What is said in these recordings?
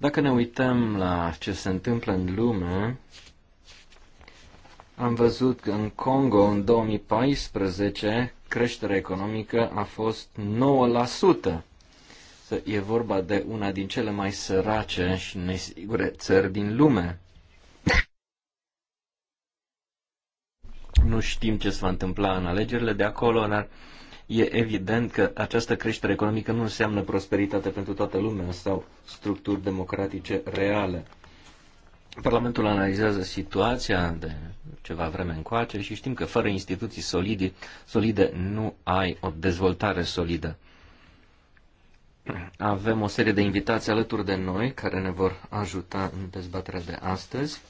Dacă ne uităm la ce se întâmplă în lume, am văzut că în Congo în 2014 creșterea economică a fost 9%. E vorba de una din cele mai sărace și nesigure țări din lume. Nu știm ce se va întâmpla în alegerile de acolo, dar E evident că această creștere economică nu înseamnă prosperitate pentru toată lumea sau structuri democratice reale. Parlamentul analizează situația de ceva vreme încoace și știm că fără instituții solide, solide nu ai o dezvoltare solidă. Avem o serie de invitații alături de noi care ne vor ajuta în dezbaterea de astăzi.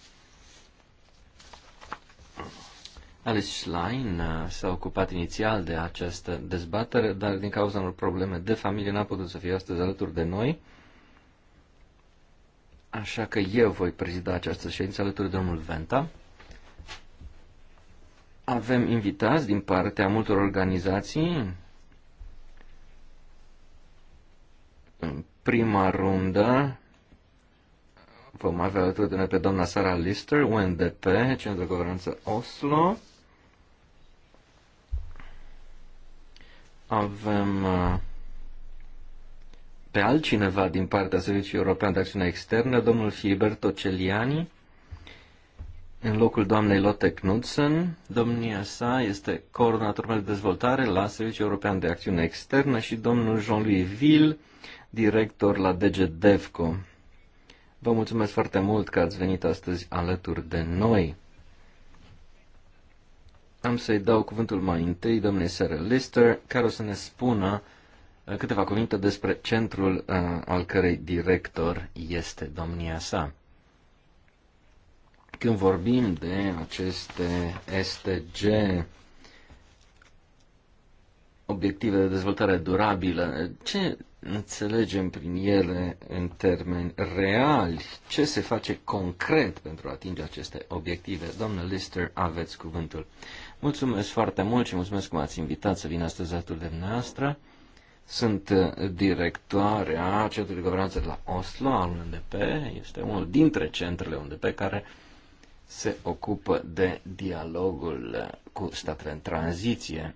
Alice Schlein uh, s-a ocupat inițial de această dezbatere, dar din cauza unor probleme de familie n-a putut să fie astăzi alături de noi. Așa că eu voi prezida această ședință alături de domnul Venta. Avem invitați din partea multor organizații. În prima rundă vom avea alături de noi pe doamna Sara Lister, UNDP, Centrul de Guvernanță Oslo. avem uh, pe altcineva din partea Serviciului European de Acțiune Externă, domnul Filiberto Celiani, în locul doamnei Lotte Knudsen. Domnia sa este coordonator de dezvoltare la Serviciul European de Acțiune Externă și domnul Jean-Louis Ville, director la DG DEVCO. Vă mulțumesc foarte mult că ați venit astăzi alături de noi. Am să-i dau cuvântul mai întâi domnule Sir Lister, care o să ne spună uh, câteva cuvinte despre centrul uh, al cărei director este domnia sa. Când vorbim de aceste STG, obiective de dezvoltare durabilă, ce înțelegem prin ele în termeni reali? Ce se face concret pentru a atinge aceste obiective? domnule Lister, aveți cuvântul. Mulțumesc foarte mult și mulțumesc că m-ați invitat să vin astăzi alături de noastră. Sunt uh, directoarea Centrului de Guvernanță de la Oslo, al UNDP. Este unul dintre centrele UNDP care se ocupă de dialogul uh, cu statele în tranziție.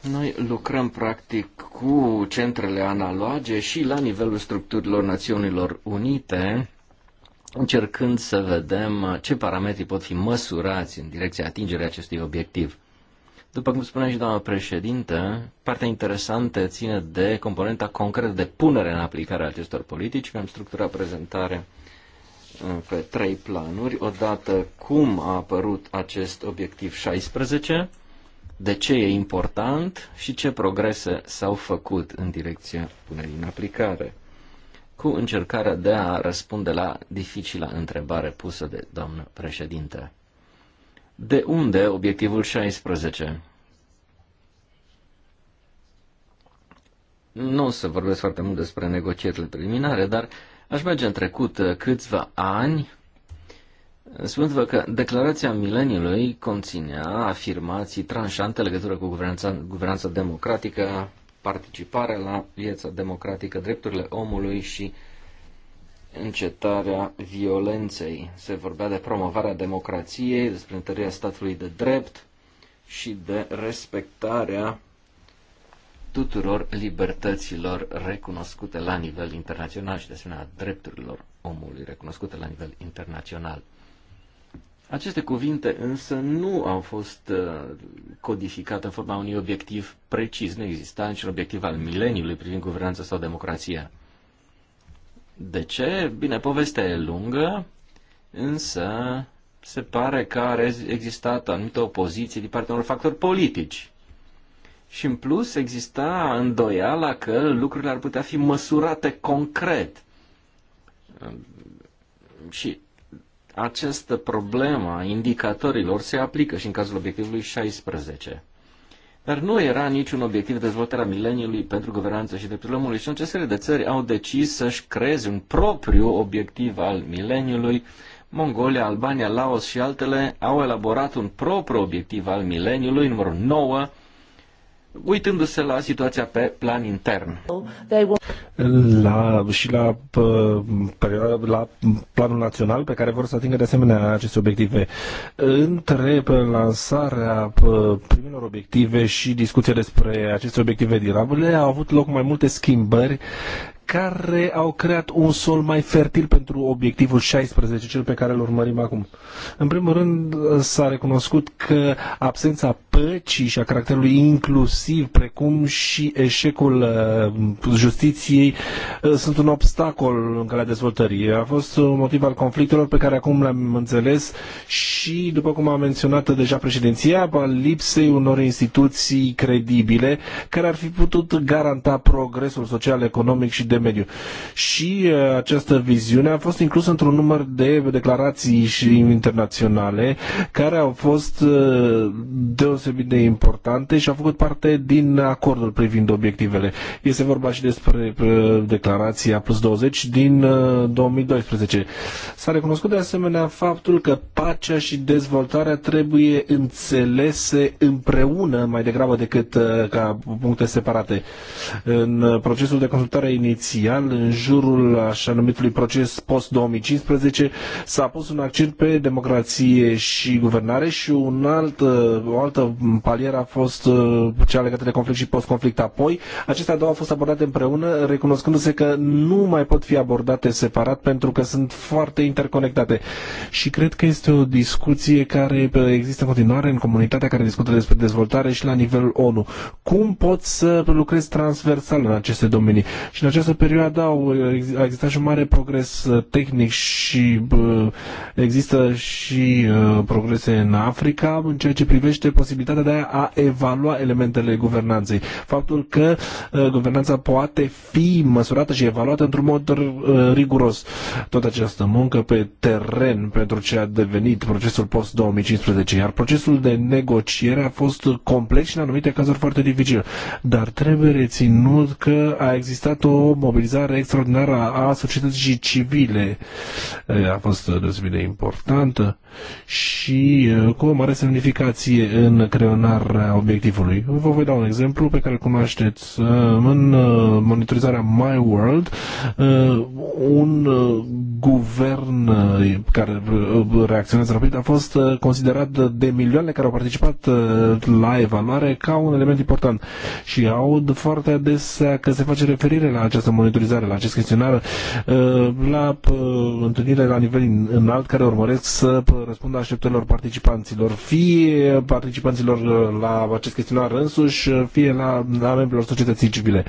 Noi lucrăm practic cu centrele analoge și la nivelul structurilor Națiunilor Unite încercând să vedem uh, ce parametri pot fi măsurați în direcția atingerii acestui obiectiv. După cum spunea și doamna președintă, partea interesantă ține de componenta concretă de punere în aplicare a acestor politici. Am structurat prezentarea uh, pe trei planuri. Odată cum a apărut acest obiectiv 16, de ce e important și ce progrese s-au făcut în direcția punerii în aplicare cu încercarea de a răspunde la dificila întrebare pusă de doamnă președinte. De unde obiectivul 16? Nu o să vorbesc foarte mult despre negocierile preliminare, dar aș merge în trecut câțiva ani spun vă că declarația mileniului conținea afirmații tranșante legătură cu guvernanța, guvernanța democratică, participarea la viața democratică, drepturile omului și încetarea violenței. Se vorbea de promovarea democrației, despre întărirea statului de drept și de respectarea tuturor libertăților recunoscute la nivel internațional și, de asemenea, drepturilor omului recunoscute la nivel internațional. Aceste cuvinte însă nu au fost uh, codificate în forma unui obiectiv precis. Nu exista niciun obiectiv al mileniului privind guvernanța sau democrația. De ce? Bine, povestea e lungă, însă se pare că a existat anumită opoziție din partea unor factori politici. Și în plus exista îndoiala că lucrurile ar putea fi măsurate concret. Și această problemă a indicatorilor se aplică și în cazul obiectivului 16. Dar nu era niciun obiectiv de dezvoltare a mileniului pentru guvernanță și drepturile omului și în aceste de țări au decis să-și creeze un propriu obiectiv al mileniului. Mongolia, Albania, Laos și altele au elaborat un propriu obiectiv al mileniului, numărul 9, uitându-se la situația pe plan intern. La, și la, la planul național pe care vor să atingă de asemenea aceste obiective. Între lansarea primilor obiective și discuția despre aceste obiective dirabile au avut loc mai multe schimbări care au creat un sol mai fertil pentru obiectivul 16, cel pe care îl urmărim acum. În primul rând, s-a recunoscut că absența păcii și a caracterului inclusiv, precum și eșecul uh, justiției, uh, sunt un obstacol în calea dezvoltării. A fost un motiv al conflictelor pe care acum le-am înțeles și, după cum a menționat deja președinția, al lipsei unor instituții credibile care ar fi putut garanta progresul social, economic și de de mediu. Și uh, această viziune a fost inclusă într-un număr de declarații și internaționale care au fost uh, deosebit de importante și au făcut parte din acordul privind obiectivele. Este vorba și despre uh, declarația plus 20 din 2012. S-a recunoscut de asemenea faptul că pacea și dezvoltarea trebuie înțelese împreună mai degrabă decât ca puncte separate. În procesul de consultare inițial inițial în jurul așa numitului proces post-2015 s-a pus un accent pe democrație și guvernare și un alt, o altă palieră a fost uh, cea legată de conflict și post-conflict. Apoi, acestea două au fost abordate împreună, recunoscându-se că nu mai pot fi abordate separat pentru că sunt foarte interconectate. Și cred că este o discuție care uh, există în continuare în comunitatea care discută despre dezvoltare și la nivelul ONU. Cum pot să lucrez transversal în aceste domenii? Și în această perioadă au, a existat și un mare progres uh, tehnic și există și uh, progrese în Africa în ceea ce privește posibilitatea de a evalua elementele guvernanței. Faptul că uh, guvernanța poate fi măsurată și evaluată într-un mod riguros. Tot această muncă pe teren pentru ce a devenit procesul post-2015, iar procesul de negociere a fost complex și în anumite cazuri foarte dificil. Dar trebuie reținut că a existat o mobilizare extraordinară a societății civile eh, a fost deosebit de importantă și eh, cu o mare semnificație în creonarea obiectivului. Vă voi da un exemplu pe care îl cunoașteți. Eh, în monitorizarea My World, un guvern care reacționează rapid a fost considerat de milioane care au participat la evaluare ca un element important și aud foarte adesea că se face referire la această monitorizare, la acest chestionar, uh, la uh, întâlnire la nivel înalt care urmăresc să uh, răspundă așteptărilor participanților, fie participanților la acest chestionar însuși, fie la, la membrilor societății civile.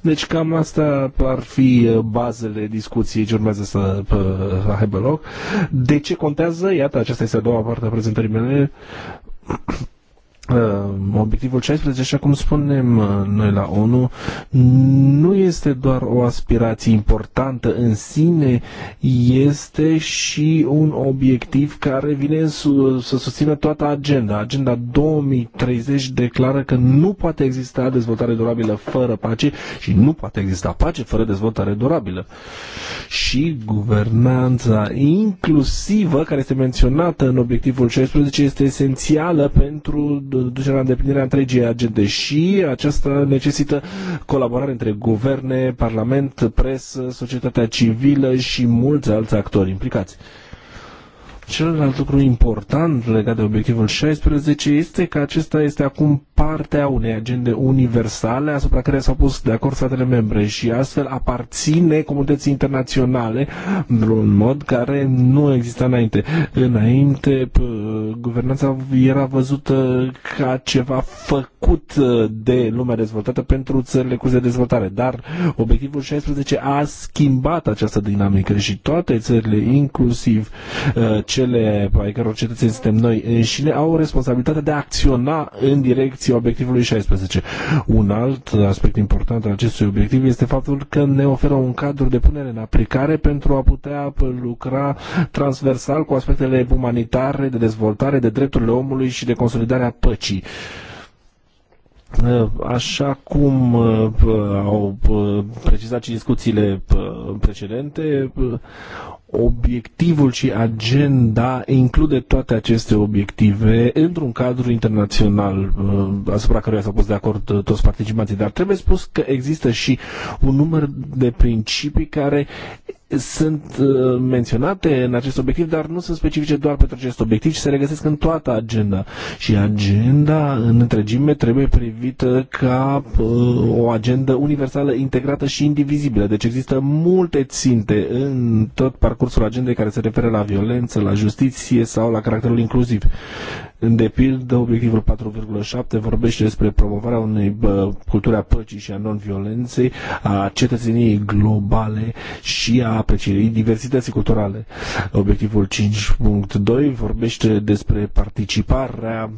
Deci cam asta ar fi bazele discuției ce urmează să aibă loc. De ce contează? Iată, aceasta este a doua parte a prezentării mele Uh, obiectivul 16, așa cum spunem uh, noi la ONU, nu este doar o aspirație importantă în sine, este și un obiectiv care vine să susțină toată agenda. Agenda 2030 declară că nu poate exista dezvoltare durabilă fără pace și nu poate exista pace fără dezvoltare durabilă. Și guvernanța inclusivă, care este menționată în obiectivul 16, este esențială pentru ducerea la îndeplinirea întregii agende și aceasta necesită colaborare între guverne, parlament, presă, societatea civilă și mulți alți actori implicați. Celălalt lucru important legat de obiectivul 16 este că acesta este acum parte a unei agende universale asupra care s-au pus de acord statele membre și astfel aparține comunității internaționale într-un mod care nu exista înainte. Înainte, guvernanța era văzută ca ceva făcut uh, de lumea dezvoltată pentru țările cu de dezvoltare, dar obiectivul 16 a schimbat această dinamică și toate țările, inclusiv uh, cele pe care cetățeni suntem noi înșine, au responsabilitatea de a acționa în direcție ambiții obiectivului 16. Un alt aspect important al acestui obiectiv este faptul că ne oferă un cadru de punere în aplicare pentru a putea lucra transversal cu aspectele umanitare, de dezvoltare, de drepturile omului și de consolidarea păcii. Uh, așa cum uh, au uh, precizat și discuțiile precedente, obiectivul și agenda include toate aceste obiective într-un cadru internațional uh, asupra căruia s-au pus de acord uh, toți participanții, dar trebuie spus că există și un număr de principii care sunt uh, menționate în acest obiectiv, dar nu sunt specifice doar pentru acest obiectiv, ci se regăsesc în toată agenda. Și agenda în întregime trebuie privită ca o agendă universală, integrată și indivizibilă. Deci există multe ținte în tot parcursul parcursul agendei care se referă la violență, la justiție sau la caracterul inclusiv de pildă, obiectivul 4,7 vorbește despre promovarea unei culturi a păcii și a non-violenței, a cetățeniei globale și a aprecierii diversității culturale. Obiectivul 5.2 vorbește despre participarea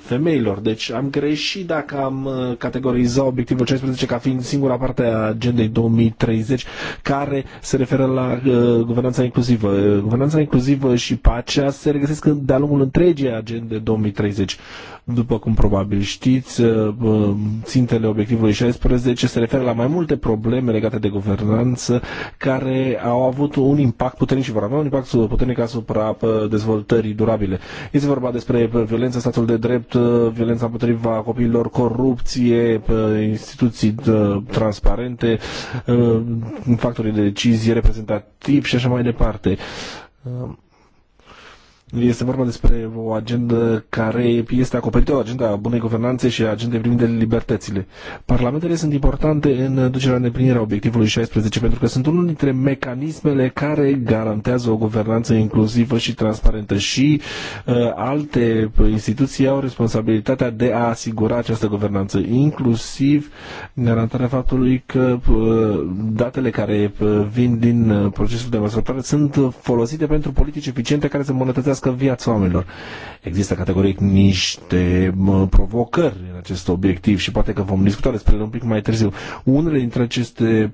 femeilor. Deci am greșit dacă am categorizat obiectivul 16 ca fiind singura parte a agendei 2030 care se referă la guvernanța inclusivă. Guvernanța inclusivă și pacea se regăsesc de-a lungul întregii agende de 2030. După cum probabil știți, uh, uh, țintele obiectivului 16 se referă la mai multe probleme legate de guvernanță care au avut un impact puternic și vor avea un impact puternic asupra uh, dezvoltării durabile. Este vorba despre violența statul de drept, violența împotriva copiilor, corupție, instituții transparente, factorii de decizie reprezentativi și așa mai departe. Este vorba despre o agendă care este acoperită, o agenda bunei guvernanțe și agenda privind libertățile. Parlamentele sunt importante în ducerea în deplinirea obiectivului 16 pentru că sunt unul dintre mecanismele care garantează o guvernanță inclusivă și transparentă și uh, alte instituții au responsabilitatea de a asigura această guvernanță, inclusiv garantarea faptului că uh, datele care uh, vin din uh, procesul de măsurătoare sunt folosite pentru politici eficiente care să îmbunătățească îmbunătățească viața oamenilor. Există categoric niște provocări în acest obiectiv și poate că vom discuta despre ele un pic mai târziu. Unele dintre aceste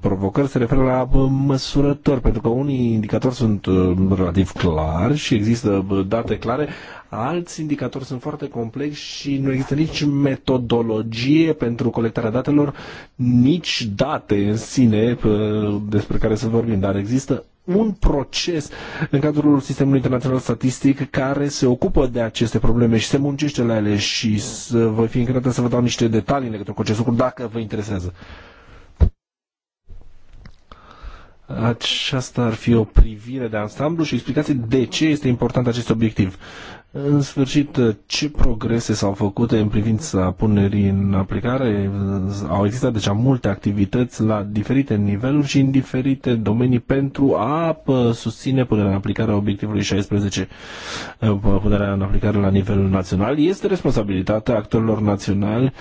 provocări se referă la măsurători, pentru că unii indicatori sunt ă, relativ clari și există date clare, alți indicatori sunt foarte complexi și nu există nici metodologie pentru colectarea datelor, nici date în sine despre care să vorbim, dar există un proces în cadrul sistemului internațional statistic care se ocupă de aceste probleme și se muncește la ele și să voi fi încredată să vă dau niște detalii în legătură cu acest lucru dacă vă interesează. Aceasta ar fi o privire de ansamblu și explicație de ce este important acest obiectiv. În sfârșit, ce progrese s-au făcut în privința punerii în aplicare? Au existat deja multe activități la diferite niveluri și în diferite domenii pentru a susține punerea în aplicare a obiectivului 16. Punerea în aplicare la nivelul național este responsabilitatea actorilor naționali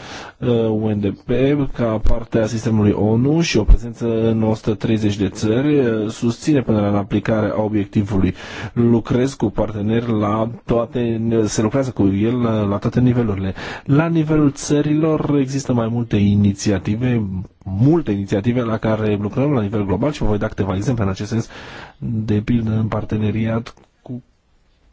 ă, UNDP ca parte a sistemului ONU și o prezență în 130 de țări ă, susține punerea în aplicare a obiectivului. Lucrez cu parteneri la toate se lucrează cu el la, la toate nivelurile. La nivelul țărilor există mai multe inițiative, multe inițiative la care lucrăm la nivel global și vă voi da câteva exemple în acest sens, de pildă în parteneriat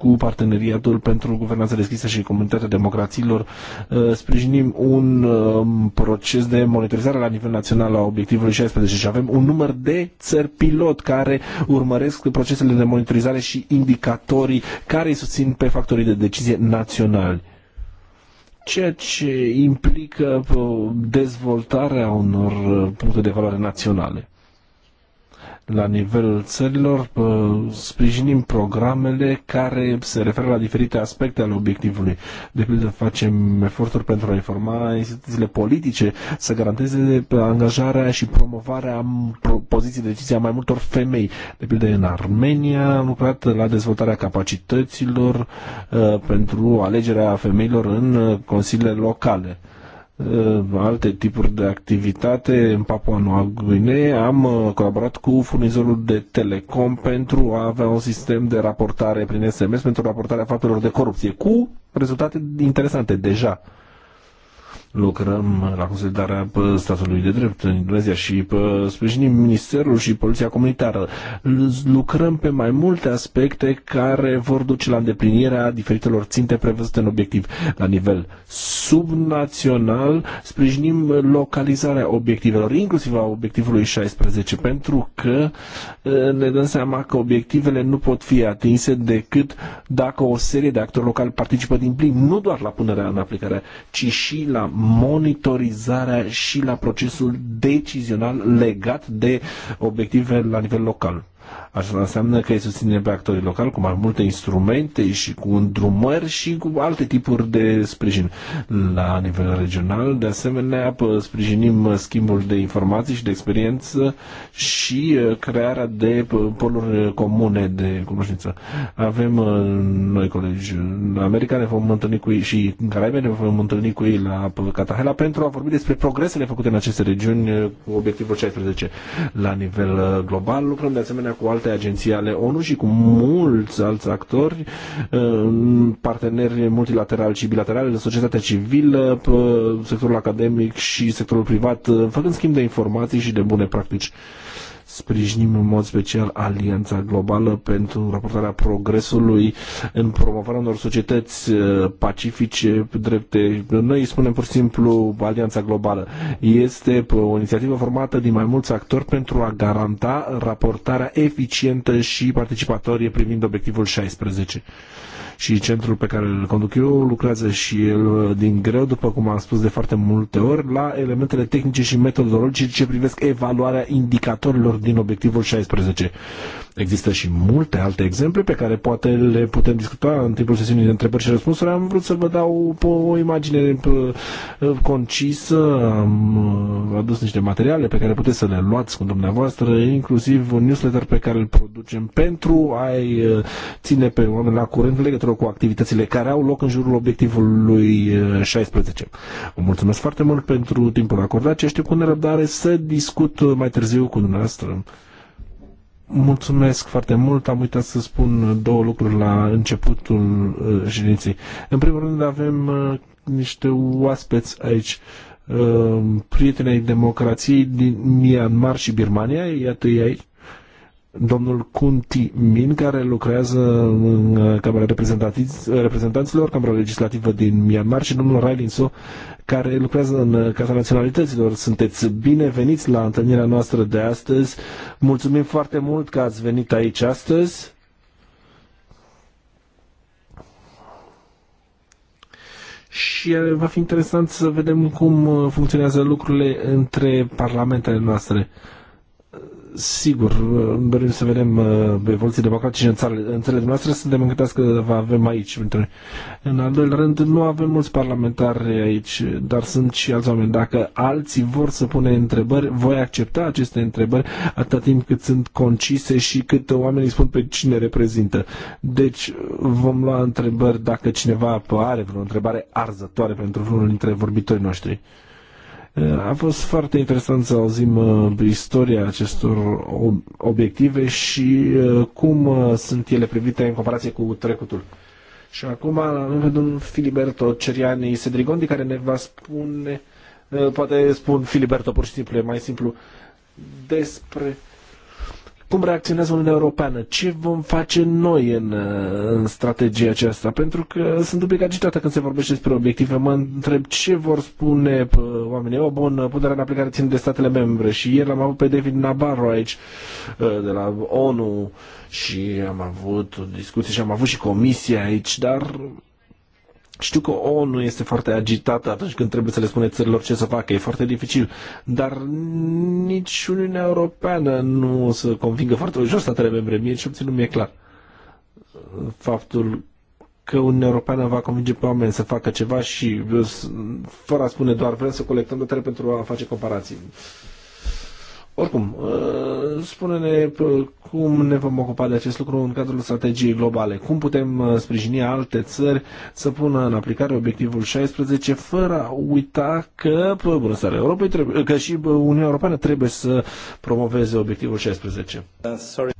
cu parteneriatul pentru guvernanță deschisă și comunitatea democrațiilor uh, sprijinim un um, proces de monitorizare la nivel național a obiectivului 16 și avem un număr de țări pilot care urmăresc procesele de monitorizare și indicatorii care îi susțin pe factorii de decizie naționali ceea ce implică uh, dezvoltarea unor uh, puncte de valoare naționale la nivelul țărilor, sprijinim programele care se referă la diferite aspecte ale obiectivului. De pildă, facem eforturi pentru a informa instituțiile politice să garanteze angajarea și promovarea poziției de decizie a mai multor femei. De pildă, în Armenia am lucrat la dezvoltarea capacităților ă, pentru alegerea femeilor în ă, consiliile locale Uh, alte tipuri de activitate în Papua Noua Guinee. Am uh, colaborat cu furnizorul de telecom pentru a avea un sistem de raportare prin SMS pentru raportarea faptelor de corupție, cu rezultate interesante deja. Lucrăm la consolidarea statului de drept în Indonezia și sprijinim Ministerul și Poliția Comunitară. Lucrăm pe mai multe aspecte care vor duce la îndeplinirea diferitelor ținte prevăzute în obiectiv. La nivel subnațional sprijinim localizarea obiectivelor, inclusiv a obiectivului 16, pentru că ă, ne dăm seama că obiectivele nu pot fi atinse decât dacă o serie de actori locali participă din plin, nu doar la punerea în aplicare, ci și la monitorizarea și la procesul decizional legat de obiective la nivel local. Asta înseamnă că îi susținem pe actorii locali cu mai multe instrumente și cu îndrumări și cu alte tipuri de sprijin. La nivel regional, de asemenea, sprijinim schimbul de informații și de experiență și crearea de poluri comune de cunoștință. Avem noi colegi în America, ne vom întâlni cu ei și în Caraibe ne vom întâlni cu ei la Catahela pentru a vorbi despre progresele făcute în aceste regiuni cu obiectivul 16. La nivel global lucrăm de asemenea cu alte alte agenții ale ONU și cu mulți alți actori, uh, parteneri multilaterali și bilaterali, societatea civilă, sectorul academic și sectorul privat, uh, făcând schimb de informații și de bune practici. Sprijinim în mod special Alianța Globală pentru raportarea progresului în promovarea unor societăți uh, pacifice, drepte. Noi spunem pur și simplu Alianța Globală. Este o inițiativă formată din mai mulți actori pentru a garanta raportarea eficientă și participatorie privind obiectivul 16 și centrul pe care îl conduc eu lucrează și el uh, din greu, după cum am spus de foarte multe ori, la elementele tehnice și metodologice ce privesc evaluarea indicatorilor din obiectivul 16. Există și multe alte exemple pe care poate le putem discuta în timpul sesiunii de întrebări și răspunsuri. Am vrut să vă dau o imagine eh, concisă, am eh, adus niște materiale pe care puteți să le luați cu dumneavoastră, inclusiv un newsletter pe care îl producem pentru a eh, ține pe oameni la curent în legătură cu activitățile care au loc în jurul obiectivului 16. Vă mulțumesc foarte mult pentru timpul acordat și aștept cu nerăbdare să discut mai târziu cu dumneavoastră. Mulțumesc foarte mult. Am uitat să spun două lucruri la începutul uh, ședinței. În primul rând avem uh, niște oaspeți aici uh, prietenei democrației din Myanmar și Birmania, iată ei aici, domnul Kunti Min, care lucrează în Camera Reprezentanților, Camera Legislativă din Myanmar și domnul Railin So, care lucrează în uh, Casa Naționalităților. Sunteți bineveniți la întâlnirea noastră de astăzi. Mulțumim foarte mult că ați venit aici astăzi. și uh, va fi interesant să vedem cum uh, funcționează lucrurile între parlamentele noastre sigur, dorim să vedem uh, evoluții democratice în țară. în țările noastre, suntem încântați că avem aici. În al doilea rând, nu avem mulți parlamentari aici, dar sunt și alți oameni. Dacă alții vor să pune întrebări, voi accepta aceste întrebări atâta timp cât sunt concise și cât oamenii spun pe cine reprezintă. Deci vom lua întrebări dacă cineva are vreo întrebare arzătoare pentru vreunul dintre vorbitorii noștri. Uh, a fost foarte interesant să auzim uh, istoria acestor obiective și uh, cum sunt ele privite în comparație cu trecutul. Și acum avem pe domnul Filiberto Ceriani Sedrigondi care ne va spune, poate spun Filiberto pur și simplu, mai simplu, despre uh, cum reacționează Uniunea Europeană, ce vom face noi în, uh, în strategia aceasta, pentru că sunt un pic agitată când se vorbește despre obiective, mă întreb ce vor spune uh, oamenii, o, bun, puterea în aplicare ține de statele membre și ieri l-am avut pe David Nabarro aici uh, de la ONU și am avut o discuție și am avut și comisia aici, dar știu că ONU este foarte agitată atunci când trebuie să le spune țărilor ce să facă, e foarte dificil, dar nici Uniunea Europeană nu se convingă foarte ușor statele membre, mie cel puțin nu mi-e clar faptul că Uniunea Europeană va convinge pe oameni să facă ceva și fără a spune doar vrem să colectăm datele pentru a face comparații. Uh, oricum, uh, spune-ne uh, cum ne vom ocupa de acest lucru în cadrul strategiei globale. Cum putem uh, sprijini alte țări să pună în aplicare obiectivul 16 fără a uita că, bună seara, Europei trebuie, că și Uniunea Europeană trebuie să promoveze obiectivul 16. Sorry.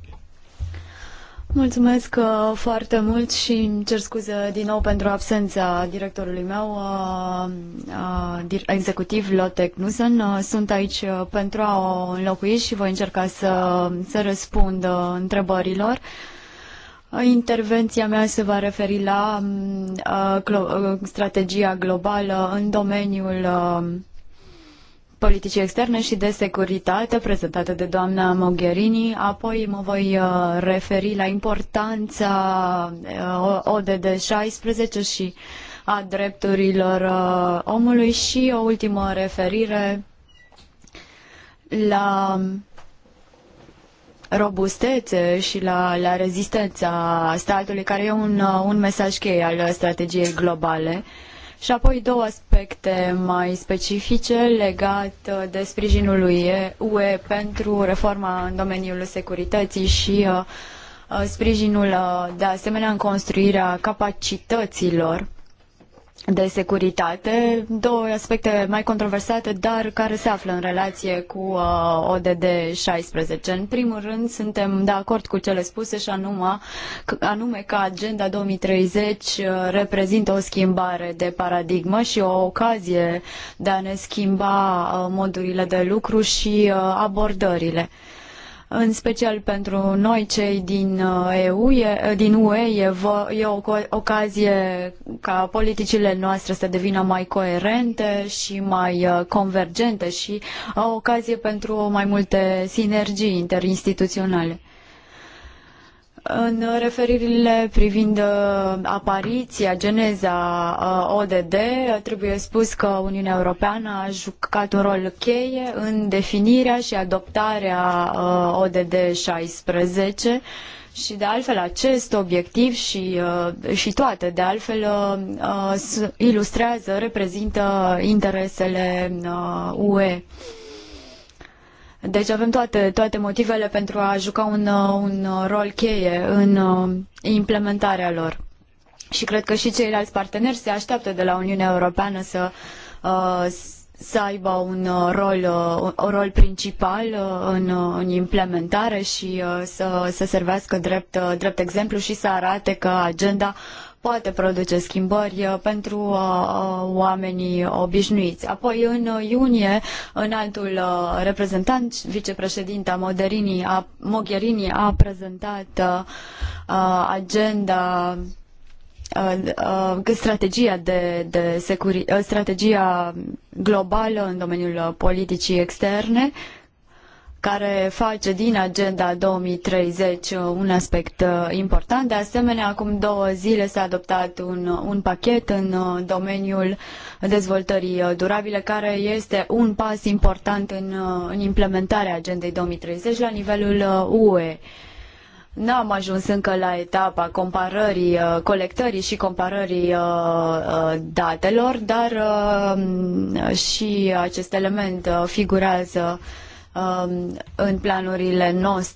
Mulțumesc uh, foarte mult și îmi cer scuze din nou pentru absența directorului meu uh, executiv, Lotte Knudsen. Uh, sunt aici pentru a o înlocui și voi încerca să, să răspund întrebărilor. Intervenția mea se va referi la mm, strategia globală în domeniul politicii externe și de securitate prezentată de doamna Mogherini. Apoi mă voi uh, referi la importanța uh, ODD 16 și a drepturilor uh, omului și o ultimă referire la robustețe și la, la rezistența statului, care e un, un mesaj cheie al strategiei globale. Uh, și apoi două aspecte mai specifice legate uh, de sprijinul lui UE pentru reforma în domeniul securității și uh, uh, sprijinul de asemenea în construirea capacităților de securitate, două aspecte mai controversate, dar care se află în relație cu uh, ODD 16. În primul rând, suntem de acord cu cele spuse și anume, anume că Agenda 2030 uh, reprezintă o schimbare de paradigmă și o ocazie de a ne schimba uh, modurile de lucru și uh, abordările. Uh, în special pentru noi cei din, uh, EU, uh, din UE, e, e o ocazie ca politicile noastre să devină mai coerente și mai uh, convergente și o ocazie pentru mai multe sinergii interinstituționale. În referirile privind uh, apariția, geneza uh, ODD, trebuie spus că Uniunea Europeană a jucat un rol cheie în definirea și adoptarea uh, ODD 16 și de altfel acest obiectiv și, și toate de altfel ilustrează, reprezintă interesele UE. Deci avem toate, toate motivele pentru a juca un, uh, un uh, rol cheie în uh, implementarea lor. Și cred că și ceilalți parteneri se așteaptă de la Uniunea Europeană să, să aibă un rol, un rol principal în, în implementare și să, să servească drept, drept exemplu și să arate că agenda poate produce schimbări uh, pentru uh, uh, oamenii obișnuiți. Apoi, în iunie, în altul reprezentant, vicepreședinta Mogherini a, Mogherini a prezentat agenda strategia de, de securi, strategia globală în domeniul politicii externe, care face din Agenda 2030 uh, un aspect uh, important. De asemenea, acum două zile s-a adoptat un, un pachet în uh, domeniul dezvoltării durabile, care este un pas important în, în implementarea Agendei 2030 la nivelul UE. n am ajuns încă la etapa comparării, colectării și comparării datelor, dar și acest element figurează Um, în planurile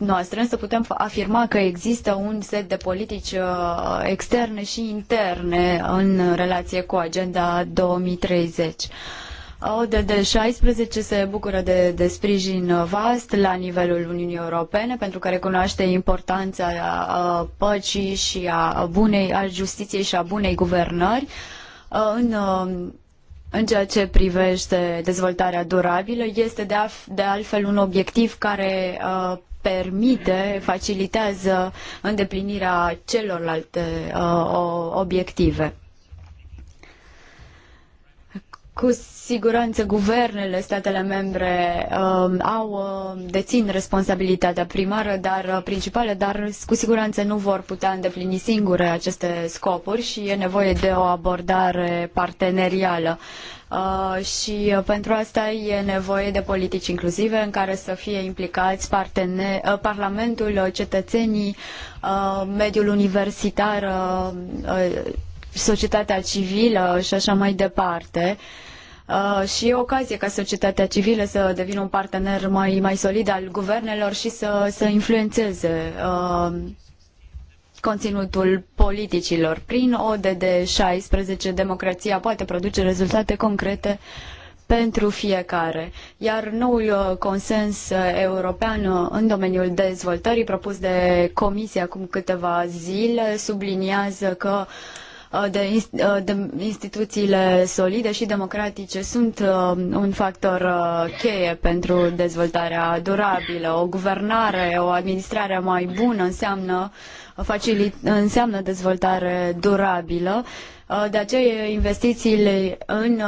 noastre, însă putem afirma că există un set de politici uh, externe și interne în relație cu Agenda 2030. ODD 16 se bucură de, de sprijin vast la nivelul Uniunii Europene pentru că recunoaște importanța uh, păcii și a bunei a justiției și a bunei guvernări uh, în în ceea ce privește dezvoltarea durabilă, este de, de altfel un obiectiv care uh, permite, facilitează îndeplinirea celorlalte uh, obiective. Cu siguranță guvernele, statele membre um, au, um, dețin responsabilitatea primară, dar uh, principală, dar cu siguranță nu vor putea îndeplini singure aceste scopuri și e nevoie de o abordare partenerială. Uh, și uh, pentru asta e nevoie de politici inclusive în care să fie implicați Parlamentul, cetățenii, mediul universitar, societatea civilă și așa mai departe. Uh, Uh, și e o ocazie ca societatea civilă să devină un partener mai, mai solid al guvernelor și să, să influențeze uh, conținutul politicilor. Prin ODD 16, democrația poate produce rezultate concrete pentru fiecare. Iar noul uh, consens uh, european în domeniul dezvoltării propus de Comisie acum câteva zile subliniază că uh, Uh, de, uh, de instituțiile solide și democratice sunt uh, un factor cheie pentru dezvoltarea durabilă. O guvernare, o administrare mai bună înseamnă, facilit, înseamnă dezvoltare durabilă. De aceea investițiile în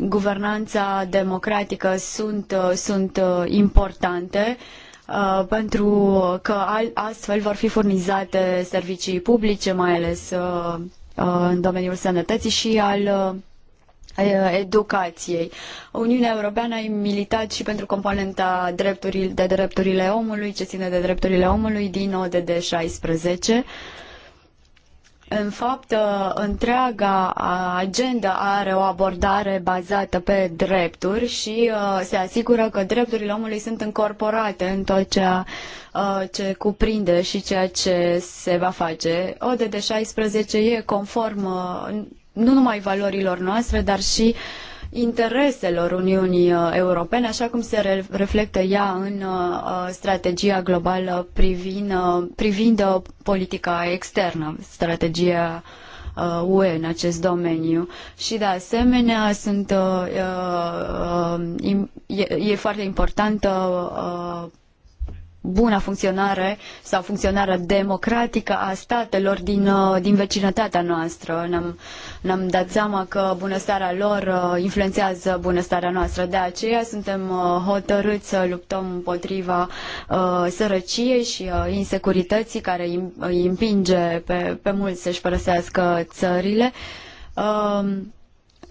guvernanța democratică sunt, sunt importante pentru că astfel vor fi furnizate servicii publice, mai ales Uh, în domeniul sănătății și al uh, educației. Uniunea Europeană a militat și pentru componenta drepturilor de drepturile omului, ce ține de drepturile omului din ODD 16 în fapt, uh, întreaga agenda are o abordare bazată pe drepturi și uh, se asigură că drepturile omului sunt încorporate în tot ceea uh, ce cuprinde și ceea ce se va face. ODD 16 e conform nu numai valorilor noastre, dar și uh, intereselor Uniunii uh, Europene, așa cum se reflectă ea în uh, uh, strategia globală privind, privind politica externă, strategia UE în acest domeniu. Și de asemenea sunt, e, e foarte importantă buna funcționare sau funcționarea democratică a statelor din, uh, din vecinătatea noastră. Ne-am, ne-am dat seama că bunăstarea lor uh, influențează bunăstarea noastră. De aceea suntem uh, hotărâți să luptăm împotriva uh, sărăciei și uh, insecurității care îi împinge pe, pe mulți să-și părăsească țările. Uh,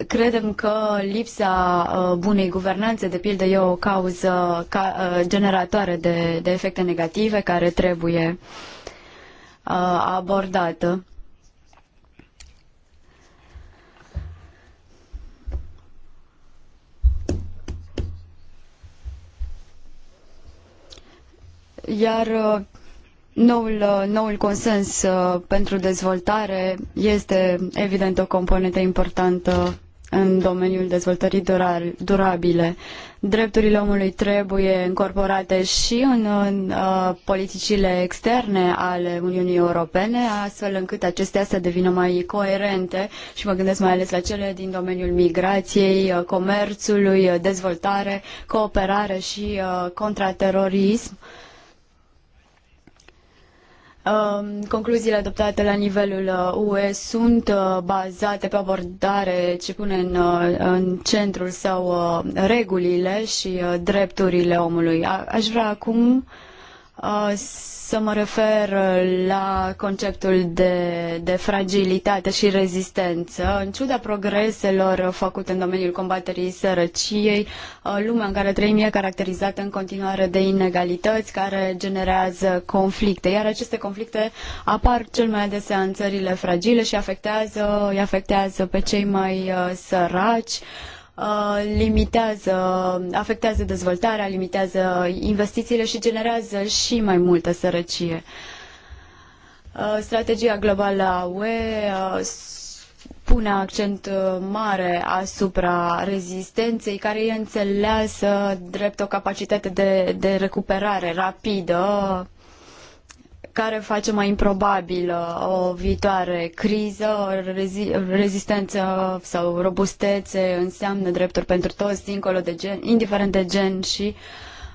Credem că lipsa uh, bunei guvernanțe, de pildă, e o cauză uh, generatoare de, de efecte negative care trebuie uh, abordată. Iar noul, noul consens pentru dezvoltare este evident o componentă importantă în domeniul dezvoltării durabile. Drepturile omului trebuie încorporate și în, în uh, politicile externe ale Uniunii Europene, astfel încât acestea să devină mai coerente și mă gândesc mai ales la cele din domeniul migrației, uh, comerțului, uh, dezvoltare, cooperare și contraterorism. Uh, Um, concluziile adoptate la nivelul UE uh, sunt uh, bazate pe abordare ce pune în, uh, în centrul sau regulile și drepturile omului. Aș vrea acum să mă refer uh, la conceptul de, de fragilitate și rezistență. În ciuda progreselor făcute în domeniul combaterii sărăciei, uh, lumea în care trăim e caracterizată în continuare de inegalități care generează conflicte, iar aceste conflicte apar cel mai adesea în țările fragile și afectează, îi afectează pe cei mai uh, săraci, uh, Uh, limitează, afectează dezvoltarea, limitează investițiile și generează și mai multă sărăcie. Uh, strategia globală a UE uh, pune accent mare asupra rezistenței, care e înțeleasă drept o capacitate de, de recuperare rapidă care face mai improbabilă uh, o viitoare criză, rezi- rezistență sau robustețe înseamnă drepturi pentru toți, dincolo de gen, indiferent de gen și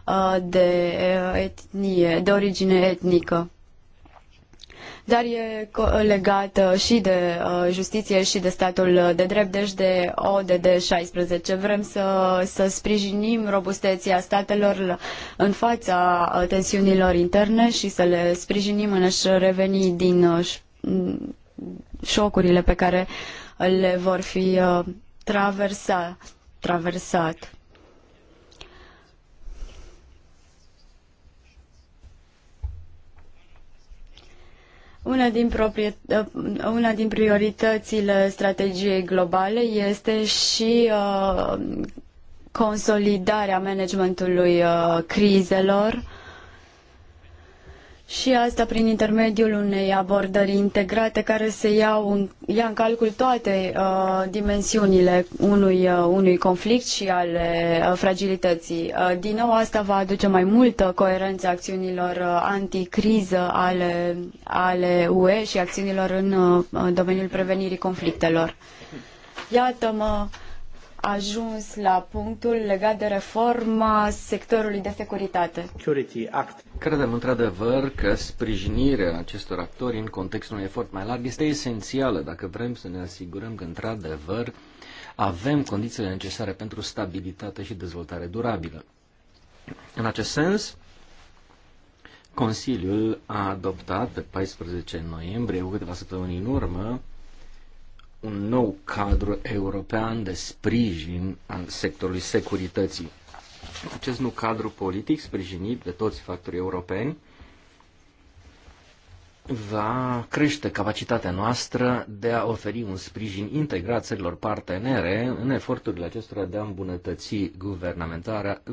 uh, de uh, etnie, de origine etnică dar e legată uh, și de uh, justiție și de statul de drept, deci de ODD 16. Vrem să, să sprijinim robusteția statelor în fața uh, tensiunilor interne și să le sprijinim în a-și reveni din mm, șocurile pe care le vor fi traversa, traversat. Una din, proprie, uh, una din prioritățile strategiei globale este și uh, consolidarea managementului uh, crizelor și asta prin intermediul unei abordări integrate care să iau în, ia în calcul toate uh, dimensiunile unui, uh, unui conflict și ale uh, fragilității. Uh, din nou, asta va aduce mai multă coerență acțiunilor uh, anticriză ale, ale UE și acțiunilor în uh, domeniul prevenirii conflictelor. Iată-mă ajuns la punctul legat de reforma sectorului de securitate. Security Act. Credem într-adevăr că sprijinirea acestor actori în contextul unui efort mai larg este esențială dacă vrem să ne asigurăm că într-adevăr avem condițiile necesare pentru stabilitate și dezvoltare durabilă. În acest sens, Consiliul a adoptat pe 14 noiembrie, cu câteva săptămâni în urmă, un nou cadru european de sprijin al sectorului securității. Acest nou cadru politic, sprijinit de toți factorii europeni, va crește capacitatea noastră de a oferi un sprijin integrat țărilor partenere în eforturile acestora de a îmbunătăți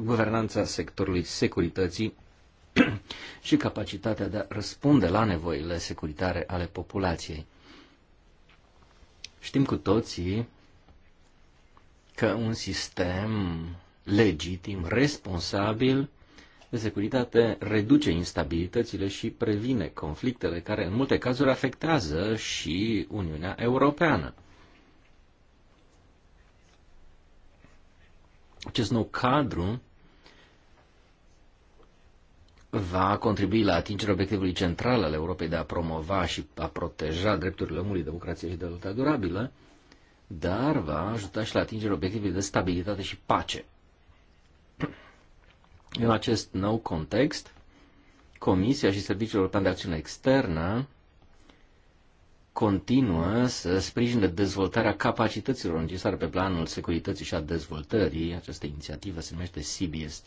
guvernanța sectorului securității și capacitatea de a răspunde la nevoile securitare ale populației. Știm cu toții că un sistem legitim, responsabil de securitate reduce instabilitățile și previne conflictele care în multe cazuri afectează și Uniunea Europeană. Acest nou cadru va contribui la atingerea obiectivului central al Europei de a promova și a proteja drepturile omului, democrație și dezvoltarea de durabilă, dar va ajuta și la atingerea obiectivului de stabilitate și pace. În acest nou context, Comisia și Serviciul European de Acțiune Externă continuă să sprijine dezvoltarea capacităților necesare pe planul securității și a dezvoltării. Această inițiativă se numește CBST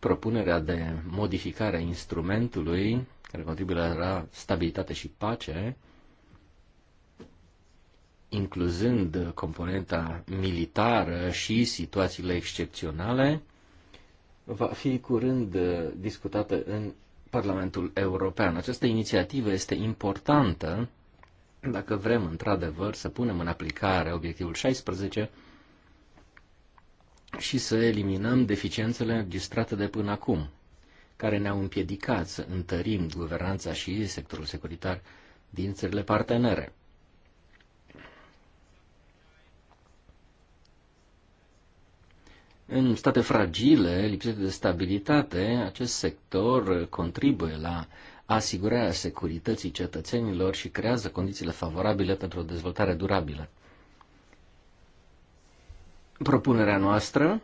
propunerea de modificare a instrumentului care contribuie la stabilitate și pace, incluzând componenta militară și situațiile excepționale, va fi curând discutată în Parlamentul European. Această inițiativă este importantă dacă vrem într-adevăr să punem în aplicare obiectivul 16 și să eliminăm deficiențele înregistrate de până acum, care ne-au împiedicat să întărim guvernanța și sectorul securitar din țările partenere. În state fragile, lipsite de stabilitate, acest sector contribuie la asigurarea securității cetățenilor și creează condițiile favorabile pentru o dezvoltare durabilă. Propunerea noastră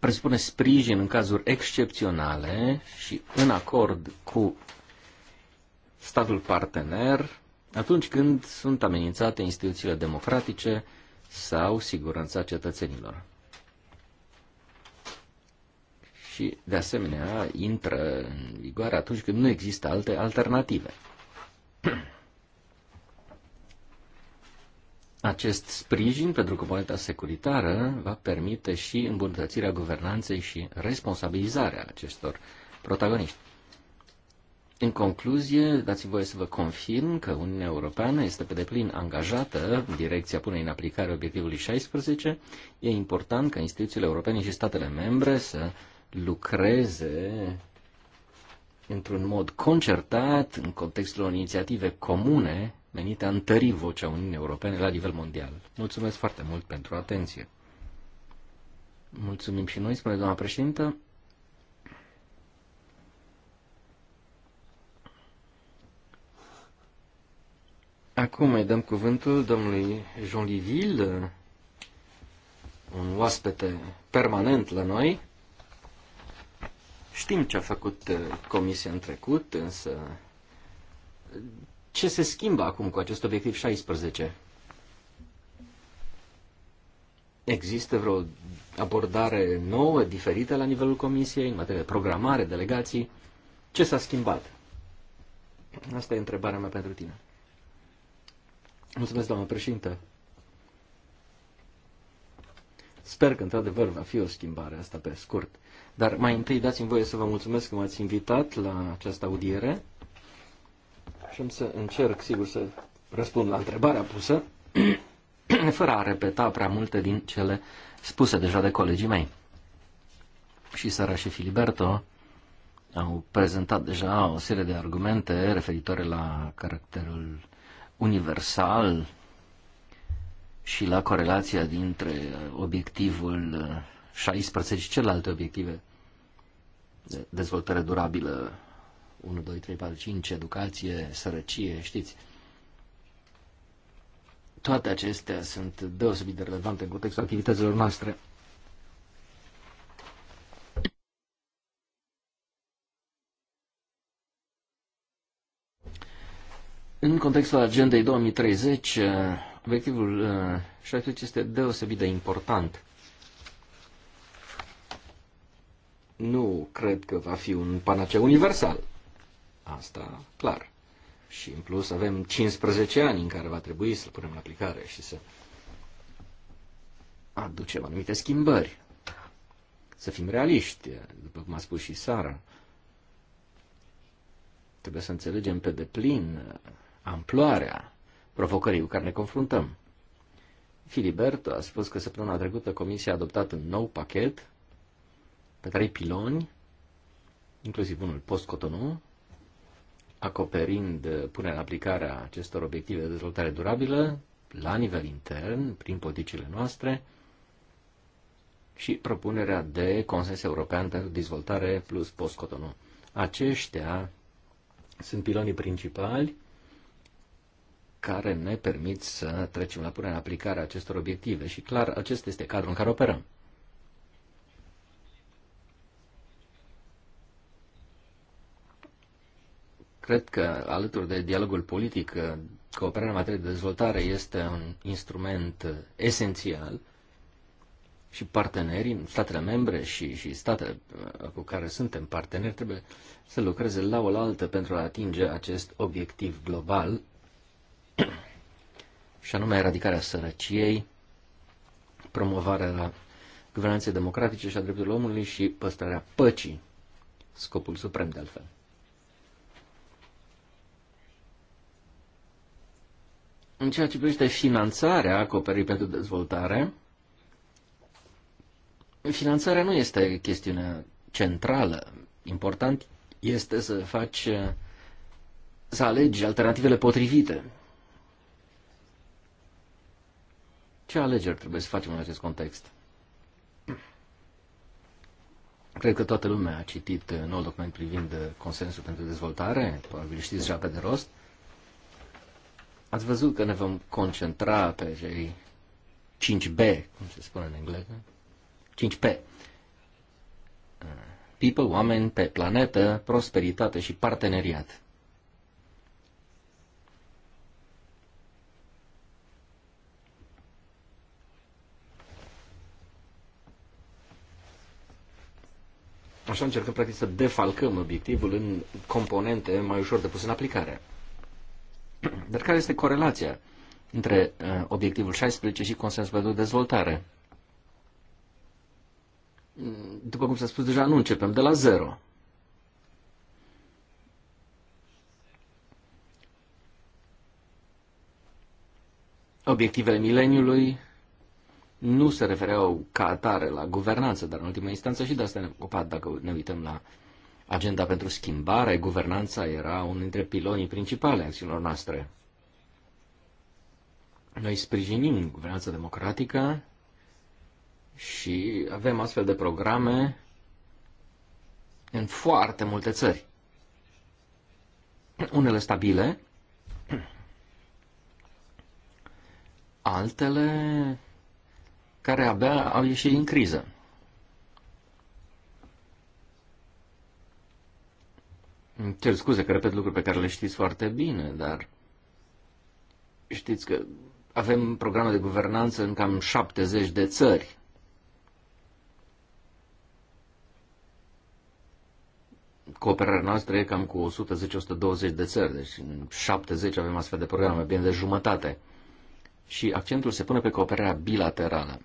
presupune sprijin în cazuri excepționale și în acord cu statul partener atunci când sunt amenințate instituțiile democratice sau siguranța cetățenilor. Și, de asemenea, intră în vigoare atunci când nu există alte alternative. Acest sprijin pentru comunitatea securitară va permite și îmbunătățirea guvernanței și responsabilizarea acestor protagoniști. În concluzie, dați voie să vă confirm că Uniunea Europeană este pe deplin angajată în direcția punei în aplicare obiectivului 16. E important ca instituțiile europene și statele membre să lucreze într-un mod concertat în contextul inițiative comune menite a întări vocea Uniunii Europene la nivel mondial. Mulțumesc foarte mult pentru atenție. Mulțumim și noi, spune doamna președintă. Acum îi dăm cuvântul domnului Jean Liville, un oaspete permanent la noi. Știm ce a făcut eh, comisia în trecut, însă ce se schimbă acum cu acest obiectiv 16? Există vreo abordare nouă, diferită la nivelul comisiei, în materie de programare, delegații? Ce s-a schimbat? Asta e întrebarea mea pentru tine. Mulțumesc, doamnă președinte. Sper că, într-adevăr, va fi o schimbare asta pe scurt. Dar mai întâi dați-mi voie să vă mulțumesc că m-ați invitat la această audiere. Și am să încerc, sigur, să răspund la întrebarea pusă, fără a repeta prea multe din cele spuse deja de colegii mei. Și Sara și Filiberto au prezentat deja o serie de argumente referitoare la caracterul universal și la corelația dintre obiectivul 16 și celelalte obiective de dezvoltare durabilă 1, 2, 3, 4, 5, educație, sărăcie, știți. Toate acestea sunt deosebit de relevante în contextul activităților noastre. În contextul agendei 2030, obiectivul 16 uh, este deosebit de important. Nu cred că va fi un panaceu universal. Asta, clar. Și în plus avem 15 ani în care va trebui să punem în aplicare și să aducem anumite schimbări. Să fim realiști, după cum a spus și Sara. Trebuie să înțelegem pe deplin amploarea provocării cu care ne confruntăm. Filiberto a spus că săptămâna trecută Comisia a adoptat un nou pachet pe trei piloni, inclusiv unul post-cotonou, acoperind uh, punerea în aplicare a acestor obiective de dezvoltare durabilă la nivel intern, prin politicile noastre, și propunerea de consens european pentru dezvoltare plus post-Cotonou. Aceștia sunt pilonii principali care ne permit să trecem la punerea în aplicare a acestor obiective și clar acesta este cadrul în care operăm. Cred că, alături de dialogul politic, uh, cooperarea în materie de dezvoltare este un instrument uh, esențial și partenerii, statele membre și, și statele uh, cu care suntem parteneri, trebuie să lucreze la oaltă pentru a atinge acest obiectiv global, și anume eradicarea sărăciei, promovarea guvernanței democratice și a drepturilor omului și păstrarea păcii, scopul suprem de altfel. În ceea ce privește finanțarea acoperii pentru dezvoltare, finanțarea nu este chestiunea centrală. Important este să faci, să alegi alternativele potrivite. Ce alegeri trebuie să facem în acest context? Cred că toată lumea a citit noul document privind consensul pentru dezvoltare, probabil știți deja pe de rost. Ați văzut că ne vom concentra pe cei 5B, cum se spune în engleză? 5P. Uh, people, oameni pe planetă, prosperitate și parteneriat. Așa încercăm practic să defalcăm obiectivul în componente mai ușor de pus în aplicare. Dar care este corelația între uh, obiectivul 16 și consensul pentru dezvoltare? După cum s-a spus deja, nu începem de la zero. Obiectivele mileniului nu se refereau ca atare la guvernanță, dar în ultima instanță și de asta ne ocupat dacă ne uităm la uh, Agenda pentru schimbare, guvernanța era unul dintre pilonii principale acțiunilor noastre. Noi sprijinim guvernanța democratică și avem astfel de programe în foarte multe țări. Unele stabile, altele care abia au ieșit din criză. Îmi cer scuze că repet lucruri pe care le știți foarte bine, dar știți că avem programe de guvernanță în cam 70 de țări. Cooperarea noastră e cam cu 110-120 de țări, deci în 70 avem astfel de programe, bine de jumătate. Și accentul se pune pe cooperarea bilaterală.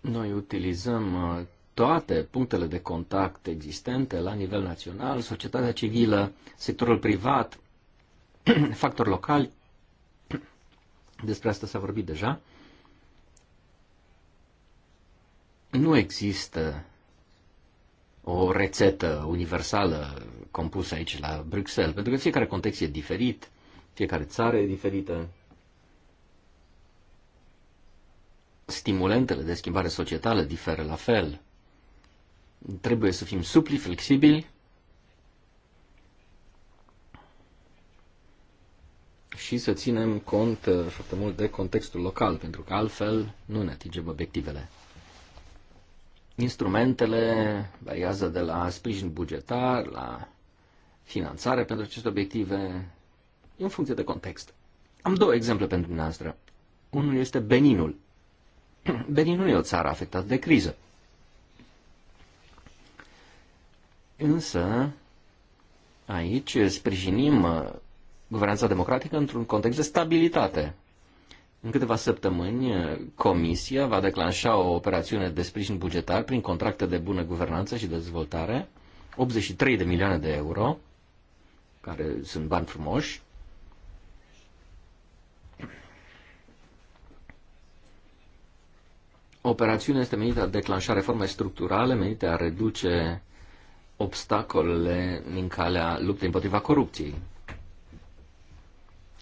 Noi utilizăm uh, toate punctele de contact existente la nivel național, societatea civilă, sectorul privat, factori locali. Despre asta s-a vorbit deja. Nu există o rețetă universală compusă aici la Bruxelles, pentru că fiecare context e diferit, fiecare țară e diferită. Stimulentele de schimbare societală diferă la fel. Trebuie să fim supli, flexibili și să ținem cont uh, foarte mult de contextul local, pentru că altfel nu ne atingem obiectivele. Instrumentele variază de la sprijin bugetar, la finanțare pentru aceste obiective, în funcție de context. Am două exemple pentru dumneavoastră. Unul este Beninul. Beninul e o țară afectată de criză. Însă, aici sprijinim uh, guvernanța democratică într-un context de stabilitate. În câteva săptămâni, uh, Comisia va declanșa o operațiune de sprijin bugetar prin contracte de bună guvernanță și dezvoltare, 83 de milioane de euro, care sunt bani frumoși. Operațiunea este menită a declanșa reforme structurale, menite a reduce obstacolele din calea luptei împotriva corupției.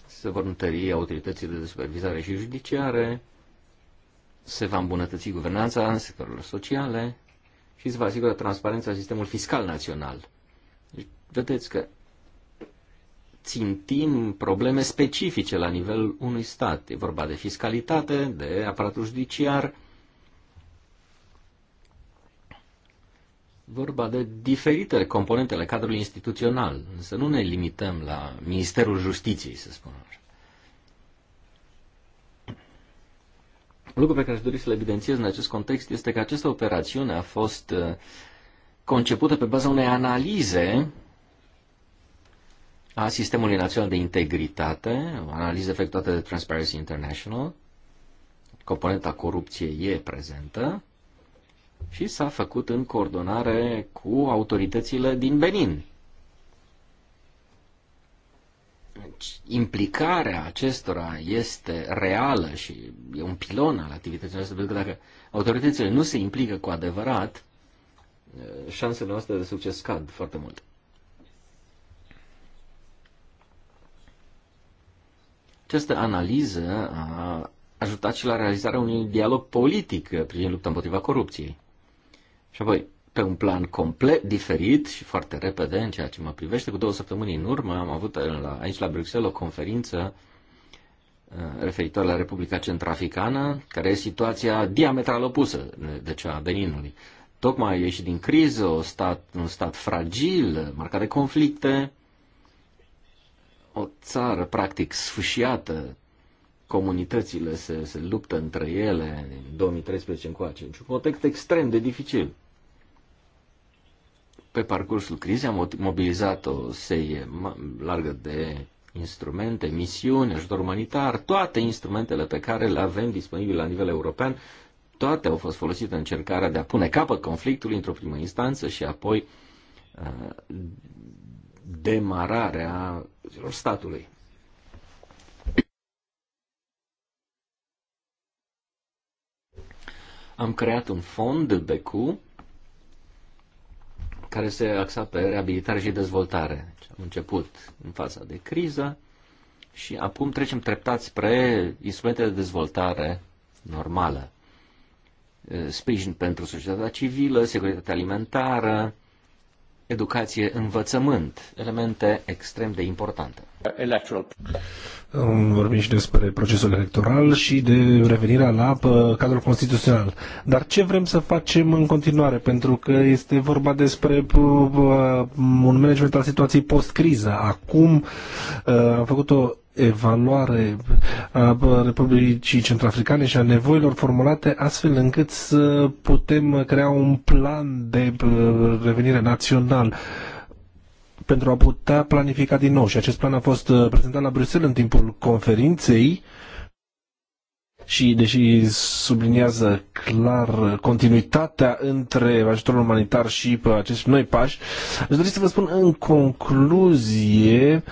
Se vor întări autoritățile de supervizare și judiciare, se va îmbunătăți guvernanța în sectorul sociale și se va asigura transparența sistemului fiscal național. Deci, vedeți că țintim probleme specifice la nivelul unui stat. E vorba de fiscalitate, de aparatul judiciar, vorba de diferitele componente ale cadrului instituțional, însă nu ne limităm la Ministerul Justiției, să spunem așa. Lucru pe care aș dori să-l evidențiez în acest context este că această operațiune a fost uh, concepută pe baza unei analize a Sistemului Național de Integritate, o analiză efectuată de Transparency International, componenta corupției e prezentă, și s-a făcut în coordonare cu autoritățile din Benin. Deci, implicarea acestora este reală și e un pilon al activității noastre, pentru că dacă autoritățile nu se implică cu adevărat, eh, șansele noastre de succes scad foarte mult. Această analiză a ajutat și la realizarea unui dialog politic privind lupta împotriva corupției. Și apoi, pe un plan complet diferit și foarte repede în ceea ce mă privește, cu două săptămâni în urmă am avut uh, aici la Bruxelles o conferință uh, referitor la Republica Centrafricană, care e situația diametral opusă de cea a Beninului. Tocmai a ieșit din criză, o stat, un stat fragil, marcat de conflicte, o țară practic sfâșiată, comunitățile se, se luptă între ele în 2013 încoace, un context extrem de dificil. Pe parcursul crizei am mobilizat o serie largă de instrumente, misiuni, ajutor umanitar, toate instrumentele pe care le avem disponibile la nivel european, toate au fost folosite în încercarea de a pune capăt conflictului într-o primă instanță și apoi uh, demararea statului. Am creat un fond de BQ care se axa pe reabilitare și dezvoltare. Deci am început în faza de criză și acum trecem treptat spre instrumente de dezvoltare normală. Sprijin pentru societatea civilă, securitatea alimentară, educație, învățământ, elemente extrem de importante. Electoral. Vorbim și despre procesul electoral și de revenirea la cadrul constituțional. Dar ce vrem să facem în continuare? Pentru că este vorba despre uh, un management al situației post-criză. Acum uh, am făcut o evaluare a Republicii Centrafricane și a nevoilor formulate astfel încât să putem crea un plan de uh, revenire național pentru a putea planifica din nou. Și acest plan a fost uh, prezentat la Bruxelles în timpul conferinței uh, și deși subliniază clar continuitatea între ajutorul umanitar și acești noi pași, aș dori să vă spun în concluzie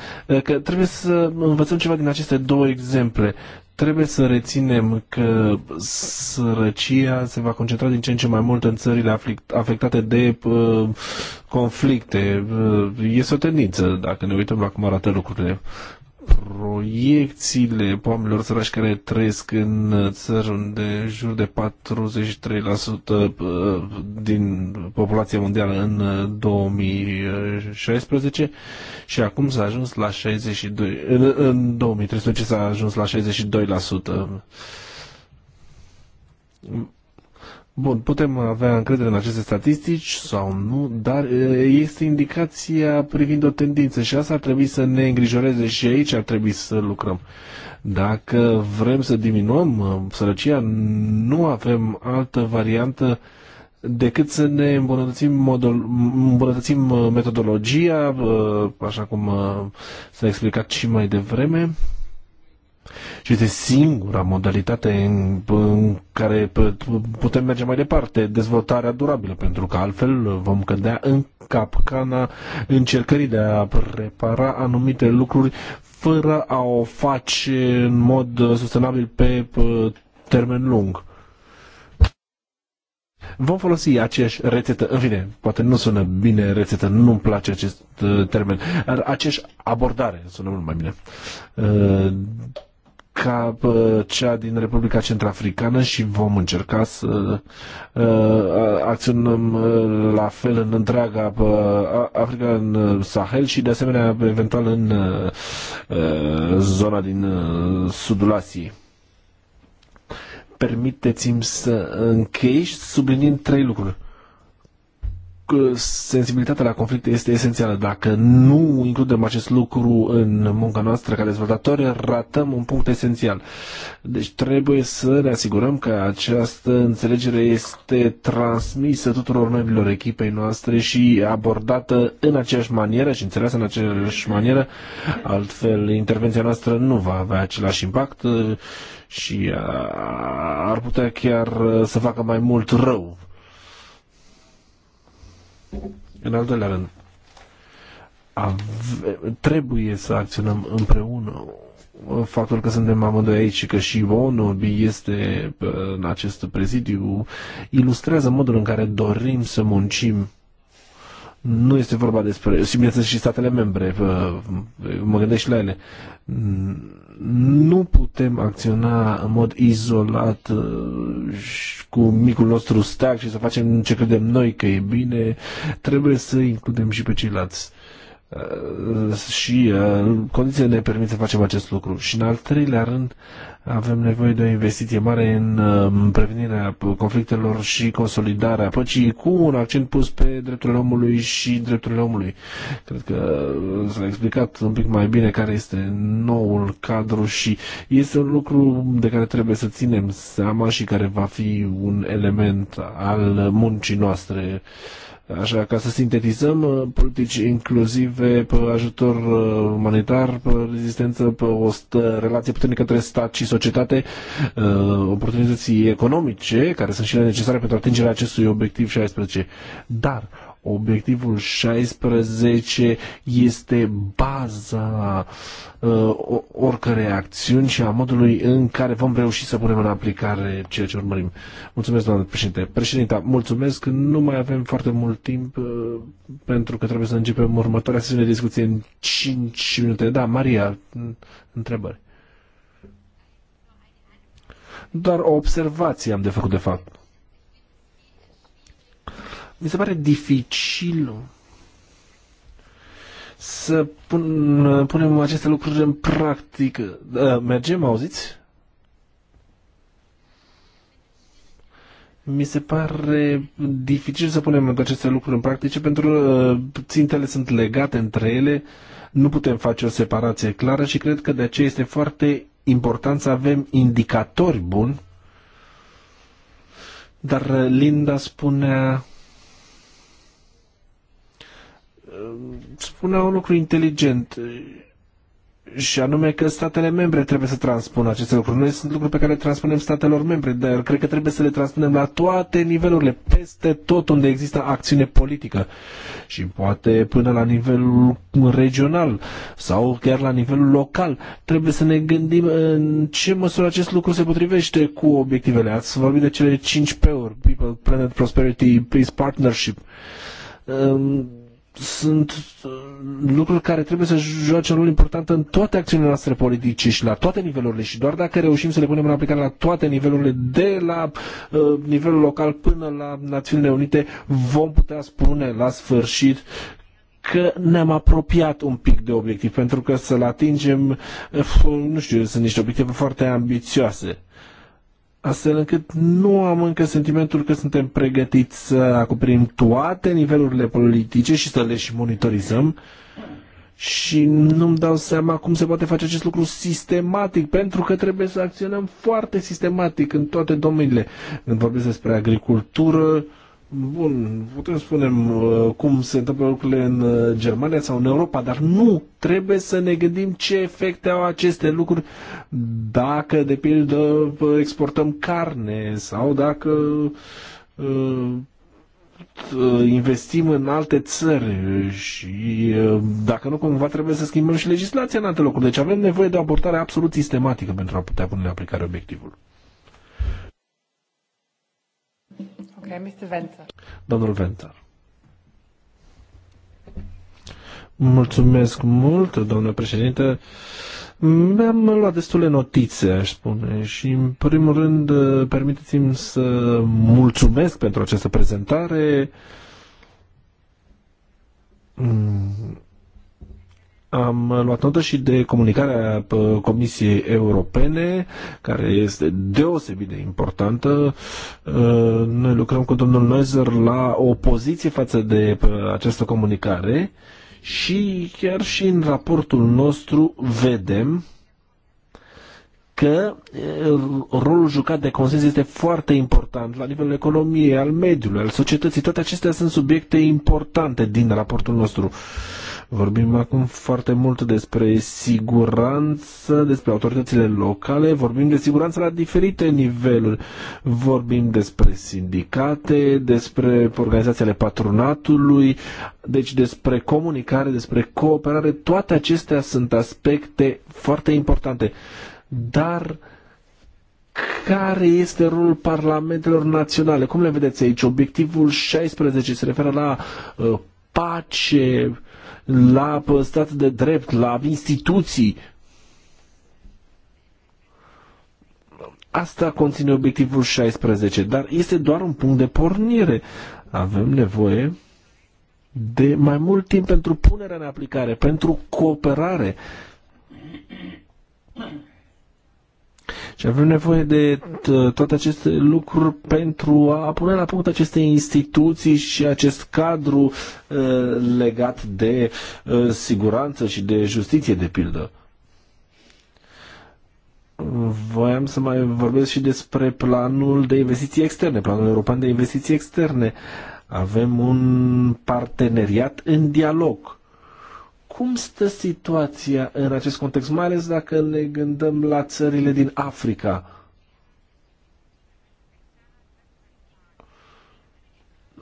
că trebuie să învățăm ceva din aceste două exemple trebuie să reținem că sărăcia se va concentra din ce în ce mai mult în țările afectate de uh, conflicte. Uh, este o tendință, dacă ne uităm la cum arată lucrurile proiecțiile oamenilor sărași care trăiesc în țări unde în jur de 43% uh, din populația mondială în 2016 uh, și acum s-a ajuns la 62 în, în 2013 s-a ajuns la 62% Bun, putem avea încredere în aceste statistici sau nu, dar este indicația privind o tendință și asta ar trebui să ne îngrijoreze și aici ar trebui să lucrăm. Dacă vrem să diminuăm uh, sărăcia, nu avem altă variantă decât să ne îmbunătățim, modul, îmbunătățim uh, metodologia, uh, așa cum s-a explicat și mai devreme, și este singura modalitate în, în care putem merge mai departe, dezvoltarea durabilă, pentru că altfel vom cădea în capcana încercării de a repara anumite lucruri fără a o face în mod sustenabil pe termen lung. Vom folosi aceeași rețetă, în fine, poate nu sună bine rețetă, nu-mi place acest uh, termen, aceeași abordare sună mult mai bine. Uh, ca cea din Republica Centrafricană și vom încerca să ă, acționăm ă, la fel în întreaga Africa, în ă, Sahel și de asemenea eventual în zona din sudul Asiei permiteți-mi să închei sublinind trei lucruri sensibilitatea la conflicte este esențială. Dacă nu includem acest lucru în munca noastră ca dezvoltatori, ratăm un punct esențial. Deci trebuie să ne asigurăm că această înțelegere este transmisă tuturor membrilor echipei noastre și abordată în aceeași manieră și înțeleasă în aceeași manieră. Altfel, intervenția noastră nu va avea același impact uh, și uh, ar putea chiar uh, să facă mai mult rău în al doilea rând, ave, trebuie să acționăm împreună. Faptul că suntem amândoi aici și că și Onobi este uh, în acest prezidiu ilustrează modul în care dorim să muncim nu este vorba despre, și bineînțeles și statele membre, mă gândesc și la ele, nu putem acționa în mod izolat uh, cu micul nostru stag și să facem ce credem noi că e bine, trebuie să includem și pe ceilalți uh, și uh, condițiile ne permit să facem acest lucru. Și în al treilea rând, avem nevoie de o investiție mare în um, prevenirea conflictelor și consolidarea păcii cu un accent pus pe drepturile omului și drepturile omului. Cred că uh, s-a explicat un pic mai bine care este noul cadru și este un lucru de care trebuie să ținem seama și care va fi un element al muncii noastre uh, Așa, ca să sintetizăm, uh, politici inclusive, pe ajutor uh, umanitar, pe rezistență, pe o relație puternică între stat și societate, uh, oportunității economice, care sunt și ele necesare pentru atingerea acestui obiectiv 16. Dar Obiectivul 16 este baza uh, oricărei acțiuni și a modului în care vom reuși să punem în aplicare ceea ce urmărim. Mulțumesc, doamnă președinte. Președinta, mulțumesc. Nu mai avem foarte mult timp uh, pentru că trebuie să începem următoarea sesiune de discuție în 5 minute. Da, Maria, întrebări. Doar o observație am de făcut, de fapt mi se pare dificil să pun, punem aceste lucruri în practică. Da, mergem, auziți? Mi se pare dificil să punem aceste lucruri în practică pentru că uh, țintele sunt legate între ele, nu putem face o separație clară și cred că de aceea este foarte important să avem indicatori buni. Dar uh, Linda spunea spunea un lucru inteligent și anume că statele membre trebuie să transpună aceste lucruri. Noi sunt lucruri pe care le transpunem statelor membre, dar cred că trebuie să le transpunem la toate nivelurile, peste tot unde există acțiune politică și poate până la nivelul regional sau chiar la nivelul local. Trebuie să ne gândim în ce măsură acest lucru se potrivește cu obiectivele. Ați vorbit de cele 5 P-uri, People, Planet, Prosperity, Peace, Partnership. Um, sunt uh, lucruri care trebuie să joace un rol important în toate acțiunile noastre politice și la toate nivelurile și doar dacă reușim să le punem în aplicare la toate nivelurile, de la uh, nivelul local până la Națiunile Unite, vom putea spune la sfârșit că ne-am apropiat un pic de obiectiv, pentru că să-l atingem, uh, nu știu, sunt niște obiective foarte ambițioase astfel încât nu am încă sentimentul că suntem pregătiți să acoperim toate nivelurile politice și să le și monitorizăm și nu-mi dau seama cum se poate face acest lucru sistematic, pentru că trebuie să acționăm foarte sistematic în toate domeniile. Când vorbesc despre agricultură, Bun, putem spune uh, cum se întâmplă lucrurile în uh, Germania sau în Europa, dar nu trebuie să ne gândim ce efecte au aceste lucruri dacă, de pildă, exportăm carne sau dacă uh, investim în alte țări și dacă nu cumva trebuie să schimbăm și legislația în alte locuri. Deci avem nevoie de o abordare absolut sistematică pentru a putea pune în aplicare obiectivul. Ok, Venter. Domnul Venter. Mulțumesc mult, domnule președinte. Mi-am luat destule notițe, aș spune, și în primul rând permiteți-mi să mulțumesc pentru această prezentare. Mm am luat notă și de comunicarea Comisiei Europene, care este deosebit de importantă. Ă, noi lucrăm cu domnul Neuser la o poziție față de această comunicare și chiar și în raportul nostru vedem că rolul jucat de consens este foarte important la nivelul economiei, al mediului, al societății. Toate acestea sunt subiecte importante din raportul nostru. Uh, Vorbim acum foarte mult despre siguranță, despre autoritățile locale, vorbim de siguranță la diferite niveluri. Vorbim despre sindicate, despre organizațiile patronatului, deci despre comunicare, despre cooperare. Toate acestea sunt aspecte foarte importante. Dar care este rolul parlamentelor naționale? Cum le vedeți aici? Obiectivul 16 se referă la uh, pace, la stat de drept, la instituții. Asta conține obiectivul 16, dar este doar un punct de pornire. Avem nevoie de mai mult timp pentru punerea în aplicare, pentru cooperare. Și avem nevoie de toate aceste lucruri pentru a pune la punct aceste instituții și acest cadru uh, legat de uh, siguranță și de justiție, de pildă. Voiam să mai vorbesc și despre planul de investiții externe, planul european de investiții externe. Avem un parteneriat în dialog cum stă situația în acest context, mai ales dacă ne gândăm la țările din Africa?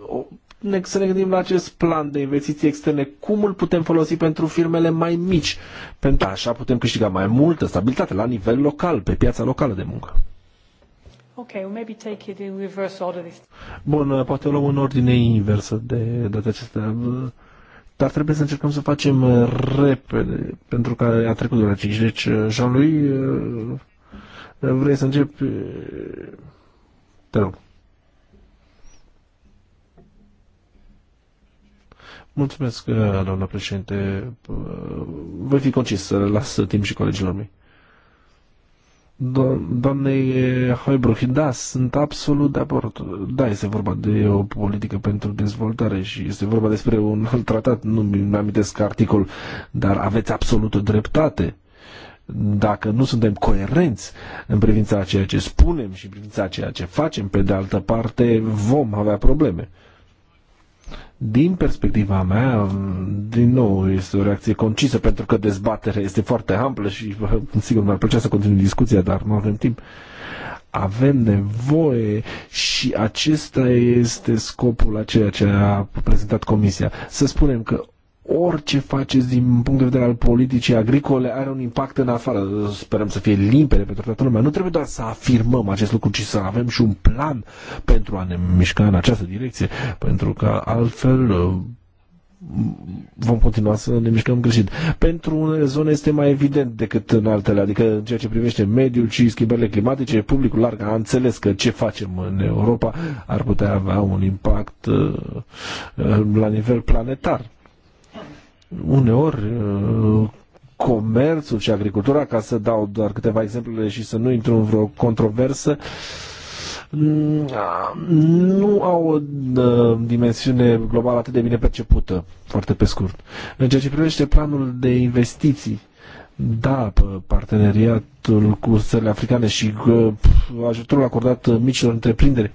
O, ne, să ne gândim la acest plan de investiții externe, cum îl putem folosi pentru firmele mai mici, pentru așa putem câștiga mai multă stabilitate la nivel local, pe piața locală de muncă. Okay, we'll maybe take it in reverse order this. Bun, poate luăm în ordine inversă de data acestea dar trebuie să încercăm să facem uh, repede, pentru că a trecut de la 5. Deci, uh, Jean-Louis, uh, vrei să încep? Te rog. Mulțumesc, doamna președinte. Voi fi concis să las timp și colegilor mei. Do- doamnei eh, Hoibruch, da, sunt absolut de acord. Da, este vorba de o politică pentru dezvoltare și este vorba despre un alt tratat, nu mi am amintesc articol, dar aveți absolută dreptate. Dacă nu suntem coerenți în privința ceea ce spunem și în privința ceea ce facem, pe de altă parte, vom avea probleme. Din perspectiva mea, din nou, este o reacție concisă pentru că dezbaterea este foarte amplă și sigur mi-ar plăcea să continui discuția, dar nu avem timp. Avem nevoie și acesta este scopul a ceea ce a prezentat Comisia. Să spunem că orice faceți din punct de vedere al politicii agricole are un impact în afară. Sperăm să fie limpede pentru toată lumea. Nu trebuie doar să afirmăm acest lucru, ci să avem și un plan pentru a ne mișca în această direcție, pentru că altfel uh, vom continua să ne mișcăm greșit. Pentru unele zone este mai evident decât în altele, adică în ceea ce privește mediul și schimbările climatice, publicul larg a înțeles că ce facem în Europa ar putea avea un impact uh, la nivel planetar uneori uh, comerțul și agricultura, ca să dau doar câteva exemple și să nu intru în vreo controversă, mm, nu au o uh, dimensiune globală atât de bine percepută, foarte pe scurt. În ceea ce privește planul de investiții, da, parteneriatul cu țările africane și uh, ajutorul acordat micilor întreprinderi,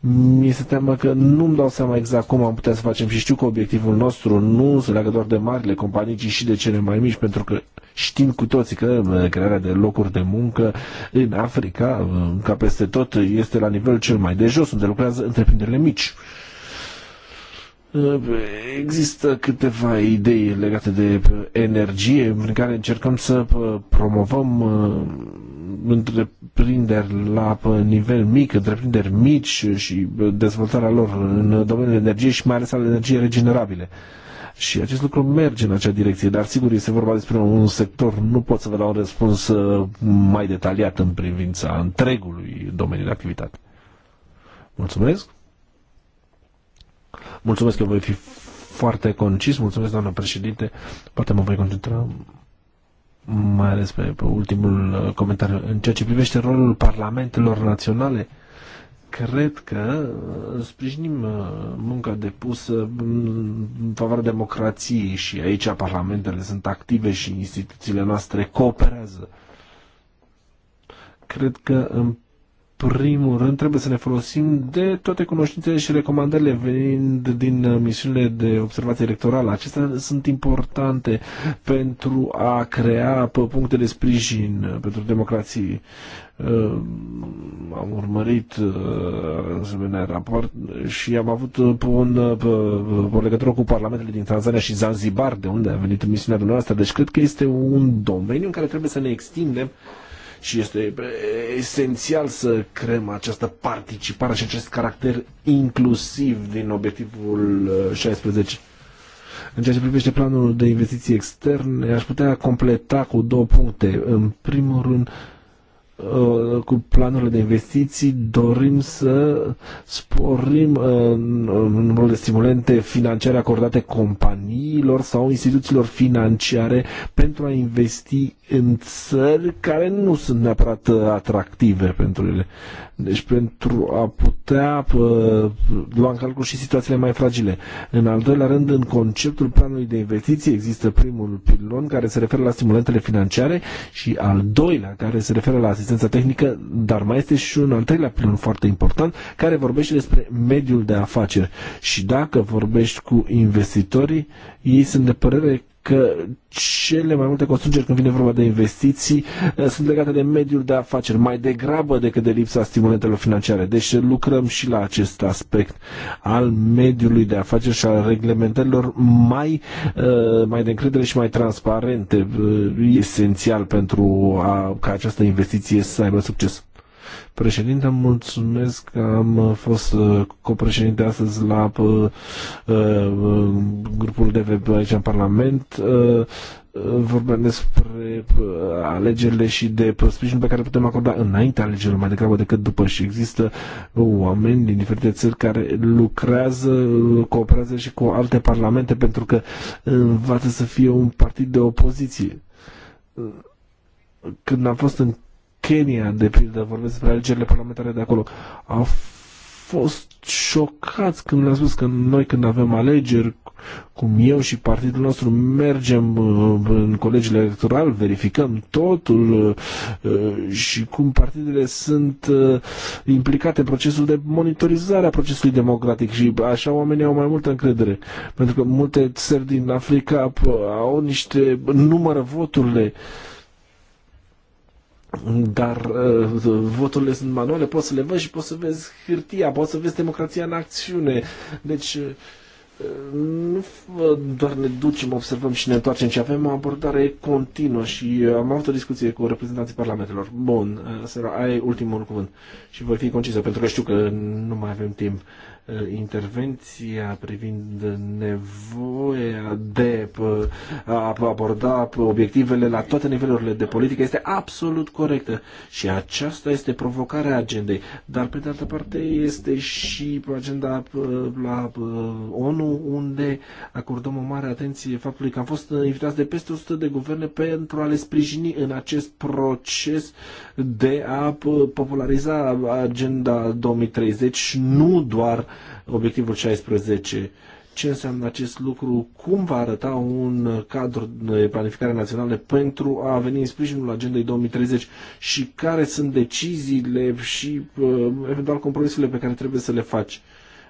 mi se teamă că nu-mi dau seama exact cum am putea să facem și știu că obiectivul nostru nu se leagă doar de marile companii, ci și de cele mai mici, pentru că știm cu toții că crearea de locuri de muncă în Africa, ca peste tot, este la nivelul cel mai de jos, unde lucrează întreprinderile mici. Există câteva idei legate de energie în care încercăm să promovăm între întreprinderi la nivel mic, întreprinderi mici și dezvoltarea lor în domeniul energiei și mai ales al energiei regenerabile. Și acest lucru merge în acea direcție, dar sigur este vorba despre un sector, nu pot să vă dau un răspuns uh, mai detaliat în privința întregului domeniu de activitate. Mulțumesc! Mulțumesc că voi fi foarte concis, mulțumesc doamna președinte, poate mă voi concentra mai ales pe, pe ultimul uh, comentariu, în ceea ce privește rolul parlamentelor naționale, cred că uh, sprijinim uh, munca depusă în favoarea democrației și aici parlamentele sunt active și instituțiile noastre cooperează. Cred că în primul rând, trebuie să ne folosim de toate cunoștințele și recomandările venind din uh, misiunile de observație electorală. Acestea sunt importante pentru a crea uh, puncte de sprijin uh, pentru democrații. Am urmărit asemenea raport și am avut un, o legătură cu parlamentele din Tanzania și Zanzibar, de unde a venit misiunea dumneavoastră. Deci cred că este un domeniu în care trebuie să ne extindem și este esențial să creăm această participare și acest caracter inclusiv din obiectivul 16. Uh, În ceea ce privește planul de investiții externe, aș putea completa cu două puncte. În primul rând, uh, Uh, cu planurile de investiții dorim să sporim uh, numărul de stimulente financiare acordate companiilor sau instituțiilor financiare pentru a investi în țări care nu sunt neapărat uh, atractive pentru ele. Deci pentru a putea lua în calcul și situațiile mai fragile. În al doilea rând, în conceptul planului de investiții există primul pilon care se referă la stimulentele financiare și al doilea care se referă la asistență asistență tehnică, dar mai este și un al treilea pilon foarte important care vorbește despre mediul de afaceri. Și dacă vorbești cu investitorii, ei sunt de părere că cele mai multe constrângeri când vine vorba de investiții eh, sunt legate de mediul de afaceri, mai degrabă decât de lipsa stimulentelor financiare. Deci lucrăm și la acest aspect al mediului de afaceri și al reglementărilor mai, eh, mai de încredere și mai transparente. Eh, e esențial pentru a, ca această investiție să aibă succes președinte. Mulțumesc că am uh, fost uh, copreședinte astăzi la uh, grupul de web aici în Parlament vorbeam despre alegerile și de sprijinul pe care putem acorda înainte alegerilor mai degrabă decât după și există oameni din diferite țări care lucrează, cooperează și cu alte parlamente pentru că învață să fie un partid de opoziție. Când am fost în Kenya, de pildă, vorbesc despre alegerile parlamentare de acolo, au fost șocați când le-am spus că noi când avem alegeri, cum eu și partidul nostru mergem uh, în colegiul electoral, verificăm totul uh, uh, și cum partidele sunt implicate în procesul de monitorizare a procesului democratic și așa oamenii au mai multă încredere. Pentru că multe țări din Africa au niște numără voturile dar uh, voturile sunt manuale, poți să le vezi și poți să vezi hârtia, poți să vezi democrația în acțiune. Deci uh, nu doar ne ducem, observăm și ne întoarcem, ci avem o abordare continuă și am avut o discuție cu reprezentanții parlamentelor. Bun, uh, Sera, ai ultimul cuvânt și voi fi concisă, pentru că știu că nu mai avem timp. Uh, Eh, intervenția privind nevoia de eh, a aborda obiectivele la toate nivelurile de politică este absolut corectă și aceasta este provocarea agendei. Dar pe de altă parte este și agenda eh, la ONU unde acordăm o mare atenție faptului că am fost invitați de peste 100 de guverne pentru a le sprijini în acest proces de a populariza agenda 2030 și nu doar obiectivul 16. Ce înseamnă acest lucru? Cum va arăta un cadru de planificare națională pentru a veni în sprijinul agendei 2030 și care sunt deciziile și uh, eventual compromisurile pe care trebuie să le faci?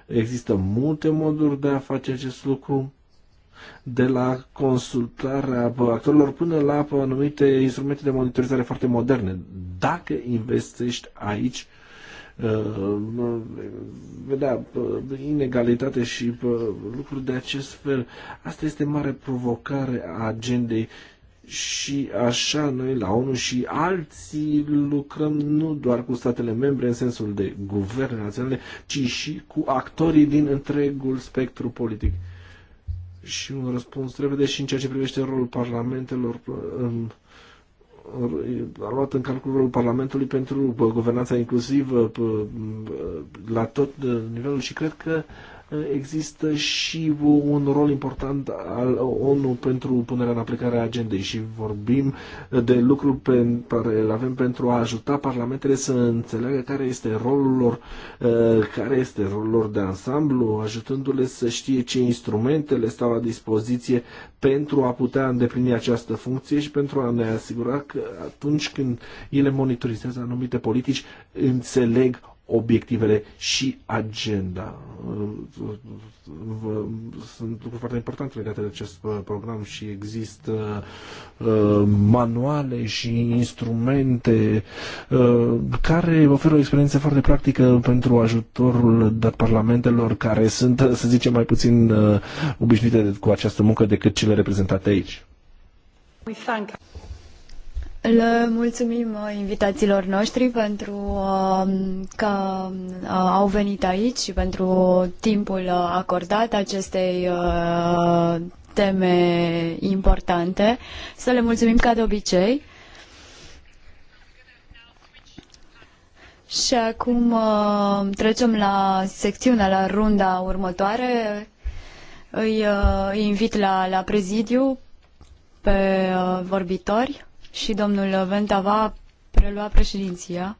Există multe moduri de a face acest lucru de la consultarea uh, actorilor până la uh, anumite instrumente de monitorizare foarte moderne. Dacă investești aici, vedea uh, uh, inegalitate și uh, lucruri de acest fel. Asta este mare provocare a agendei și așa noi la ONU și alții lucrăm nu doar cu statele membre în sensul de guverne naționale, ci și cu actorii din întregul spectru politic. Și un răspuns repede și în ceea ce privește rolul parlamentelor în um, uh, a luat în calcul rolul Parlamentului pentru uh, guvernanța inclusivă uh, uh, la tot nivelul și cred că există și un rol important al ONU pentru punerea în aplicare a agendei și vorbim de lucruri pe care îl avem pentru a ajuta parlamentele să înțeleagă care este rolul lor, uh, care este rolul lor de ansamblu, ajutându-le să știe ce instrumente le stau la dispoziție pentru a putea îndeplini această funcție și pentru a ne asigura că atunci când ele monitorizează anumite politici, înțeleg obiectivele și agenda. Sunt lucruri foarte importante legate de acest uh, program și există uh, manuale și instrumente uh, care oferă o experiență foarte practică pentru ajutorul dat parlamentelor care sunt, să zicem, mai puțin obișnuite cu această muncă decât cele reprezentate aici. Le mulțumim uh, invitațiilor noștri pentru um, că uh, au venit aici și pentru timpul uh, acordat acestei teme importante. Să le mulțumim ca de obicei. Și acum trecem la secțiunea, la runda următoare. Îi invit la, la prezidiu pe vorbitori și domnul Venta va prelua președinția.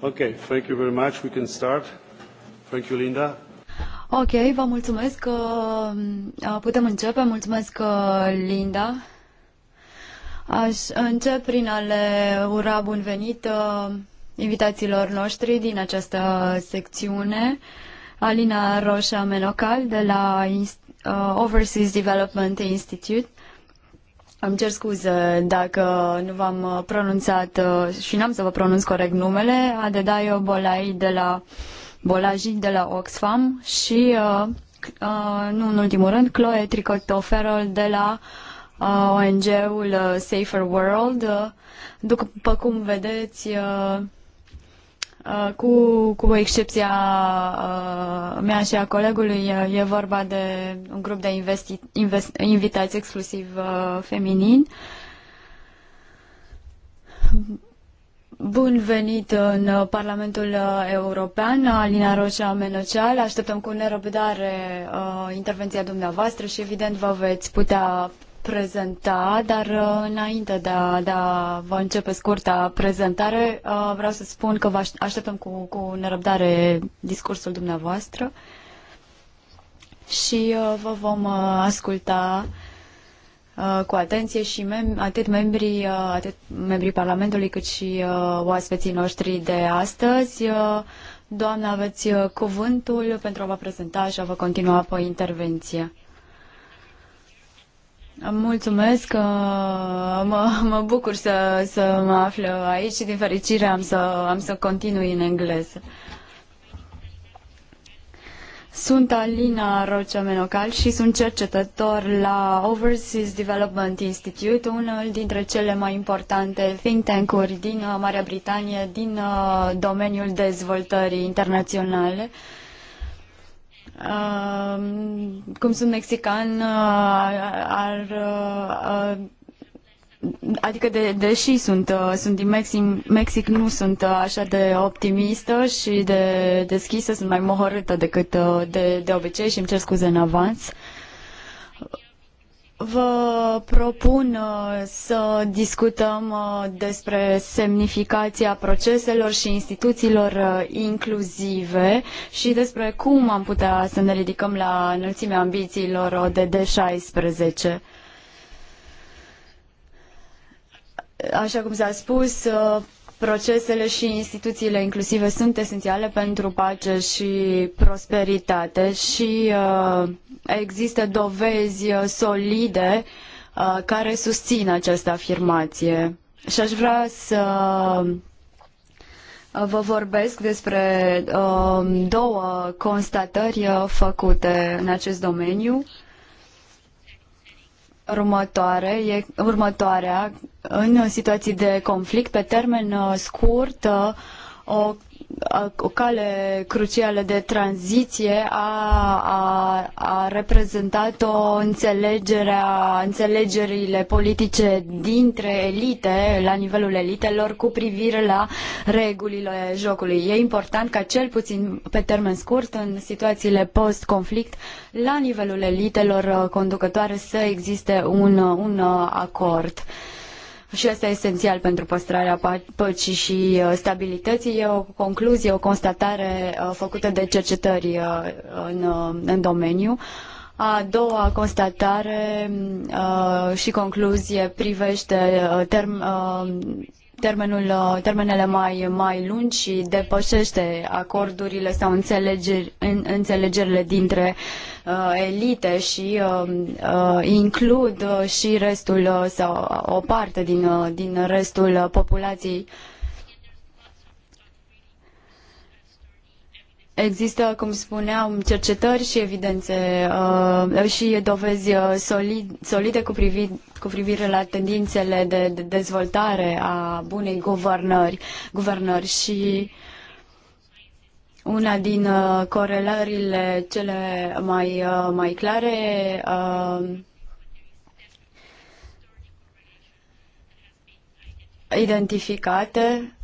Ok, thank you very much. We can start. Thank you, Linda. Ok, vă mulțumesc că uh, putem începe. Mulțumesc, uh, Linda. Aș încep prin a le ura bun venit uh, invitațiilor noștri din această secțiune. Alina Roșa Menocal de la Overseas Development Institute, îmi cer scuze dacă nu v-am uh, pronunțat uh, și n-am să vă pronunț corect numele, Adedayo Bolai de la Bolaji de la Oxfam și, uh, nu în ultimul rând, Chloe Tricotoferol de la ONG-ul Safer World. După cum vedeți, Uh, cu, cu excepția uh, mea și a colegului, uh, e vorba de un grup de investi, invest, invitați exclusiv feminin. Bun venit în Parlamentul European, Alina Roșa Menocial. Așteptăm cu nerăbdare intervenția dumneavoastră și evident vă veți putea prezenta, dar uh, înainte de a, de a vă începe scurta prezentare, uh, vreau să spun că vă așteptăm cu, cu nerăbdare discursul dumneavoastră și uh, vă vom asculta cu atenție și mem- atât membrii, atât membrii Parlamentului cât și oaspeții noștri de astăzi. Doamna, aveți cuvântul pentru a vă prezenta și a vă continua apoi intervenția. Mulțumesc, mă, mă bucur să, să mă aflu aici și din fericire am să, am să continui în engleză. Sunt Alina Rocea-Menocal și sunt cercetător la Overseas Development Institute, unul dintre cele mai importante think tank-uri din Marea Britanie din uh, domeniul dezvoltării internaționale. Uh, cum sunt mexican, uh, ar uh, adică de, deși sunt, sunt din Mexic, Mexic, nu sunt așa de optimistă și de deschisă, sunt mai mohorâtă decât de, de obicei și îmi cer scuze în avans. Uh, Vă propun uh, să discutăm uh, despre semnificația proceselor și instituțiilor uh, inclusive și despre cum am putea să ne ridicăm la înălțimea ambițiilor d 16. Așa cum s-a spus, Procesele și instituțiile inclusive sunt esențiale pentru pace și prosperitate și uh, există dovezi uh, solide uh, care susțin această afirmație. Și aș vrea să vă vorbesc despre două constatări făcute în acest domeniu următoare e următoarea. În situații de conflict, pe termen uh, scurt, uh, o o cale crucială de tranziție a, a, a reprezentat-o înțelegerea, înțelegerile politice dintre elite, la nivelul elitelor, cu privire la regulile jocului. E important ca cel puțin pe termen scurt, în situațiile post-conflict, la nivelul elitelor uh, conducătoare să existe un, un uh, acord. Uh, și asta e esențial pentru păstrarea păcii și uh, stabilității. E o concluzie, o constatare uh, făcută de cercetări uh, în, în domeniu. A doua constatare uh, și concluzie privește term, uh, termenul, uh, termenele mai, mai lungi și depășește acordurile sau înțelegeri, în, înțelegerile dintre uh, elite și uh, uh, includ uh, și restul uh, sau o parte din, din restul populației uh, Există, cum spuneam, cercetări și evidențe uh, și dovezi uh, solid, solide cu, privi, cu privire la tendințele de, de dezvoltare a bunei guvernări, guvernări și una din uh, corelările cele mai, uh, mai clare uh, identificate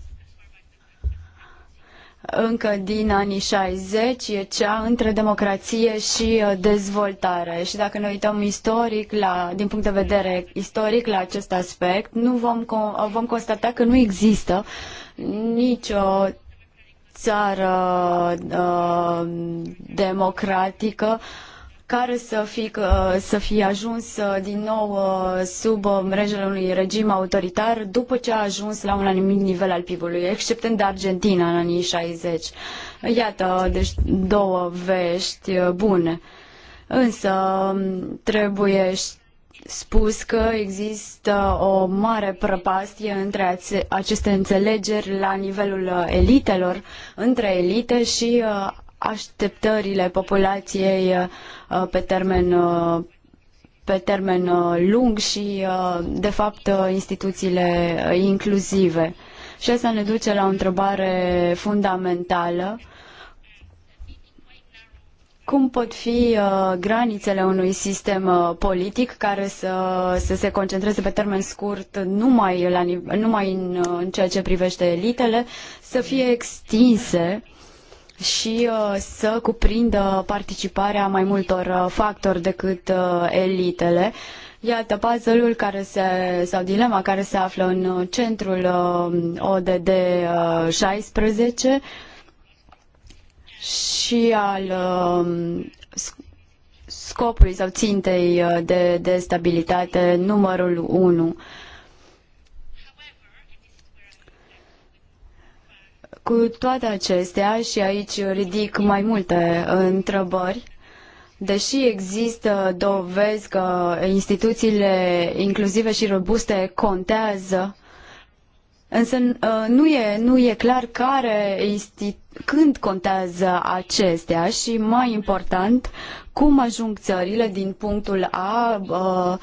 încă din anii 60 e cea între democrație și uh, dezvoltare. Și dacă ne uităm istoric, la, din punct de vedere istoric la acest aspect, nu vom, vom constata că nu există nicio țară uh, democratică uh, care să fie, să fie ajuns uh, din nou uh, sub mrejele uh, unui regim autoritar după ce a ajuns la un anumit nivel al PIB-ului, exceptând Argentina în anii 60. Iată, deci două vești bune. Însă um, trebuie spus că există o mare prăpastie între aceste înțelegeri la nivelul elitelor, între elite și așteptările populației uh, uh, pe termen uh, pe termen lung și, de fapt, instituțiile inclusive. Și asta ne duce la o întrebare fundamentală. Cum pot fi granițele unui sistem politic care să, să se concentreze pe termen scurt numai, la, numai în, în ceea ce privește elitele, să fie extinse uh, și uh, să cuprindă participarea mai multor uh, factori decât uh, elitele. Iată puzzle-ul care se, sau dilema care se află în centrul ODD 16 și al um, scopului sau țintei de, de stabilitate numărul 1. Cu toate acestea, și aici ridic mai multe întrebări, deși există dovezi că instituțiile inclusive și robuste contează, însă uh, nu e, nu e clar care când contează acestea și, mai important, cum ajung țările din punctul A uh,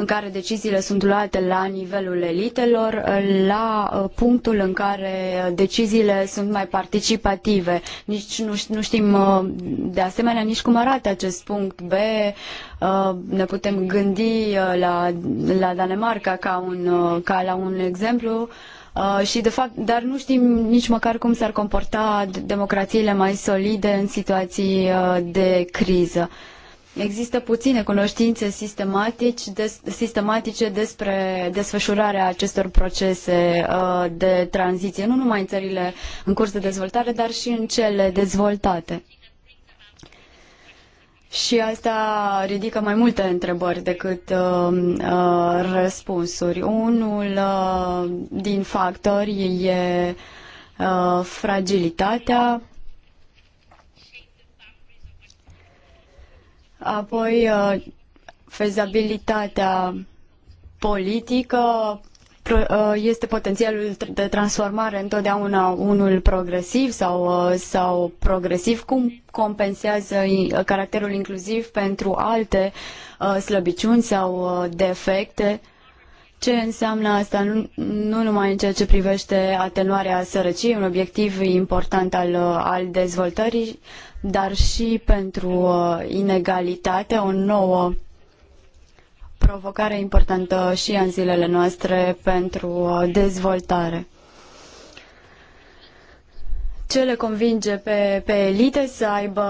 în care deciziile sunt luate la nivelul elitelor, la uh, punctul în care uh, deciziile sunt mai participative. Nici nu, știm uh, de asemenea nici cum arată acest punct B. Ne putem gândi la, la Danemarca ca, un, ca la un exemplu. Uh, și de fapt, dar nu știm nici măcar cum s-ar comporta democrațiile mai solide în situații de criză. Uh, Există puține cunoștințe sistematici, des, sistematice despre desfășurarea acestor procese uh, de tranziție, nu numai în țările în curs de dezvoltare, dar și în cele dezvoltate. Și asta ridică mai multe întrebări decât uh, uh, răspunsuri. Unul uh, din factori e uh, fragilitatea, Apoi, uh, fezabilitatea politică uh, este potențialul de transformare întotdeauna unul progresiv sau, uh, sau progresiv, cum compensează caracterul inclusiv pentru alte slăbiciuni sau defecte ce înseamnă asta nu, nu numai în ceea ce privește atenuarea sărăciei, un obiectiv important al, uh, al dezvoltării, dar și pentru uh, inegalitate, o nouă provocare importantă și în zilele noastre pentru uh, dezvoltare ce le convinge pe, pe elite să aibă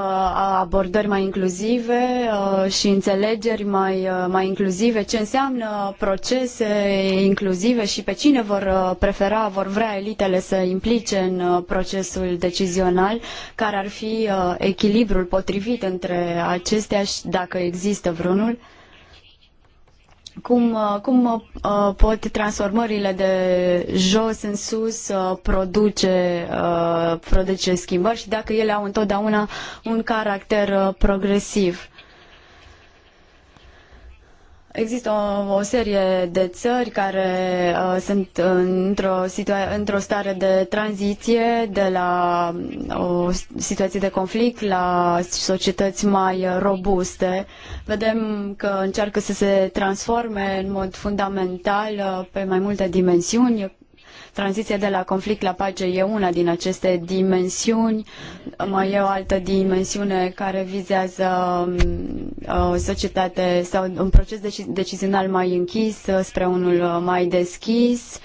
abordări mai inclusive uh, și înțelegeri mai, uh, mai inclusive, ce înseamnă procese inclusive și pe cine vor uh, prefera, vor vrea elitele să implice în procesul decizional, care ar fi echilibrul potrivit între acestea și dacă există vreunul. Uh, cum, uh, cum uh, pot transformările de jos în sus uh, produce, produce schimbări și dacă ele au întotdeauna un caracter progresiv. Există o, o serie de țări care uh, sunt într-o, situa- într-o stare de tranziție de la o situație de conflict la societăți mai robuste. Vedem că încearcă să se transforme în mod fundamental uh, pe mai multe dimensiuni tranziție de la conflict la pace e una din aceste dimensiuni. Mai e o altă dimensiune care vizează o mm, uh, societate sau un proces deci- decizional mai închis uh, spre unul uh, mai deschis. Uh,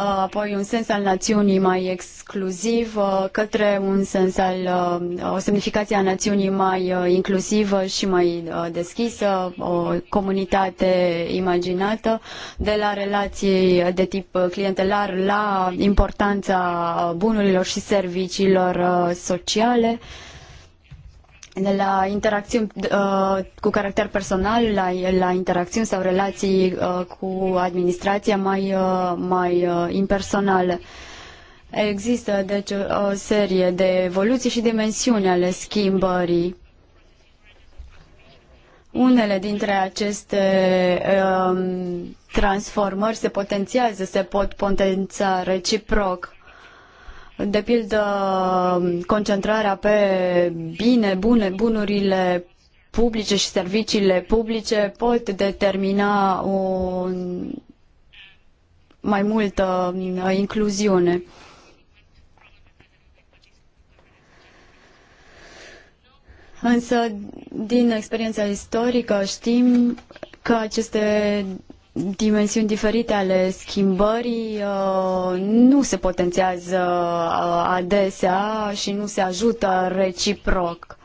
apoi un sens al națiunii mai exclusiv uh, către un sens al, uh, o semnificație a națiunii mai uh, inclusivă și mai deschisă, o comunitate imaginată, de la relații de tip clientelar la importanța bunurilor și serviciilor sociale de la interacțiuni uh, cu caracter personal la, la interacțiuni sau relații uh, cu administrația mai, uh, mai uh, impersonale. Există, deci, o serie de evoluții și dimensiuni ale schimbării. Unele dintre aceste um, transformări se potențiază, se pot potența reciproc de pildă concentrarea pe bine, bune, bunurile publice și serviciile publice pot determina o mai multă uh, incluziune. Însă, din experiența istorică, știm că aceste dimensiuni diferite ale schimbării uh, nu se potențează uh, adesea și nu se ajută reciproc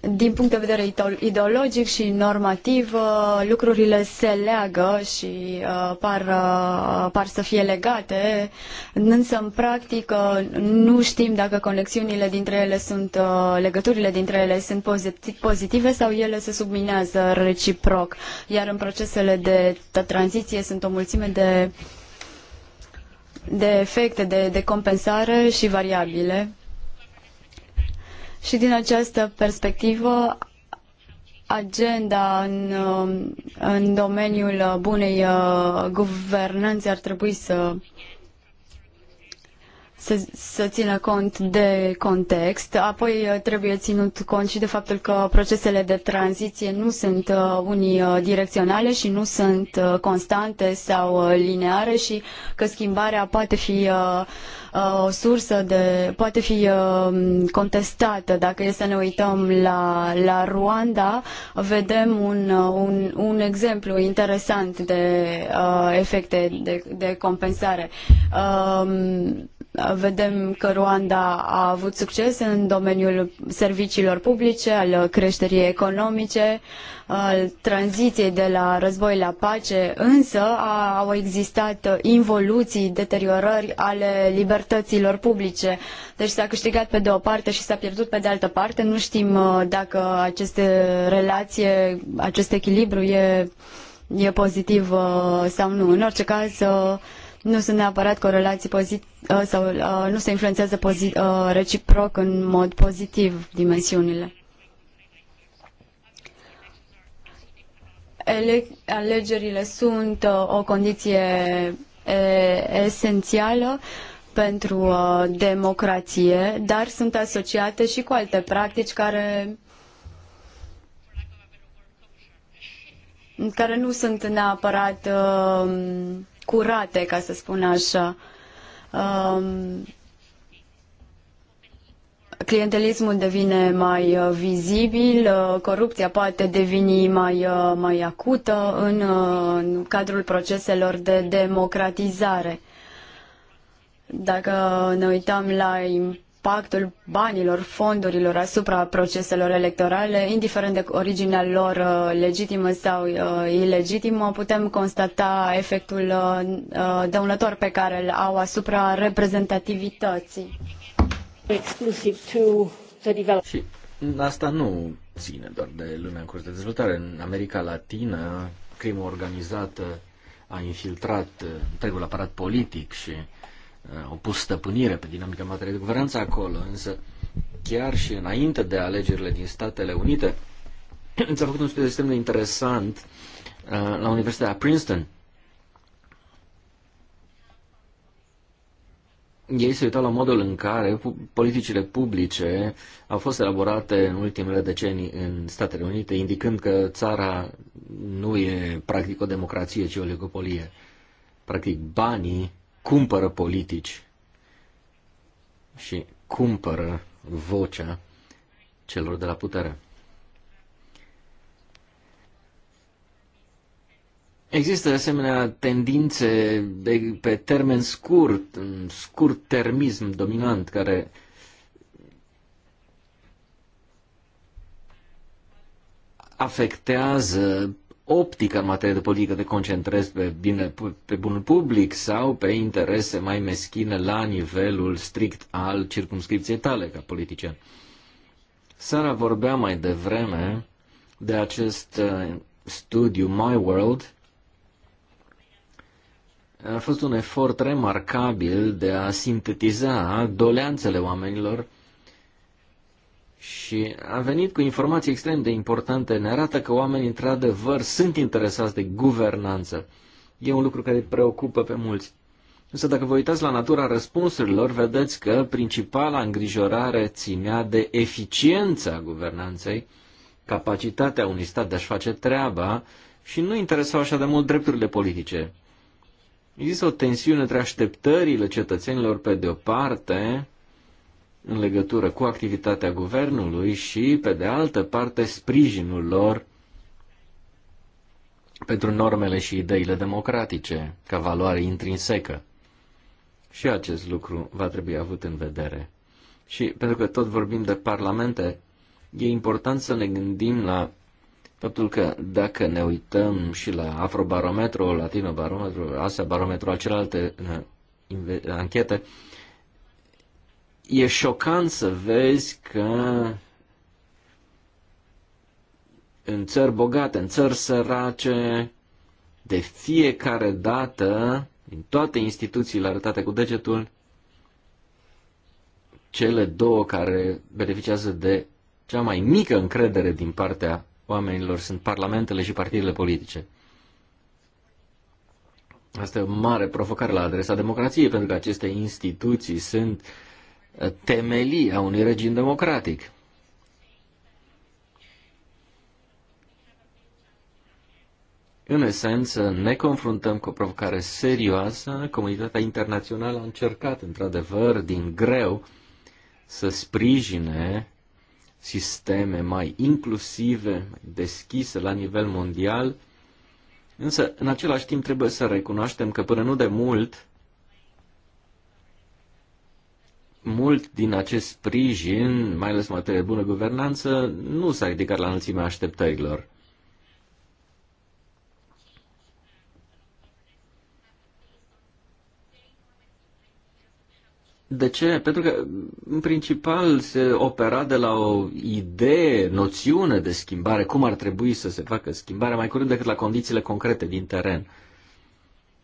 din punct de vedere ideologic și normativ, uh, lucrurile se leagă și uh, par, uh, par să fie legate, însă în practică nu știm dacă conexiunile dintre ele sunt, legăturile dintre ele sunt pozitive sau ele se subminează reciproc. Iar în procesele de tranziție sunt o mulțime de, de efecte de, de compensare și variabile și din această perspectivă, agenda în, în domeniul bunei uh, guvernanțe ar trebui să, să, să țină cont de context. Apoi uh, trebuie ținut cont și de faptul că procesele de tranziție nu sunt uh, unidirecționale și nu sunt constante sau lineare și că schimbarea poate fi Uh, o sursă de poate fi uh, contestată. Dacă e să ne uităm la, la Rwanda, vedem un, uh, un, un exemplu interesant de efecte de, de compensare. Um, Vedem că Rwanda a avut succes în domeniul serviciilor publice, al creșterii economice, al tranziției de la război la pace, însă au existat involuții, deteriorări ale libertăților publice. Deci s-a câștigat pe de o parte și s-a pierdut pe de altă parte. Nu știm uh, dacă aceste relație, acest echilibru e, e pozitiv uh, sau nu. În orice caz, uh, nu sunt neapărat corelații pozitive uh, sau uh, nu se influențează pozit- uh, reciproc în mod pozitiv dimensiunile. Ele- alegerile sunt uh, o condiție e, esențială pentru uh, democrație, dar sunt asociate și cu alte practici care care nu sunt neapărat uh, curate, ca să spun așa. Um, clientelismul devine mai uh, vizibil, uh, corupția poate deveni mai, uh, mai acută în, în cadrul proceselor de democratizare. Dacă ne uităm la impactul banilor, fondurilor asupra proceselor electorale, indiferent de originea lor uh, legitimă sau uh, ilegitimă, putem constata efectul uh, dăunător pe care îl au asupra reprezentativității. Exclusiv to the development. Și asta nu ține doar de lumea în curs de dezvoltare. În America Latină, crimă organizată a infiltrat întregul aparat politic și Uh, au pus stăpânire pe dinamica în materie de guvernanță acolo, însă chiar și înainte de alegerile din Statele Unite, s-a făcut un studiu extrem de interesant uh, la Universitatea Princeton. Ei se uitau la modul în care politicile publice au fost elaborate în ultimele decenii în Statele Unite, indicând că țara nu e practic o democrație, ci o oligopolie. Practic, banii cumpără politici și cumpără vocea celor de la putere. Există de asemenea tendințe de, pe termen scurt, scurt termism dominant, care afectează optică în materie de politică te concentrezi pe, bine, pe bunul public sau pe interese mai meschine la nivelul strict al circumscripției tale ca politician. Sara vorbea mai devreme de acest uh, studiu My World. A fost un efort remarcabil de a sintetiza doleanțele oamenilor și a venit cu informații extrem de importante. Ne arată că oamenii, într-adevăr, sunt interesați de guvernanță. E un lucru care îi preocupă pe mulți. Însă dacă vă uitați la natura răspunsurilor, vedeți că principala îngrijorare ținea de eficiența guvernanței, capacitatea unui stat de a-și face treaba și nu interesau așa de mult drepturile politice. Există o tensiune între așteptările cetățenilor pe de o parte în legătură cu activitatea guvernului și, pe de altă parte, sprijinul lor pentru normele și ideile democratice, ca valoare intrinsecă. Și acest lucru va trebui avut în vedere. Și pentru că tot vorbim de parlamente, e important să ne gândim la faptul că dacă ne uităm și la afrobarometru, latinobarometru, asea barometru, celelalte uh, anchete, e șocant să vezi că în țări bogate, în țări sărace, de fiecare dată, în toate instituțiile arătate cu degetul, cele două care beneficiază de cea mai mică încredere din partea oamenilor sunt parlamentele și partidele politice. Asta e o mare provocare la adresa democrației, pentru că aceste instituții sunt temelii a unui regim democratic. În esență, ne confruntăm cu o provocare serioasă. Comunitatea internațională a încercat, într-adevăr, din greu, să sprijine sisteme mai inclusive, mai deschise la nivel mondial, însă, în același timp, trebuie să recunoaștem că până nu de mult mult din acest sprijin, mai ales în materie de bună guvernanță, nu s-a ridicat la înălțimea așteptărilor. De ce? Pentru că, în principal, se opera de la o idee, noțiune de schimbare, cum ar trebui să se facă schimbarea, mai curând decât la condițiile concrete din teren.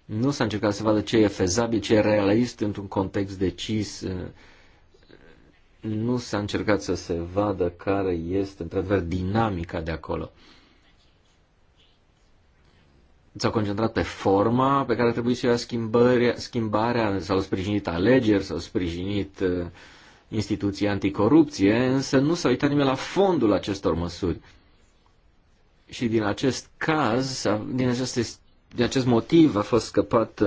Nu s-a încercat să vadă ce e fezabil, ce e realist într-un context decis nu s-a încercat să se vadă care este, într-adevăr, dinamica de acolo. S-au concentrat pe forma pe care trebuie să o ia schimbarea, schimbarea s-au sprijinit alegeri, s-au sprijinit uh, instituții anticorupție, însă nu s-a uitat nimeni la fondul acestor măsuri. Și din acest caz, din, acest, din acest motiv a fost scăpat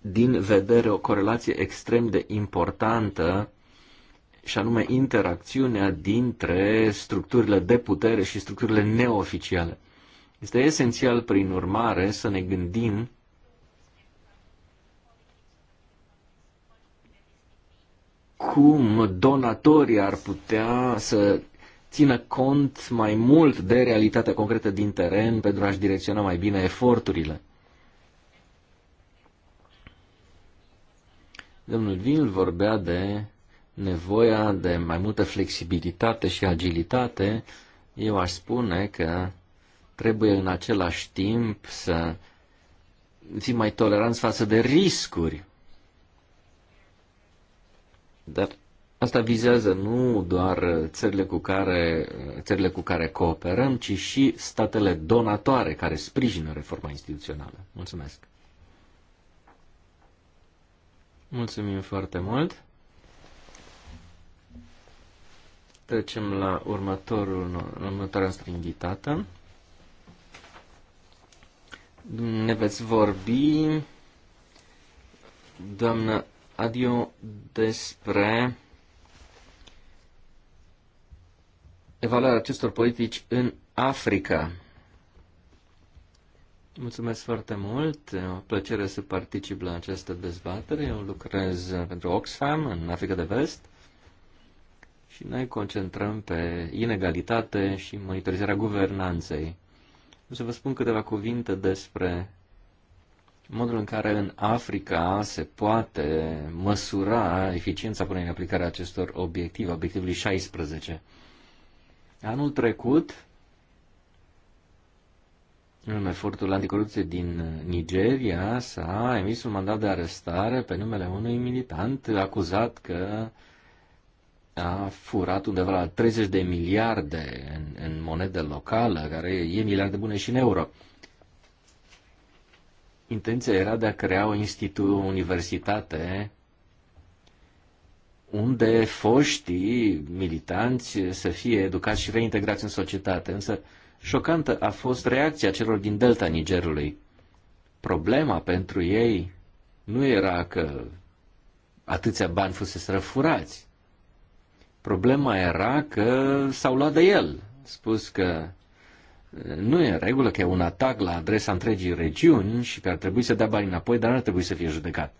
din vedere o corelație extrem de importantă și anume interacțiunea dintre structurile de putere și structurile neoficiale. Este esențial, prin urmare, să ne gândim cum donatorii ar putea să țină cont mai mult de realitatea concretă din teren pentru a-și direcționa mai bine eforturile. Domnul Vin vorbea de nevoia de mai multă flexibilitate și agilitate, eu aș spune că trebuie în același timp să fii mai toleranți față de riscuri. Dar asta vizează nu doar țările cu care, țările cu care cooperăm, ci și statele donatoare care sprijină reforma instituțională. Mulțumesc! Mulțumim foarte mult! Trecem la următorul, următoarea noastră invitată. Ne veți vorbi, doamnă Adio, despre evaluarea acestor politici în Africa. Mulțumesc foarte mult, e o plăcere să particip la această dezbatere. Eu lucrez pentru Oxfam în Africa de Vest și ne concentrăm pe inegalitate și monitorizarea guvernanței. O să vă spun câteva cuvinte despre modul în care în Africa se poate măsura eficiența până în aplicarea acestor obiective, obiectivului 16. Anul trecut, în efortul anticorupție din Nigeria, s-a emis un mandat de arestare pe numele unui militant acuzat că a furat undeva la 30 de miliarde în, în monedă locală, care e miliarde bune și în euro. Intenția era de a crea o institut, o universitate unde foștii militanți să fie educați și reintegrați în societate. Însă șocantă a fost reacția celor din delta Nigerului. Problema pentru ei nu era că atâția bani fusese răfurați, Problema era că s-au luat de el. Spus că nu e în regulă că e un atac la adresa întregii regiuni și că ar trebui să dea bani înapoi, dar nu ar trebui să fie judecat.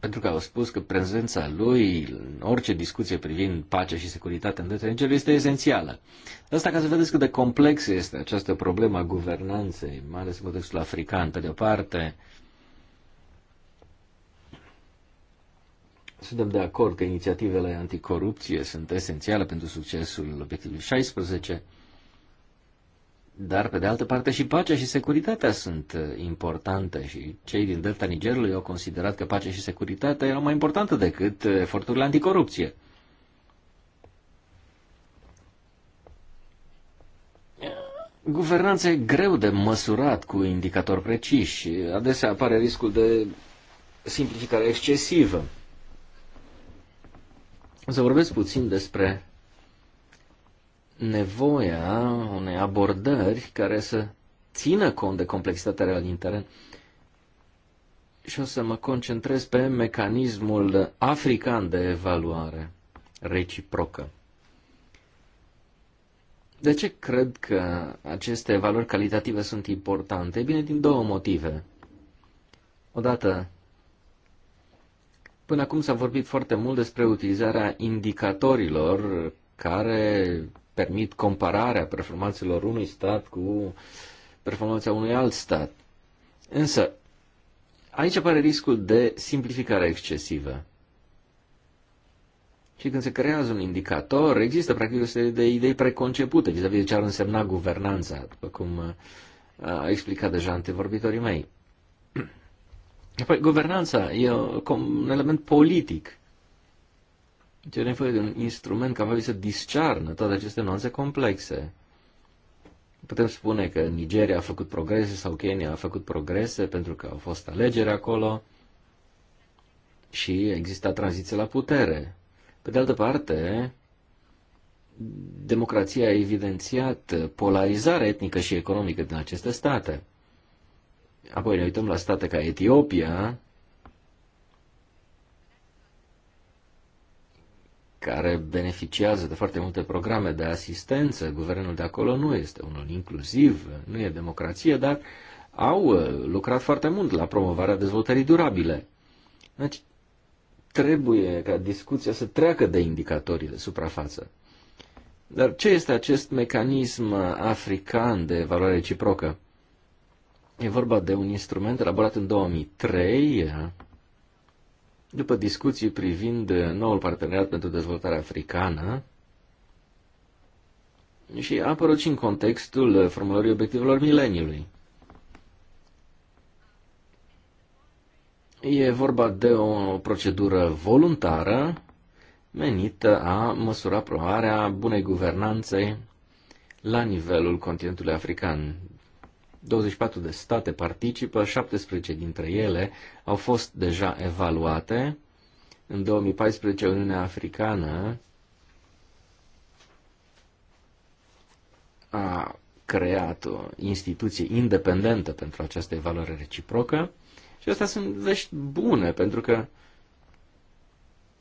pentru că au spus că prezența lui în orice discuție privind pacea și securitatea în înțelegere este esențială. asta ca să vedeți cât de complexă este această problemă a guvernanței, mai ales în contextul african, pe de o parte, Suntem de acord că inițiativele anticorupție sunt esențiale pentru succesul obiectivului 16, dar, pe de altă parte, și pacea și securitatea sunt uh, importante și cei din delta Nigerului au considerat că pacea și securitatea erau mai importante decât uh, eforturile anticorupție. Guvernanța e greu de măsurat cu indicatori preciși. Adesea apare riscul de simplificare excesivă. O să vorbesc puțin despre nevoia unei abordări care să țină cont de complexitatea reală din teren și o să mă concentrez pe mecanismul african de evaluare reciprocă. De ce cred că aceste valori calitative sunt importante? E bine, din două motive. Odată, Până acum s-a vorbit foarte mult despre utilizarea indicatorilor care permit compararea performanțelor unui stat cu performanța unui alt stat. Însă, aici apare riscul de simplificare excesivă. Și când se creează un indicator, există practic o serie de idei preconcepute vis-a-vis de ce ar însemna guvernanța, după cum uh, a explicat deja antevorbitorii mei. Apoi, guvernanța e uh, un element politic. Ce deci nevoie de un instrument capabil să discearnă toate aceste nuanțe complexe. Putem spune că Nigeria a făcut progrese sau Kenya a făcut progrese pentru că au fost alegeri acolo și exista tranziție la putere. Pe de altă parte, democrația a evidențiat polarizarea etnică și economică din aceste state. Apoi ne uităm la state ca Etiopia, care beneficiază de foarte multe programe de asistență. Guvernul de acolo nu este unul inclusiv, nu e democrație, dar au uh, lucrat foarte mult la promovarea dezvoltării durabile. Deci, trebuie ca discuția să treacă de indicatorii de suprafață. Dar ce este acest mecanism african de valoare reciprocă? E vorba de un instrument elaborat în 2003, după discuții privind noul parteneriat pentru dezvoltare africană, și a apărut și în contextul formulării obiectivelor mileniului. E vorba de o procedură voluntară menită a măsura promovarea bunei guvernanței la nivelul continentului african. 24 de state participă, 17 dintre ele au fost deja evaluate. În 2014 Uniunea Africană a creat o instituție independentă pentru această evaluare reciprocă și astea sunt vești bune pentru că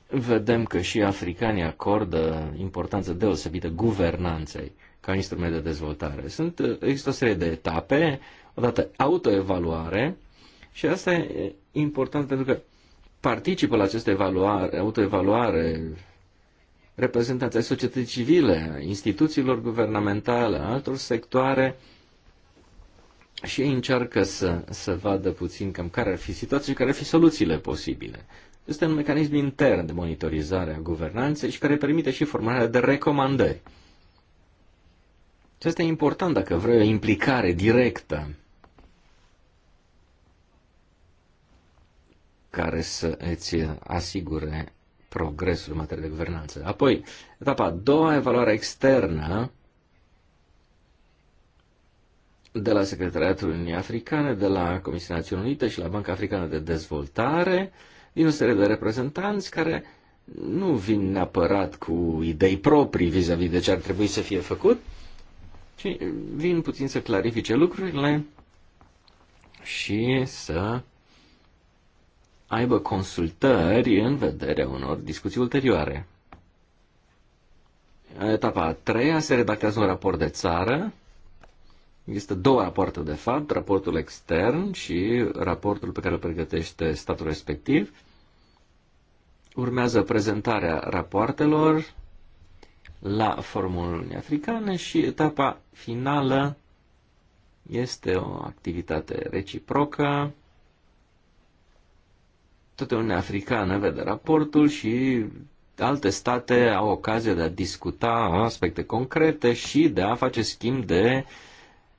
vedem că și africanii acordă importanță deosebită guvernanței ca instrument de dezvoltare. Sunt, uh, există o serie de etape, odată autoevaluare și asta e important pentru că participă la această evaluare, autoevaluare reprezentanții societății civile, instituțiilor guvernamentale, altor sectoare și ei încearcă să, să vadă puțin cam care ar fi situația și care ar fi soluțiile posibile. Este un mecanism intern de monitorizare a guvernanței și care permite și formarea de recomandări. Și deci asta e important dacă vrei o implicare directă care să îți asigure progresul în materie de guvernanță. Apoi, etapa a doua, evaluarea externă de la Secretariatul Uniunii Africane, de la Comisia Națiunilor Unite și la Banca Africană de Dezvoltare, din o serie de reprezentanți care nu vin neapărat cu idei proprii vis-a-vis -vis de ce ar trebui să fie făcut, și vin puțin să clarifice lucrurile și să aibă consultări în vederea unor discuții ulterioare. etapa a treia se redactează un raport de țară. Există două rapoarte, de fapt, raportul extern și raportul pe care îl pregătește statul respectiv. Urmează prezentarea rapoartelor, la formulă Uniunii Africane și etapa finală este o activitate reciprocă. Toată Uniunea Africană vede raportul și alte state au ocazia de a discuta aspecte concrete și de a face schimb de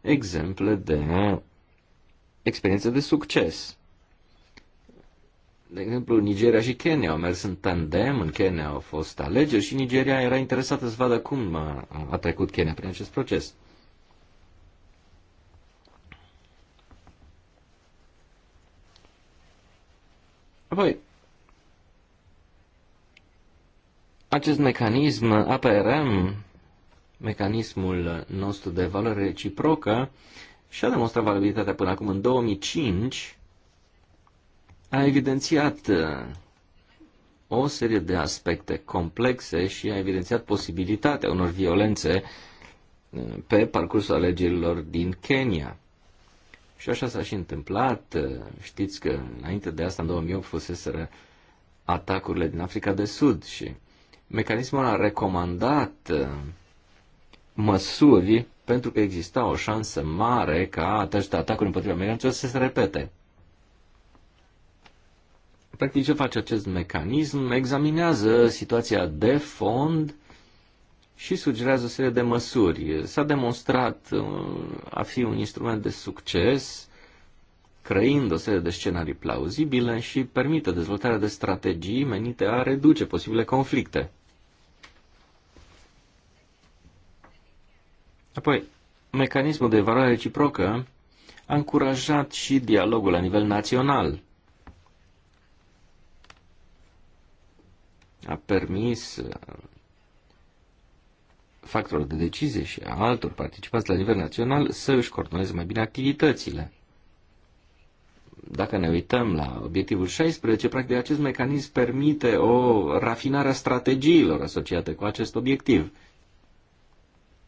exemple de experiențe de succes de exemplu, Nigeria și Kenya au mers în tandem, în Kenya au fost alegeri și Nigeria era interesată să vadă cum a, a trecut Kenya prin acest proces. Apoi, acest mecanism APRM, mecanismul nostru de valoare reciprocă, și-a demonstrat valabilitatea până acum în 2005, a evidențiat uh, o serie de aspecte complexe și a evidențiat posibilitatea unor violențe uh, pe parcursul alegerilor din Kenya. Și așa s-a și întâmplat. Uh, știți că înainte de asta, în 2008, fuseseră atacurile din Africa de Sud și mecanismul a recomandat măsuri pentru că exista o șansă mare ca aceste atacuri împotriva americanilor să se repete. Practic, ce face acest mecanism? Examinează situația de fond și sugerează o serie de măsuri. S-a demonstrat uh, a fi un instrument de succes, creând o serie de scenarii plauzibile și permite dezvoltarea de strategii menite a reduce posibile conflicte. Apoi, mecanismul de evaluare reciprocă a încurajat și dialogul la nivel național a permis uh, factorilor de decizie și a altor participanți la nivel național să își coordoneze mai bine activitățile. Dacă ne uităm la obiectivul 16, practic acest mecanism permite o rafinare a strategiilor asociate cu acest obiectiv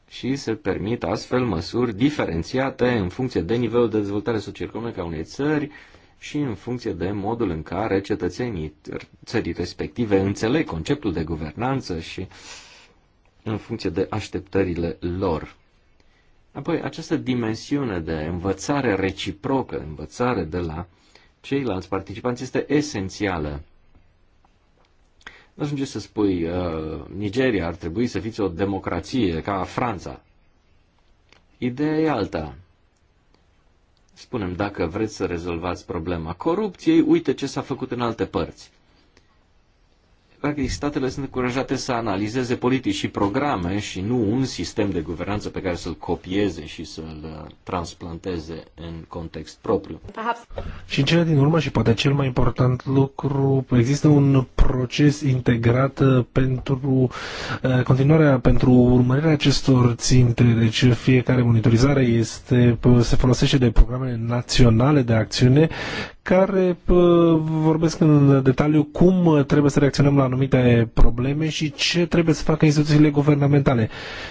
și se permit astfel măsuri diferențiate în funcție de nivelul de dezvoltare socioeconomică a unei țări, și în funcție de modul în care cetățenii țării respective înțeleg conceptul de guvernanță și în funcție de așteptările lor. Apoi, această dimensiune de învățare reciprocă, învățare de la ceilalți participanți, este esențială. Nu ajunge să spui, uh, Nigeria ar trebui să fiți o democrație ca Franța. Ideea e alta spunem, dacă vreți să rezolvați problema corupției, uite ce s-a făcut în alte părți practic, statele sunt încurajate să analizeze politici și programe și nu un sistem de guvernanță pe care să-l copieze și să-l uh, transplanteze în context propriu. Și în cele din urmă, și poate cel mai important lucru, există un proces integrat uh, pentru uh, continuarea, pentru urmărirea acestor ținte. Deci fiecare monitorizare este, se folosește de programele naționale de acțiune care vorbesc în detaliu cum trebuie să reacționăm la anumite probleme și ce trebuie să facă instituțiile guvernamentale.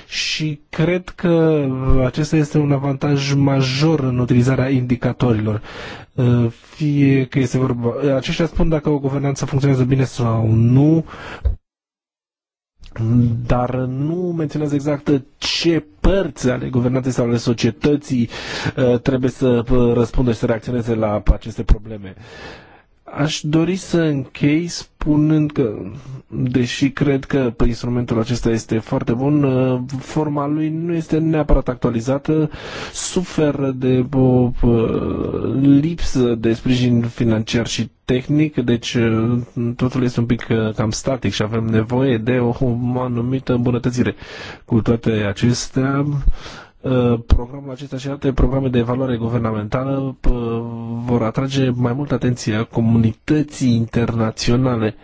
Și cred că acesta este un avantaj major în utilizarea indicatorilor. Uh, fie că este vorba... Uh, aceștia spun dacă o guvernanță funcționează bine sau nu, dar nu menționează exact ce părți ale guvernanței sau ale societății uh, trebuie să răspundă și să reacționeze la aceste probleme. Aș dori să închei spunând că, deși cred că instrumentul acesta este foarte bun, uh, forma lui nu este neapărat actualizată, suferă de o uh, lipsă de sprijin financiar și tehnic, deci uh, totul este un pic cam static și avem nevoie de o anumită îmbunătățire. Cu toate acestea, Uh, programul acesta și alte programe de evaluare guvernamentală uh, vor atrage mai mult atenția comunității internaționale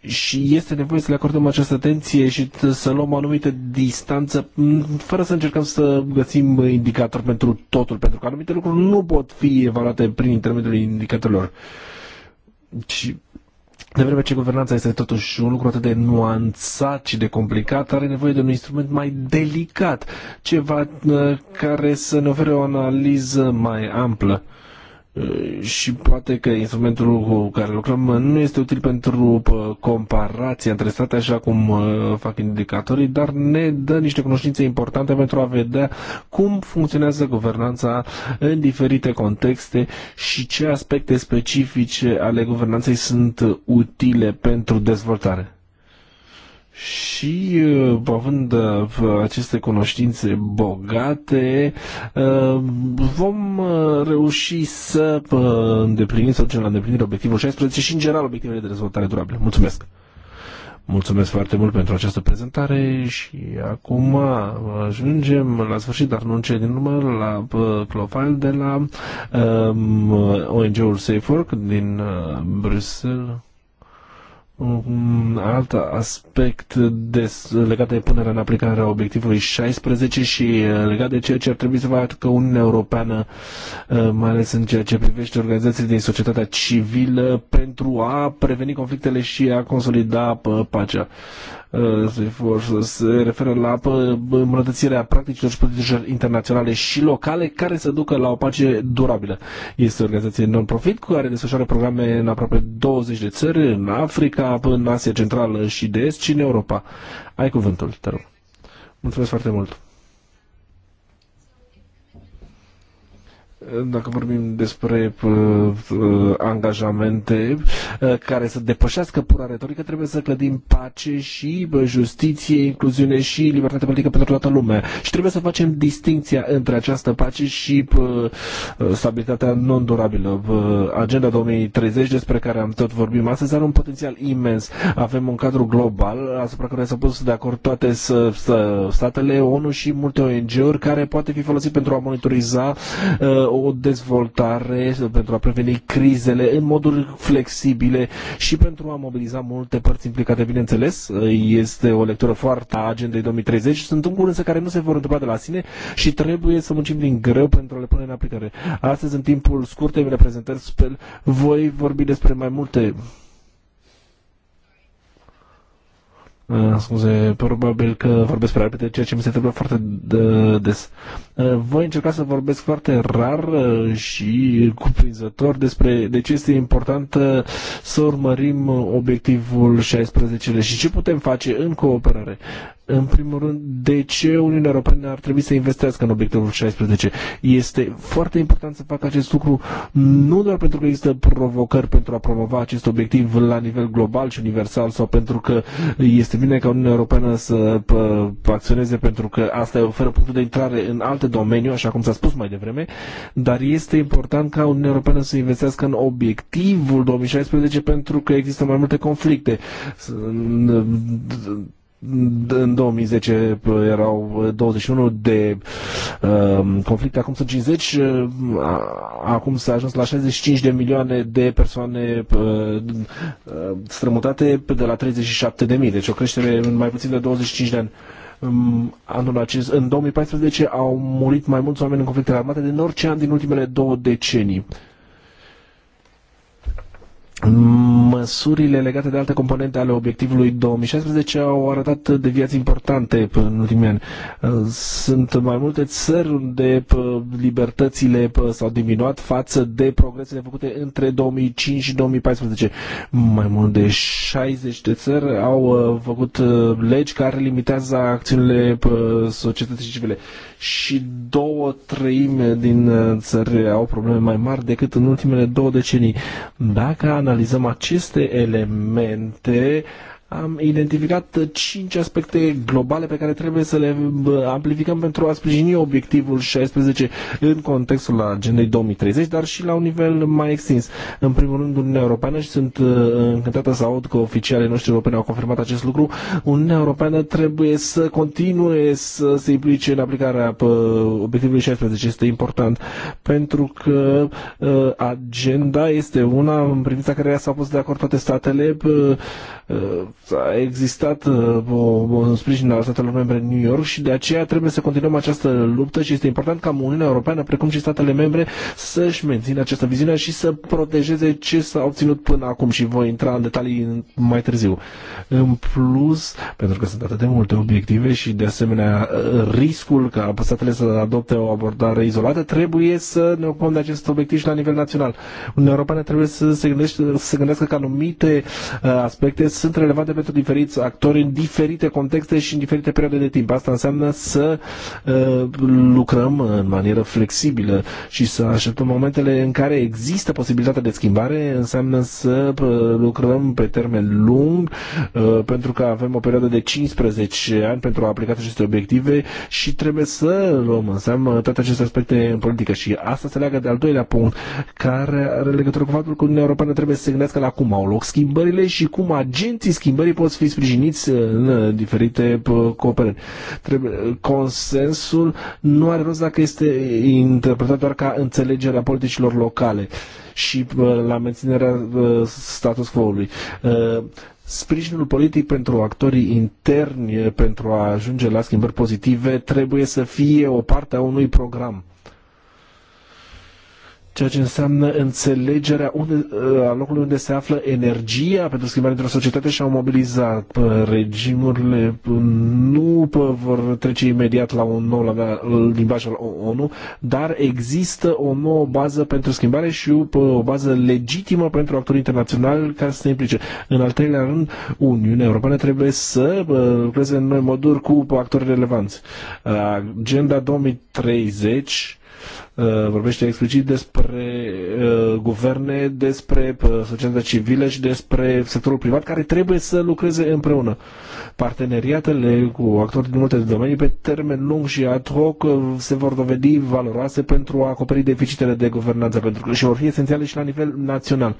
și este nevoie să le acordăm această atenție și să luăm anumite distanță fără să încercăm să găsim indicatori pentru totul, pentru că anumite lucruri nu pot fi evaluate prin intermediul indicatorilor. Și de vreme ce guvernanța este totuși un lucru atât de nuanțat și de complicat, are nevoie de un instrument mai delicat, ceva uh, care să ne ofere o analiză mai amplă. Eh, și poate că instrumentul cu care lucrăm eh, nu este util pentru eh, comparația între state, așa cum fac indicatorii, dar ne dă niște cunoștințe importante pentru a vedea cum funcționează guvernanța în diferite contexte și ce aspecte specifice ale guvernanței sunt utile pentru dezvoltare și având uh, uh, aceste cunoștințe bogate, uh, vom reuși să îndeplinim sau la îndeplinire obiectivul 16 și în general obiectivele de dezvoltare durabilă. Mulțumesc! Mulțumesc foarte mult pentru această prezentare și acum ajungem la sfârșit, dar nu în cele din urmă, la profil de la um, ONG-ul Safe Work din Bruxelles un alt aspect des, legat de punerea în aplicare a obiectivului 16 și uh, legat de ceea ce ar trebui să facă Uniunea Europeană, uh, mai ales în ceea ce privește organizații din societatea civilă, pentru a preveni conflictele și a consolida uh, pacea. Se referă la îmbunătățirea practicilor și politicilor internaționale și locale care să ducă la o pace durabilă. Este o organizație non-profit cu care desfășoară programe în aproape 20 de țări, în Africa, în Asia Centrală și de Est și în Europa. Ai cuvântul, te rog. Mulțumesc foarte mult. dacă vorbim despre uh, angajamente uh, care să depășească pura retorică, trebuie să clădim pace și justiție, incluziune și libertate politică pentru toată lumea. Și trebuie să facem distinția între această pace și uh, stabilitatea non-durabilă. Agenda 2030, despre care am tot vorbit astăzi, are un potențial imens. Avem un cadru global asupra care s-au pus de acord toate să, să, statele ONU și multe ONG-uri care poate fi folosit pentru a monitoriza uh, o dezvoltare pentru a preveni crizele în moduri flexibile și pentru a mobiliza multe părți implicate, bineînțeles. Este o lectură foarte a agendei 2030. Sunt curând care nu se vor întâmpla de la sine și trebuie să muncim din greu pentru a le pune în aplicare. Astăzi, în timpul scurtei mele prezentări, voi vorbi despre mai multe Uh, scuze, probabil că vorbesc prea repede, ceea ce mi se întâmplă foarte des. Uh, voi încerca să vorbesc foarte rar uh, și cuprinzător despre de ce este important uh, să urmărim obiectivul 16 și ce putem face în cooperare. În primul rând, de ce Uniunea Europeană ar trebui să investească în obiectivul 16? Este foarte important să facă acest lucru nu doar pentru că există provocări pentru a promova acest obiectiv la nivel global și universal sau pentru că este bine ca Uniunea Europeană să acționeze pentru că asta e oferă punctul de intrare în alte domenii, așa cum s-a spus mai devreme, dar este important ca Uniunea Europeană să investească în obiectivul 2016 pentru că există mai multe conflicte în 2010 uh, erau 21 uh, de uh, conflicte, acum sunt 50, uh, acum s-a ajuns la 65 de milioane de persoane uh, uh strămutate de la 37 de mii, deci o creștere în mai puțin de 25 de ani. Um, anul acest, în 2014 au murit mai mulți oameni în conflictele armate din orice an din ultimele două decenii. Uh, Măsurile legate de alte componente ale obiectivului 2016 au arătat deviații importante în ultimii ani. Sunt mai multe țări unde libertățile s-au diminuat față de progresele făcute între 2005 și 2014. Mai mult de 60 de țări au uh, făcut uh, legi care limitează acțiunile societății civile și două treime din uh, țări au probleme mai mari decât în ultimele două decenii. Dacă analizăm aceste elemente am identificat cinci aspecte globale pe care trebuie să le amplificăm pentru a sprijini obiectivul 16 în contextul agendei 2030, dar și la un nivel mai extins. În primul rând, Uniunea Europeană și sunt uh, încântată să aud că oficialii noștri europeni au confirmat acest lucru. Uniunea Europeană trebuie să continue să se implice în aplicarea uh, obiectivului 16. Este important pentru că uh, agenda este una în privința care s-au pus de acord toate statele Uh, a existat uh, un sprijin al statelor membre în New York și de aceea trebuie să continuăm această luptă și este important ca Uniunea Europeană, precum și statele membre, să-și mențină această viziune și să protejeze ce s-a obținut până acum și voi intra în detalii mai târziu. În plus, pentru că sunt atât de multe obiective și de asemenea riscul ca statele să adopte o abordare izolată, trebuie să ne ocupăm de acest obiectiv și la nivel național. Uniunea Europeană trebuie să se gândească, să se gândească că anumite uh, aspecte sunt relevante pentru diferiți actori în diferite contexte și în diferite perioade de timp. Asta înseamnă să uh, lucrăm în manieră flexibilă și să așteptăm momentele în care există posibilitatea de schimbare, înseamnă să uh, lucrăm pe termen lung, uh, pentru că avem o perioadă de 15 ani pentru a aplica aceste obiective și trebuie să luăm în seamă toate aceste aspecte în politică. Și asta se leagă de al doilea punct, care are legătură cu faptul că Uniunea Europeană trebuie să se gândească la cum au loc schimbările și cum agenții agenții schimbării pot fi sprijiniți uh, în uh, diferite uh, cooperări. Trebuie, consensul nu are rost dacă este interpretat doar ca înțelegerea politicilor locale și la menținerea status quo-ului sprijinul politic pentru actorii interni pentru a ajunge la schimbări pozitive trebuie să fie o parte a unui program ceea ce înseamnă înțelegerea unde, uh, a locului unde se află energia pentru schimbarea dintr o societate și au mobilizat. Uh, regimurile uh, nu vor trece imediat la un nou la limbaj al ONU, dar există o nouă bază pentru schimbare și o bază legitimă pentru actori internaționali care să se implice. În al treilea rând, Uniunea Europeană trebuie să lucreze în noi moduri cu actori relevanți. Agenda 2030 Uh, vorbește explicit despre uh, guverne, despre uh, societatea civilă și despre sectorul privat care trebuie să lucreze împreună. Parteneriatele cu actori din multe domenii pe termen lung și ad hoc se vor dovedi valoroase pentru a acoperi deficitele de guvernanță pentru că și vor fi esențiale și la nivel național.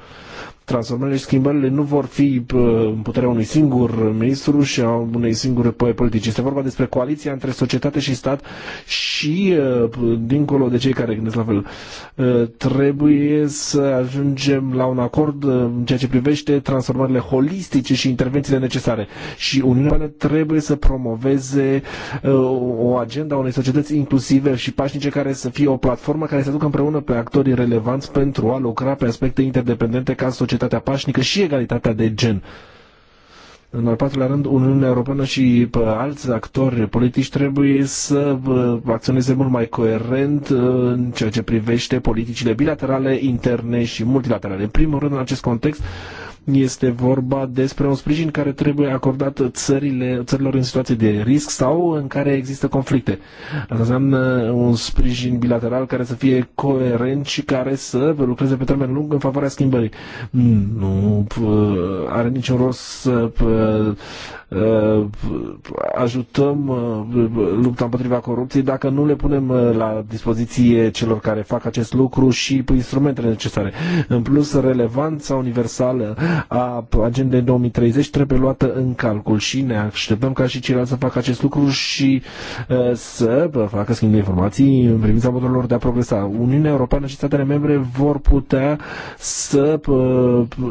Transformările și schimbările nu vor fi în puterea unui singur ministru și a unei singure păi politici. Este vorba despre coaliția între societate și stat și dincolo de cei care care gândesc la fel. Ă, trebuie să ajungem la un acord ă, în ceea ce privește transformările holistice și intervențiile necesare. Și Uniunea trebuie să promoveze ă, o agenda unei societăți inclusive și pașnice care să fie o platformă care să aducă împreună pe actorii relevanți pentru a lucra pe aspecte interdependente ca societatea pașnică și egalitatea de gen. În al patrulea rând, Uniunea Europeană și alți actori politici trebuie să acționeze mult mai coerent uh, în ceea ce privește politicile bilaterale, interne și multilaterale. În primul rând, în acest context, este vorba despre un sprijin care trebuie acordat țările, țărilor în situații de risc sau în care există conflicte. Asta înseamnă un sprijin bilateral care să fie coerent și care să lucreze pe termen lung în favoarea schimbării. Nu are niciun rost să ă, ajutăm ă, lupta împotriva corupției dacă nu le punem ă, la dispoziție celor care fac acest lucru și instrumentele necesare. În plus, relevanța universală a agendei 2030 trebuie luată în calcul și ne așteptăm ca și ceilalți să facă acest lucru și să facă schimb de informații în privința modurilor de a progresa. Uniunea Europeană și statele membre vor putea să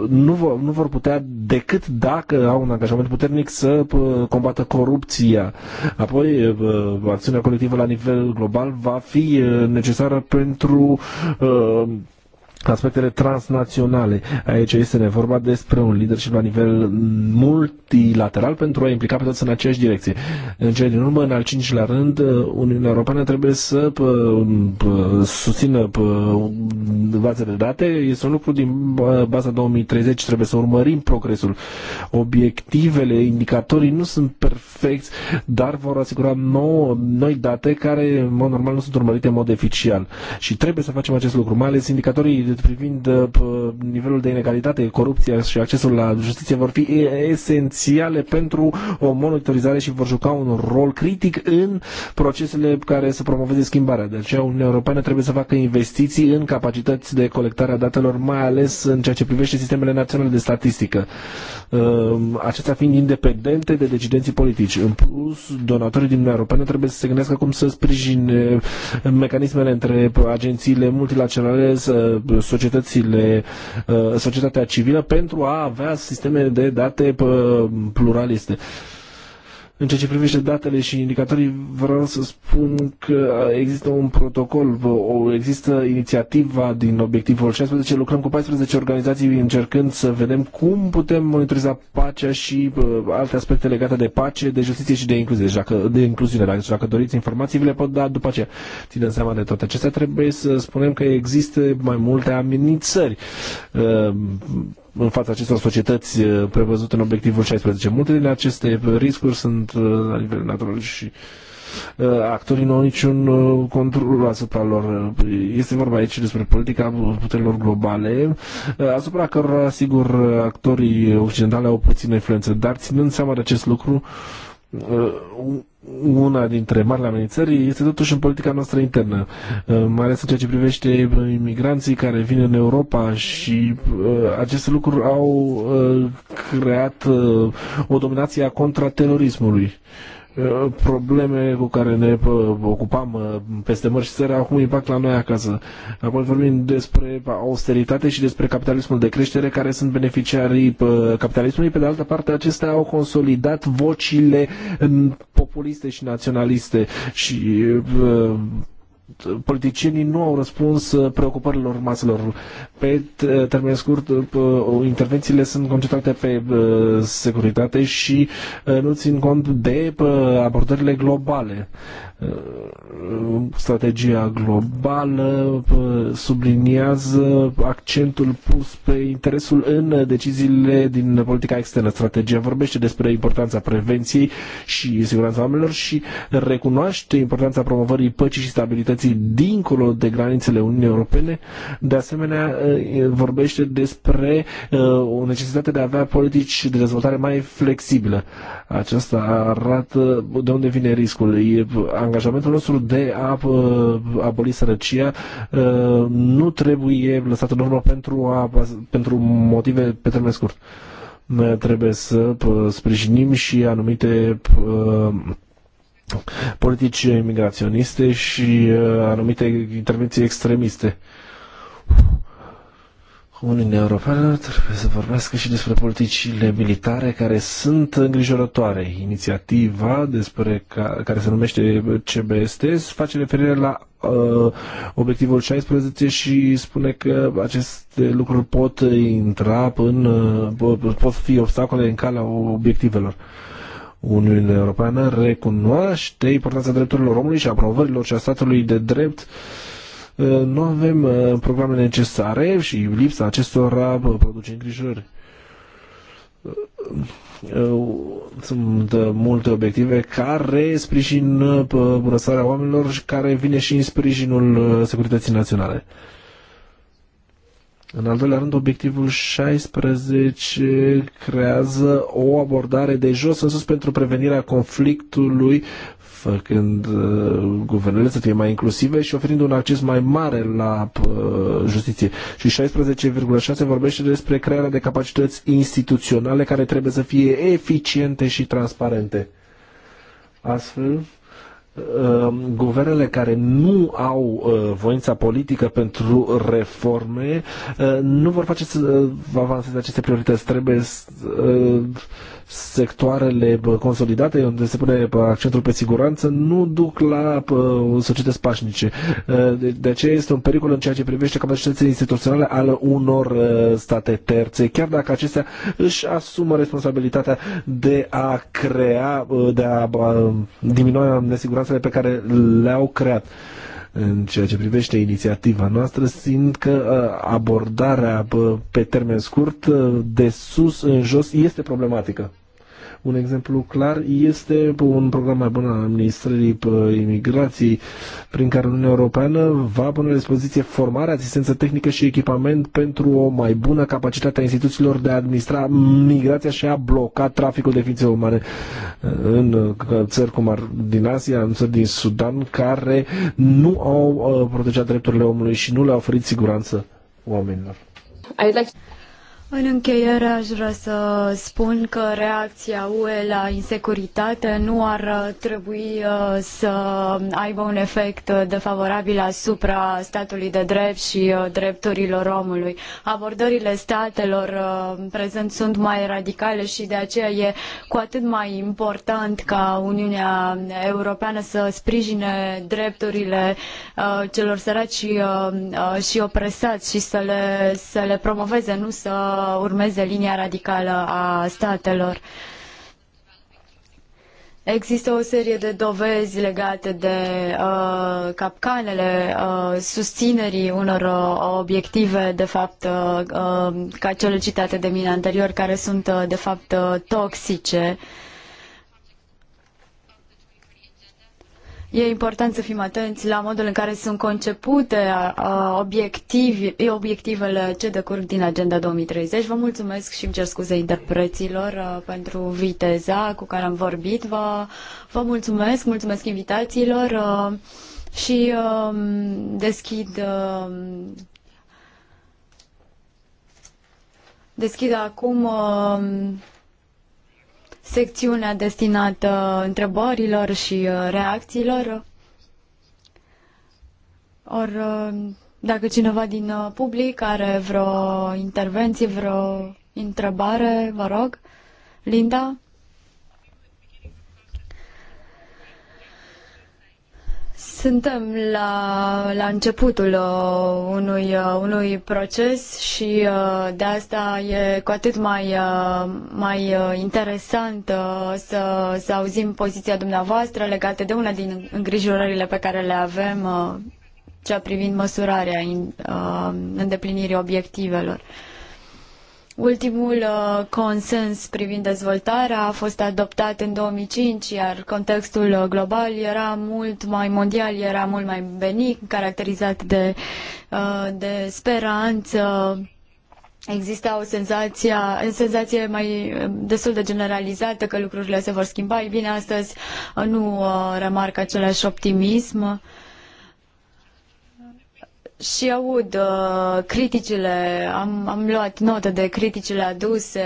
nu vor, nu vor putea decât dacă au un angajament puternic să combată corupția. Apoi acțiunea colectivă la nivel global va fi necesară pentru aspectele transnaționale. Aici este vorba despre un leadership la nivel multilateral pentru a implica pe toți în aceeași direcție. În cele din urmă, în al cincilea rând, Uniunea Europeană trebuie să susțină bază de date. Este un lucru din baza 2030, trebuie să urmărim progresul. Obiectivele, indicatorii nu sunt perfecți, dar vor asigura nouă, noi date care, în mod normal, nu sunt urmărite în mod eficient. Și trebuie să facem acest lucru, mai ales indicatorii privind uh, nivelul de inegalitate, corupția și accesul la justiție vor fi esențiale pentru o monitorizare și vor juca un rol critic în procesele care să promoveze schimbarea. De aceea Uniunea Europeană trebuie să facă investiții în capacități de colectare a datelor, mai ales în ceea ce privește sistemele naționale de statistică. Um, acestea fiind independente de decidenții politici. În plus, donatorii din Uniunea Europeană trebuie să se gândească cum să sprijine mecanismele între agențiile multilaterale, să uh, societățile, uh, societatea civilă pentru a avea sisteme de date pluraliste. În ceea ce privește datele și indicatorii, vreau să spun că există un protocol, există inițiativa din obiectivul 16, lucrăm cu 14 organizații încercând să vedem cum putem monitoriza pacea și alte aspecte legate de pace, de justiție și de incluziune. Deci dacă, de incluziune, deci dacă doriți informații, vi le pot da după aceea. Ținând seama de toate acestea, trebuie să spunem că există mai multe amenințări ehm, în fața acestor societăți uh, prevăzute în obiectivul 16. Multe din aceste riscuri sunt uh, la nivel natural și uh, actorii nu au niciun control asupra lor. Este vorba aici despre politica puterilor globale, asupra cărora, sigur, actorii occidentali au puțină influență, dar ținând seama de acest lucru, Uh, una dintre marile amenințări este totuși în politica noastră internă, uh, mai ales în ceea ce privește uh, imigranții care vin în Europa și aceste lucruri au creat o dominație a contraterorismului. Uh, probleme cu care ne uh, ocupam uh, peste mări și țări, acum impact la noi acasă. Apoi vorbim despre austeritate și despre capitalismul de creștere, care sunt beneficiarii capitalismului. Pe de altă parte, acestea au consolidat vocile mm, populiste și naționaliste și politicienii nu au răspuns uh, preocupărilor maselor. Pe uh, termen scurt, uh, intervențiile sunt concentrate pe securitate și nu țin cont de abordările globale. Strategia globală subliniază accentul pus pe interesul în deciziile din politica externă. Strategia vorbește despre importanța prevenției și siguranța oamenilor și recunoaște importanța promovării păcii și stabilității migrații dincolo de granițele Uniunii Europene. De asemenea, vorbește despre o necesitate de a avea politici de dezvoltare mai flexibilă. Aceasta arată de unde vine riscul. Angajamentul nostru de a aboli sărăcia nu trebuie lăsat în urmă pentru, a, pentru motive pe termen scurt. Noi trebuie să sprijinim și anumite uh, politici migraționiste și uh, anumite intervenții extremiste. Uniunea Europeană trebuie să vorbească și despre politicile militare care sunt îngrijorătoare. Inițiativa despre ca, care se numește CBST face referire la uh, obiectivul 16 și spune că aceste lucruri pot intra până, uh, pot fi obstacole în calea obiectivelor. Uh, Uniunea Europeană recunoaște importanța drepturilor omului și promovărilor și a statului de drept uh, nu avem uh, programe necesare și lipsa acestora uh, produce îngrijorări sunt multe obiective care sprijin bunăstarea oamenilor și care vine și în sprijinul securității naționale. În al doilea rând, obiectivul 16 creează o abordare de jos în sus pentru prevenirea conflictului, făcând uh, guvernele să fie mai inclusive și oferind un acces mai mare la uh, justiție. Și 16,6 vorbește despre crearea de capacități instituționale care trebuie să fie eficiente și transparente. Astfel, Ehm, guvernele care nu au voința politică pentru reforme nu vor face să avanseze aceste priorități. Trebuie sectoarele consolidate, unde se pune accentul pe siguranță, nu duc la societăți pașnice. Ă, de aceea este un pericol în ceea ce privește capacitățile instituționale ale unor ă, state terțe, chiar dacă acestea își asumă responsabilitatea de a crea, de a diminua nesiguranțele pe care le-au creat în ceea ce privește inițiativa noastră, simt că ă, abordarea pe termen scurt, de sus în jos, este problematică. Un exemplu clar este un program mai bun al Ministrării uh, Imigrației, prin care Uniunea Europeană va pune la dispoziție formare, asistență tehnică și echipament pentru o mai bună capacitate a instituțiilor de a administra migrația și a bloca traficul de ființe umane uh, în uh, țări cum ar din Asia, în țări din Sudan, care nu au protejat drepturile omului și nu le-au oferit siguranță oamenilor. I'd like... În încheiere aș vrea să spun că reacția UE la insecuritate nu ar trebui uh, să aibă un efect defavorabil asupra statului de drept și uh, drepturilor omului. Abordările statelor uh, prezent sunt mai radicale și de aceea e cu atât mai important ca Uniunea Europeană să sprijine drepturile celor săraci și opresați și să le, să le promoveze, nu să urmeze linia radicală a statelor. Există o serie de dovezi legate de uh, capcanele uh, susținerii unor uh, obiective, de fapt, uh, uh ca cele citate de mine anterior, care sunt, uh, de fapt, uh, toxice. Uh, E important să fim atenți la modul în care sunt concepute obiectivele ce decurg din Agenda 2030. Vă mulțumesc și îmi cer scuze interpreților pentru viteza cu care am vorbit. Vă, vă mulțumesc, mulțumesc invitațiilor și deschid. Deschid acum secțiunea destinată întrebărilor și uh, reacțiilor. Or, uh, dacă cineva din uh, public are vreo intervenție, vreo întrebare, vă rog. Linda? Suntem la, la începutul uh, unui, uh, unui proces și uh, de asta e cu atât mai, uh, mai uh, interesant uh, să, să auzim poziția dumneavoastră legată de una din îngrijorările pe care le avem, uh, cea privind măsurarea in, uh, îndeplinirii obiectivelor. Uh, Ultimul uh, consens privind dezvoltarea a fost adoptat în 2005, iar contextul uh, global era mult mai mondial, era mult mai benic, caracterizat de, uh, de speranță. Exista o senzația, senzație mai destul de generalizată că lucrurile se vor schimba. Ei bine, astăzi nu remarc același optimism și aud uh, criticile, am, am luat notă de criticile aduse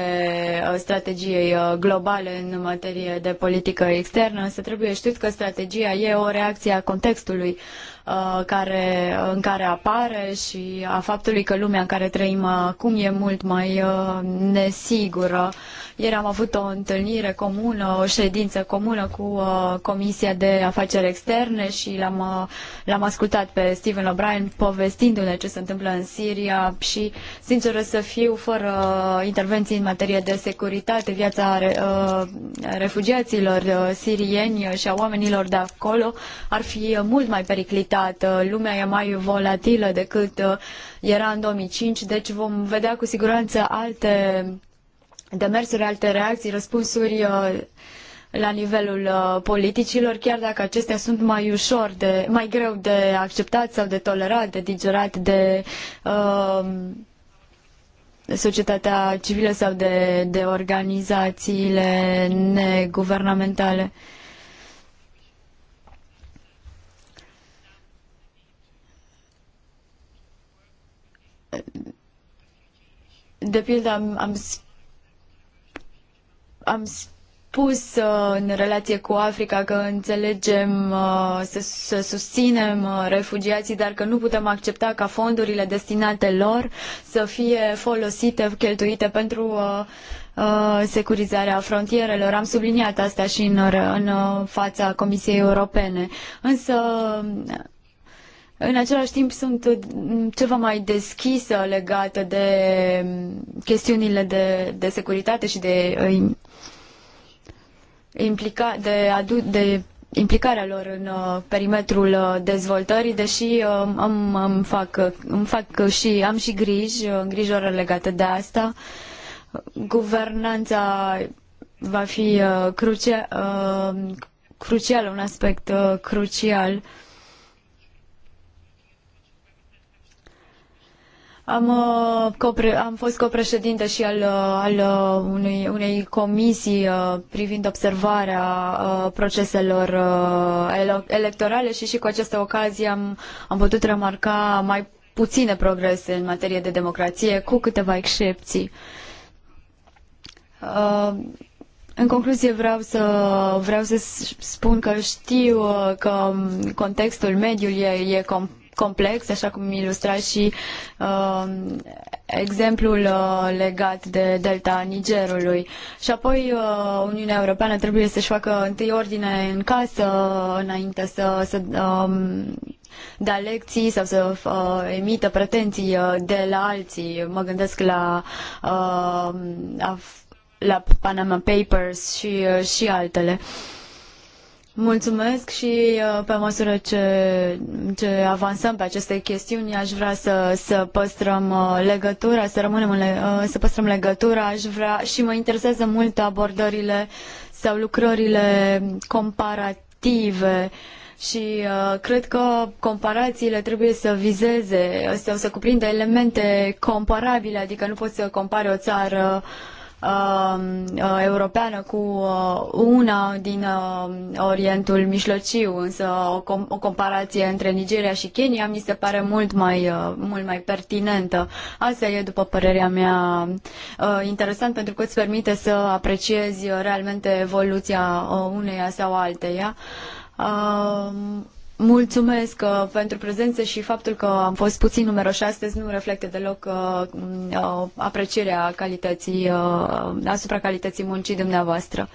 uh, strategiei uh, globale în materie de politică externă, însă trebuie știut că strategia e o reacție a contextului uh, Uh, care, în care apare și a faptului că lumea în care trăim acum e mult mai uh, nesigură. Ieri am avut o întâlnire comună, o ședință comună cu uh, Comisia de Afaceri Externe și l-am, l-am ascultat pe Stephen O'Brien povestindu-ne ce se întâmplă în Siria și, sincer să fiu, fără intervenții în materie de securitate, viața refugiaților sirieni și a oamenilor de acolo ar fi mult mai periclită limitată, lumea e mai volatilă decât uh, era în 2005, deci vom vedea cu siguranță alte demersuri, alte reacții, răspunsuri uh, la nivelul uh, politicilor, chiar dacă acestea sunt mai ușor, de, mai greu de acceptat sau de tolerat, de digerat de uh, societatea civilă sau de, de organizațiile neguvernamentale. de pildă am, am, am spus uh, în relație cu Africa că înțelegem uh, să, să susținem uh, refugiații, dar că nu putem accepta ca fondurile destinate lor să fie folosite, cheltuite pentru securizarea frontierelor. Am subliniat asta și în, în fața Comisiei Europene. Însă în același timp sunt mm, ceva mai deschisă legată de mm, chestiunile de, de securitate și de, uh, implica, de, adu, de implicarea lor în uh, perimetrul uh, dezvoltării, deși am, am fac, îmi fac și am și griji, îngrijorări legate de asta. Guvernanța va fi crucia, crucială, un aspect crucial Am, uh, am fost copreședinte și al, uh, al uh, unei comisii privind observarea proceselor electorale și și cu această ocazie am, am putut remarca mai puține progrese în materie de democrație, cu câteva excepții. În concluzie vreau să, vreau să spun că știu că um, contextul mediului e, e complex complex, așa cum ilustra și uh, exemplul uh, legat de delta Nigerului. Și apoi uh, Uniunea Europeană trebuie să-și facă întâi ordine în casă înainte să, să um, dea lecții sau să uh, emită pretenții uh, de la alții. Mă gândesc la, uh, la Panama Papers și, uh, și altele. Uh, Mulțumesc și uh, pe măsură ce, ce avansăm pe aceste chestiuni, aș vrea să, să păstrăm uh, legătura, să rămânem în, uh, să păstrăm legătura, aș vrea și mă interesează mult abordările sau lucrările comparative și uh, cred că comparațiile trebuie să vizeze sau să cuprindă elemente comparabile, adică nu poți să compari o țară uh, Um, uh, europeană cu uh, una din uh, Orientul Mijlociu, însă o, com- o comparație între Nigeria și Kenya mi se pare mult mai, uh, mult mai pertinentă. Asta e, după părerea mea, interesant pentru că îți permite să apreciezi realmente evoluția uneia sau alteia. Um, Mulțumesc uh, pentru prezență și faptul că am fost puțin numeroși astăzi nu reflectă deloc uh, uh aprecierea calității, uh, asupra calității muncii dumneavoastră.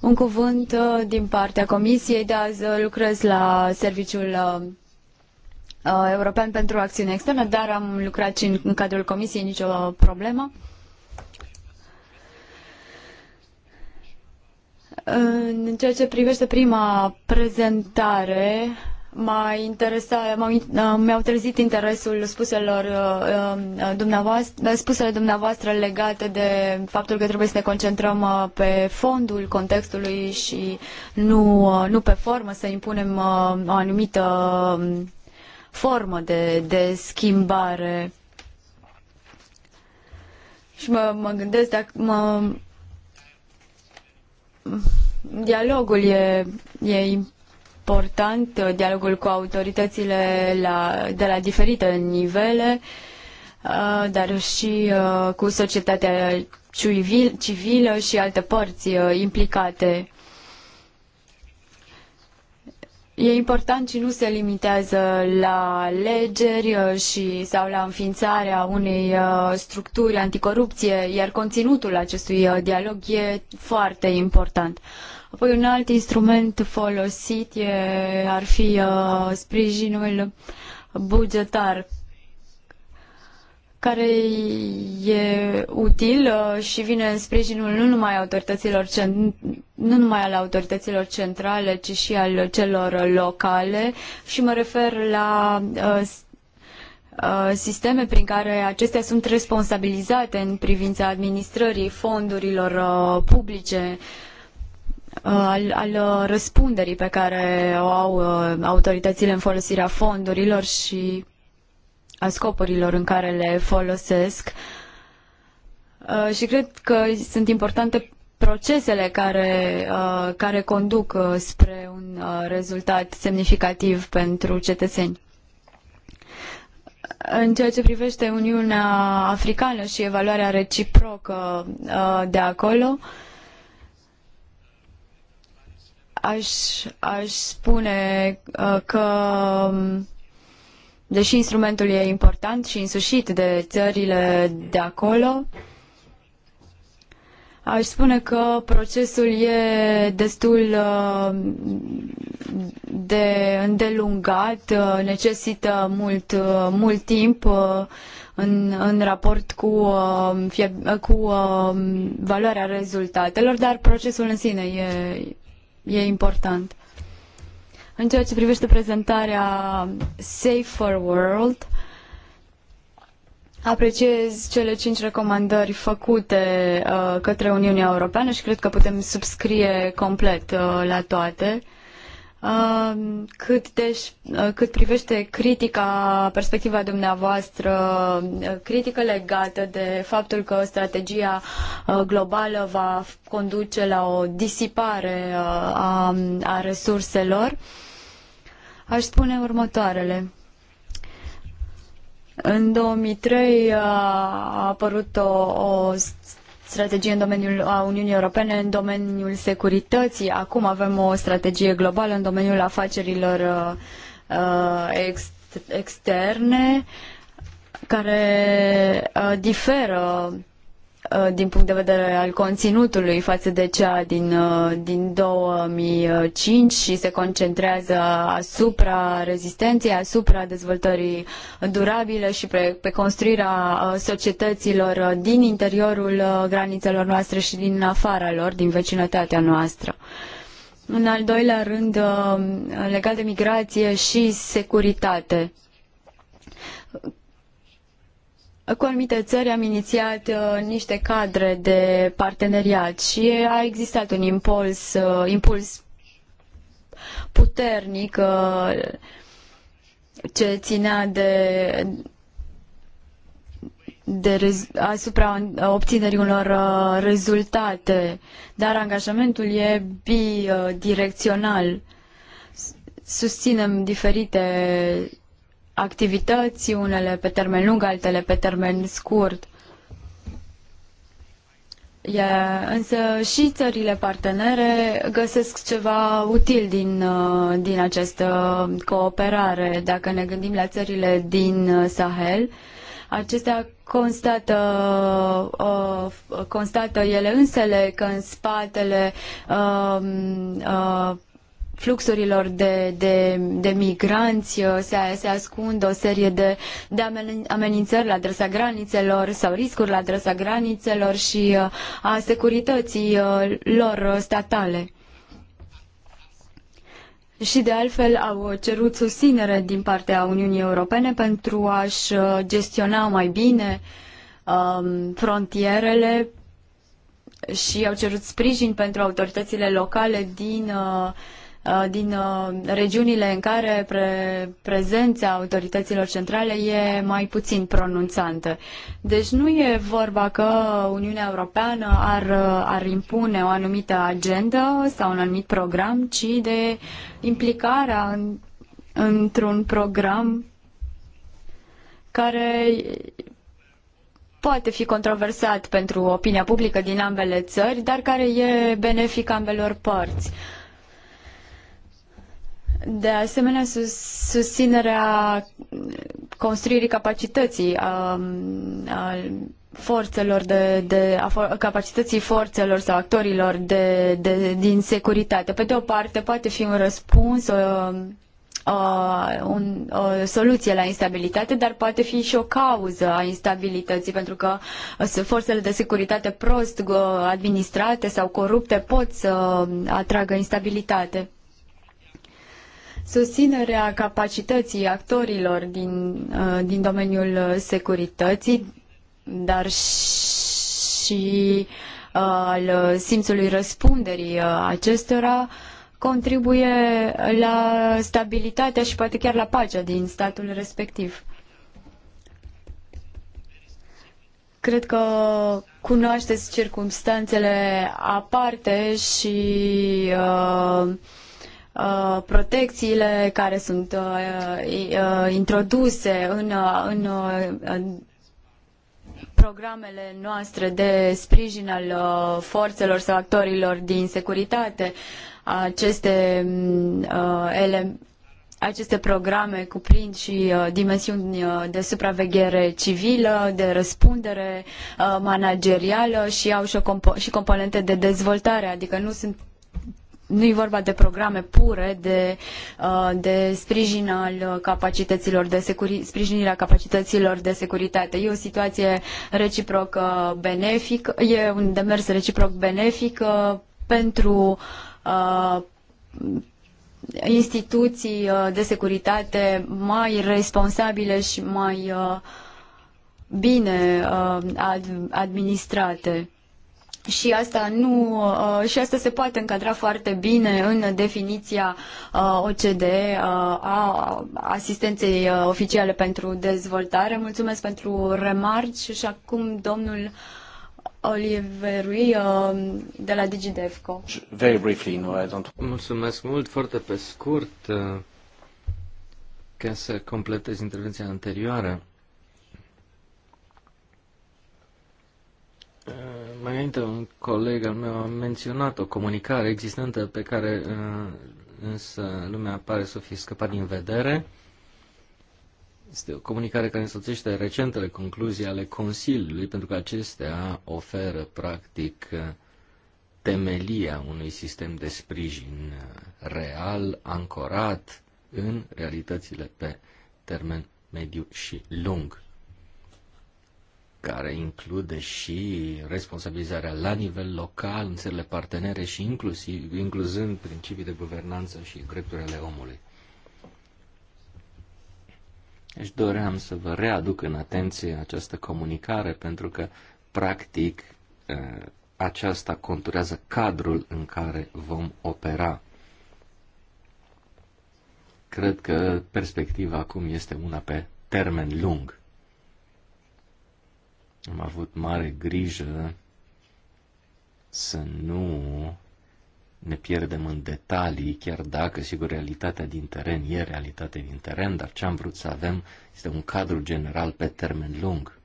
Un cuvânt uh, din partea Comisiei, de azi uh, lucrez la Serviciul uh, European pentru Acțiune Externă, dar am lucrat și în, în cadrul Comisiei, nicio problemă. În ceea ce privește prima prezentare, m-a interesat, uh, mi-au trezit interesul spuselor uh, uh, dumneavoastră, spusele dumneavoastră legate de faptul că trebuie să ne concentrăm pe fondul contextului și nu, nu pe formă, să impunem o anumită um, formă de, de schimbare. Și mă, mă gândesc dacă mă, dialogul e, e important, dialogul cu autoritățile la, de la diferite nivele, uh, dar și uh, cu societatea civilă și alte părți uh, implicate E important și nu se limitează la alegeri uh, și, sau la înființarea unei uh, structuri anticorupție, iar conținutul acestui uh, dialog e foarte important. Apoi un alt instrument folosit e, ar fi sprijinul bugetar care e util uh, și vine în sprijinul nu numai autorităților nu numai al autorităților centrale, ci și al celor locale și mă refer la uh, uh, sisteme prin care acestea sunt responsabilizate în privința administrării fondurilor publice al, al răspunderii pe care o au autoritățile în folosirea fondurilor și a scopurilor în care le folosesc. Uh, și cred că sunt importante procesele care, uh, care conduc uh, spre un rezultat semnificativ pentru cetățeni. În ceea ce privește Uniunea Africană și evaluarea reciprocă de acolo, aș, aș spune că um, Deși instrumentul e important și însușit de țările de acolo, aș spune că procesul e destul uh, de îndelungat, uh, necesită mult, uh, mult timp în, în raport cu, cu valoarea rezultatelor, dar procesul în sine e, e important. În ceea ce privește prezentarea Safer World, apreciez cele cinci recomandări făcute uh, către Uniunea Europeană și cred că putem subscrie complet uh, la toate. Uh, Um, cât, deci, cât privește critica, perspectiva dumneavoastră, uh, critică legată de faptul că strategia uh, globală va conduce la o disipare a, a resurselor, aș spune următoarele. În 2003 a apărut o, o strategie în domeniul a Uniunii Europene, în domeniul securității. Acum avem o strategie globală în domeniul afacerilor uh, uh, externe care uh, diferă Uh, din punct de vedere al conținutului față de cea din, uh, din 2005 și se concentrează asupra rezistenței, asupra dezvoltării durabile și pe, pe construirea uh, societăților din interiorul granițelor noastre și din afara lor, din vecinătatea noastră. În al doilea rând, legat de migrație și securitate cu anumite țări am inițiat uh, niște cadre de parteneriat și a existat un impuls, uh, impuls puternic uh, ce ținea de de asupra obținerii unor uh, rezultate, dar angajamentul e bidirecțional. Susținem diferite activități, unele pe termen lung, altele pe termen scurt. E, însă și țările partenere găsesc ceva util din, uh, din această cooperare. Dacă ne gândim la țările din uh, Sahel, acestea constată, uh, constată ele însele că în spatele fluxurilor de, de, de migranți, uh, se, se ascund o serie de, de amenințări la adresa granițelor sau riscuri la adresa granițelor și uh, a securității uh, lor statale. Și de altfel au cerut susținere din partea Uniunii Europene pentru a-și gestiona mai bine um, frontierele și au cerut sprijin pentru autoritățile locale din uh, Uh, din uh, regiunile în care pre- prezența autorităților centrale e mai puțin pronunțantă. Deci nu e vorba că Uniunea Europeană ar, uh, ar impune o anumită agendă sau un anumit program, ci de implicarea în, într-un program care poate fi controversat pentru opinia publică din ambele țări, dar care e benefic ambelor părți. Uh, de asemenea, sus, susținerea construirii capacității a, um, a forțelor de, de a capacității forțelor sau actorilor de, de, din securitate. Pe de o parte, poate fi un răspuns, o, um, o, un, o soluție la instabilitate, dar poate fi și o cauză a instabilității, pentru că uh, forțele de securitate prost uh, administrate sau corupte pot să um, atragă instabilitate susținerea capacității actorilor din, uh, din domeniul securității, dar și uh, al simțului răspunderii uh, acestora contribuie la stabilitatea și poate chiar la pacea din statul respectiv. Cred că cunoașteți circumstanțele aparte și uh, Uh, protecțiile care sunt uh, uh, introduse în, în, programele noastre de sprijin al forțelor sau actorilor din securitate, aceste, mm, ele, aceste programe cuprind și dimensiuni de supraveghere civilă, de răspundere managerială și au și, o compo- și componente de dezvoltare, adică nu sunt nu e vorba de programe pure de, uh, de sprijin al capacităților de securi, sprijinirea capacităților de securitate. E o situație reciproc benefică, e un demers reciproc benefic uh, pentru uh, instituții uh, de securitate mai responsabile și mai uh, bine uh, administrate și asta nu uh, și asta se poate încadra foarte bine în definiția uh, OCDE uh, a asistenței oficiale pentru dezvoltare. Mulțumesc pentru remarci și acum domnul Oliverui de la DigiDevco. Very briefly, no, I don't... Mulțumesc mult, foarte pe scurt, ca să completez intervenția anterioară. Mai înainte, un coleg al meu a menționat o comunicare existentă pe care uh, însă lumea pare să o fi scăpat din vedere. Este o comunicare care însoțește recentele concluzii ale Consiliului, pentru că acestea oferă, practic, temelia unui sistem de sprijin uh, real, ancorat în realitățile pe termen mediu și lung care include și responsabilizarea la nivel local în țările partenere și inclusiv, incluzând principii de guvernanță și drepturile omului. Își deci doream să vă readuc în atenție această comunicare pentru că, practic, aceasta conturează cadrul în care vom opera. Cred că perspectiva acum este una pe termen lung. Am avut mare grijă să nu ne pierdem în detalii, chiar dacă, sigur, realitatea din teren e realitatea din teren, dar ce am vrut să avem este un cadru general pe termen lung.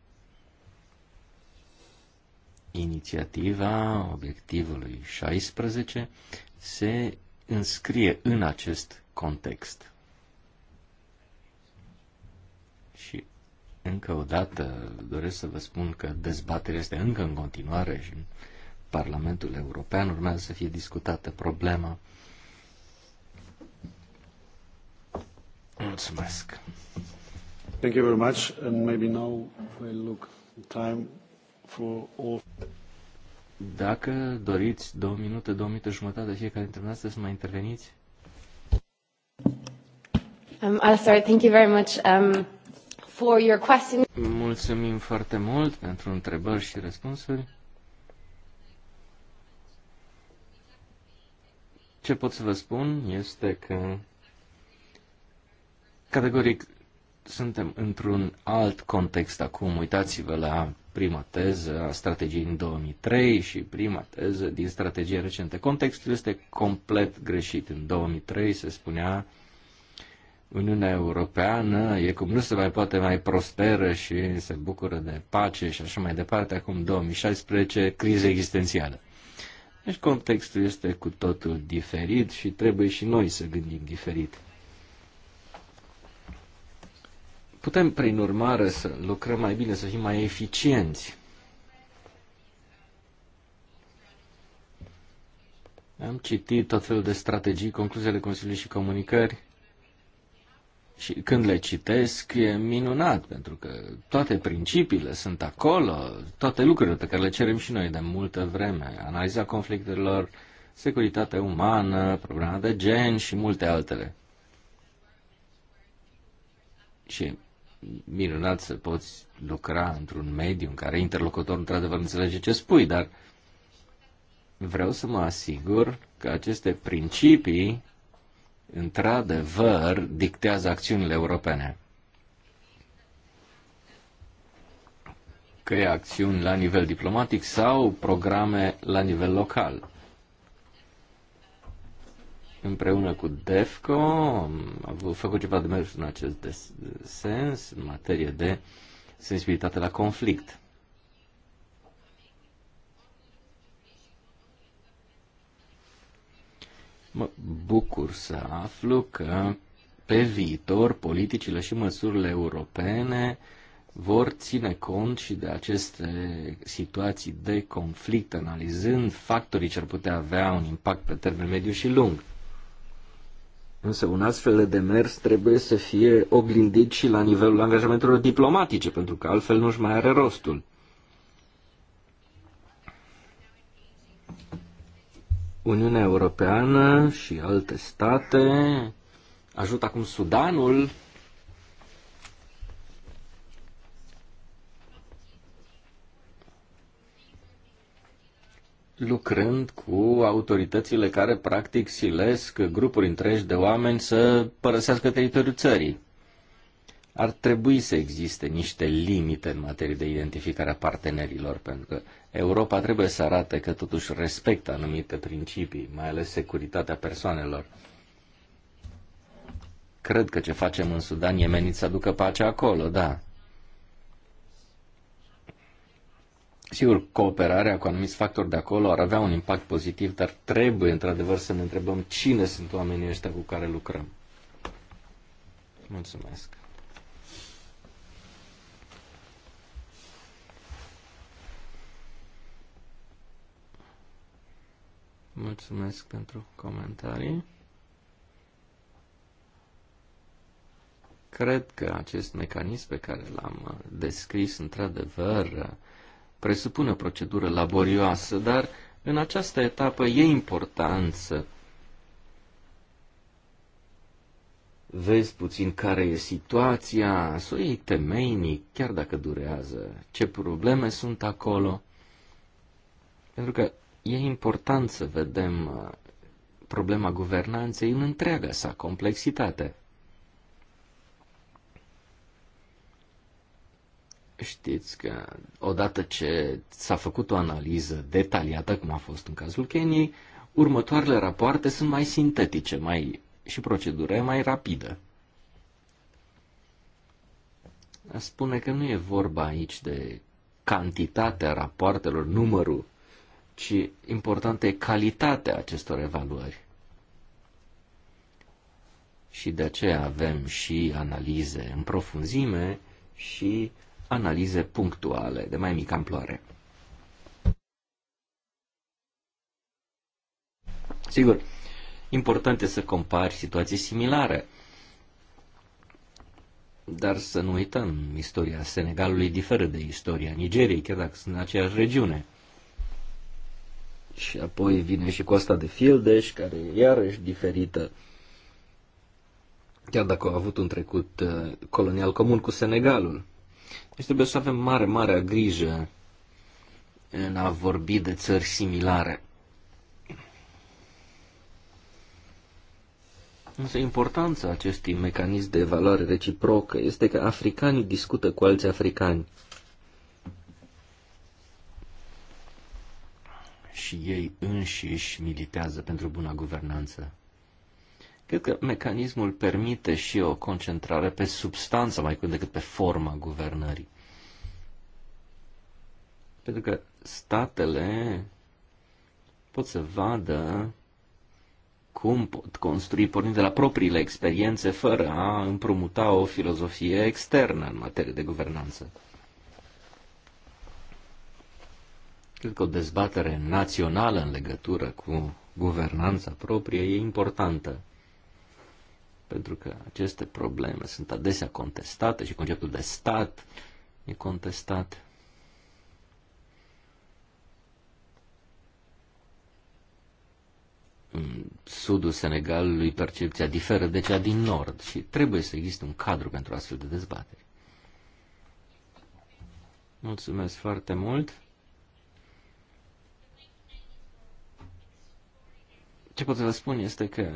Inițiativa obiectivului 16 se înscrie în acest context. Și încă o dată doresc să vă spun că dezbaterea este încă în continuare și în Parlamentul European urmează să fie discutată problema. Mulțumesc. Thank you very much and maybe now we look time for all dacă doriți două minute, două minute jumătate fiecare dintre noastre să mai interveniți. Um, I'll start. Thank you very much. Um, for your question. Mulțumim foarte mult pentru întrebări și răspunsuri. Ce pot să vă spun este că categoric suntem într-un alt context acum. Uitați-vă la prima teză a strategiei în 2003 și prima teză din strategie recentă. Contextul este complet greșit. În 2003 se spunea Uniunea Europeană e cum nu se mai poate mai prosperă și se bucură de pace și așa mai departe, acum 2016, criză existențială. Deci contextul este cu totul diferit și trebuie și noi să gândim diferit. Putem, prin urmare, să lucrăm mai bine, să fim mai eficienți. Am citit tot felul de strategii, concluziile Consiliului și comunicări și când le citesc e minunat, pentru că toate principiile sunt acolo, toate lucrurile pe care le cerem și noi de multă vreme, analiza conflictelor, securitatea umană, problema de gen și multe altele. Și minunat să poți lucra într-un mediu în care interlocutorul într-adevăr înțelege ce spui, dar vreau să mă asigur că aceste principii într-adevăr dictează acțiunile europene. Că e acțiuni la nivel diplomatic sau programe la nivel local. Împreună cu DEFCO am făcut ceva de mers în acest sens, în materie de sensibilitate la conflict. Mă bucur să aflu că pe viitor politicile și măsurile europene vor ține cont și de aceste situații de conflict, analizând factorii ce ar putea avea un impact pe termen mediu și lung. Însă un astfel de demers trebuie să fie oglindit și la nivelul angajamentelor diplomatice, pentru că altfel nu-și mai are rostul. Uniunea Europeană și alte state ajută acum Sudanul lucrând cu autoritățile care practic silesc grupuri întregi de oameni să părăsească teritoriul țării ar trebui să existe niște limite în materie de identificare a partenerilor, pentru că Europa trebuie să arate că totuși respectă anumite principii, mai ales securitatea persoanelor. Cred că ce facem în Sudan e menit să aducă pace acolo, da. Sigur, cooperarea cu anumiți factori de acolo ar avea un impact pozitiv, dar trebuie într-adevăr să ne întrebăm cine sunt oamenii ăștia cu care lucrăm. Mulțumesc. Mulțumesc pentru comentarii. Cred că acest mecanism pe care l-am uh, descris, într-adevăr, uh, presupune o procedură laborioasă, dar în această etapă e important să vezi puțin care e situația, să o iei temeinic, chiar dacă durează, ce probleme sunt acolo. Pentru că E important să vedem uh, problema guvernanței în întreaga sa complexitate. Știți că odată ce s-a făcut o analiză detaliată, cum a fost în cazul Keniei, următoarele rapoarte sunt mai sintetice mai, și procedura e mai rapidă. Spune că nu e vorba aici de cantitatea rapoartelor, numărul ci importantă e calitatea acestor evaluări. Și de aceea avem și analize în profunzime și analize punctuale de mai mică amploare. Sigur, important este să compari situații similare, dar să nu uităm, istoria Senegalului diferă de istoria Nigeriei, chiar dacă sunt în aceeași regiune. Și apoi vine și costa de Fildeș, care e iarăși diferită. Chiar dacă au avut un trecut uh, colonial comun cu Senegalul. Deci trebuie să avem mare, mare grijă în a vorbi de țări similare. Însă importanța acestui mecanism de evaluare reciprocă este că africanii discută cu alți africani. și ei înșiși militează pentru buna guvernanță. Cred că mecanismul permite și o concentrare pe substanță mai mult decât pe forma guvernării. Pentru că statele pot să vadă cum pot construi pornind de la propriile experiențe fără a împrumuta o filozofie externă în materie de guvernanță. Cred că o dezbatere națională în legătură cu guvernanța proprie e importantă, pentru că aceste probleme sunt adesea contestate și conceptul de stat e contestat. În sudul Senegalului percepția diferă de cea din nord și trebuie să existe un cadru pentru astfel de dezbateri. Mulțumesc foarte mult! Ce pot să vă spun este că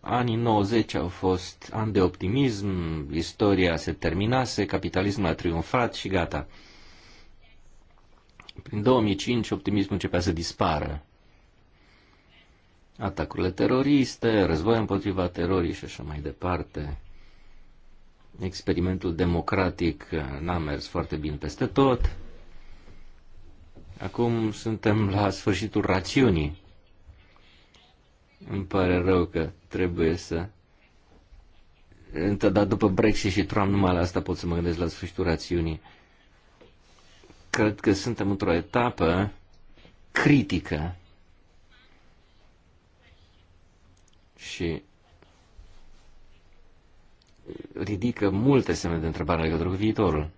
anii 90 au fost ani de optimism, istoria se terminase, capitalismul a triumfat și gata. Prin 2005 optimismul începea să dispară. Atacurile teroriste, război împotriva terorii și așa mai departe. Experimentul democratic n-a mers foarte bine peste tot. Acum suntem la sfârșitul rațiunii. Îmi pare rău că trebuie să... Dar după Brexit și Trump, numai la asta pot să mă gândesc la sfârșitul rațiunii. Cred că suntem într-o etapă critică și ridică multe semne de întrebare legătură cu viitorul.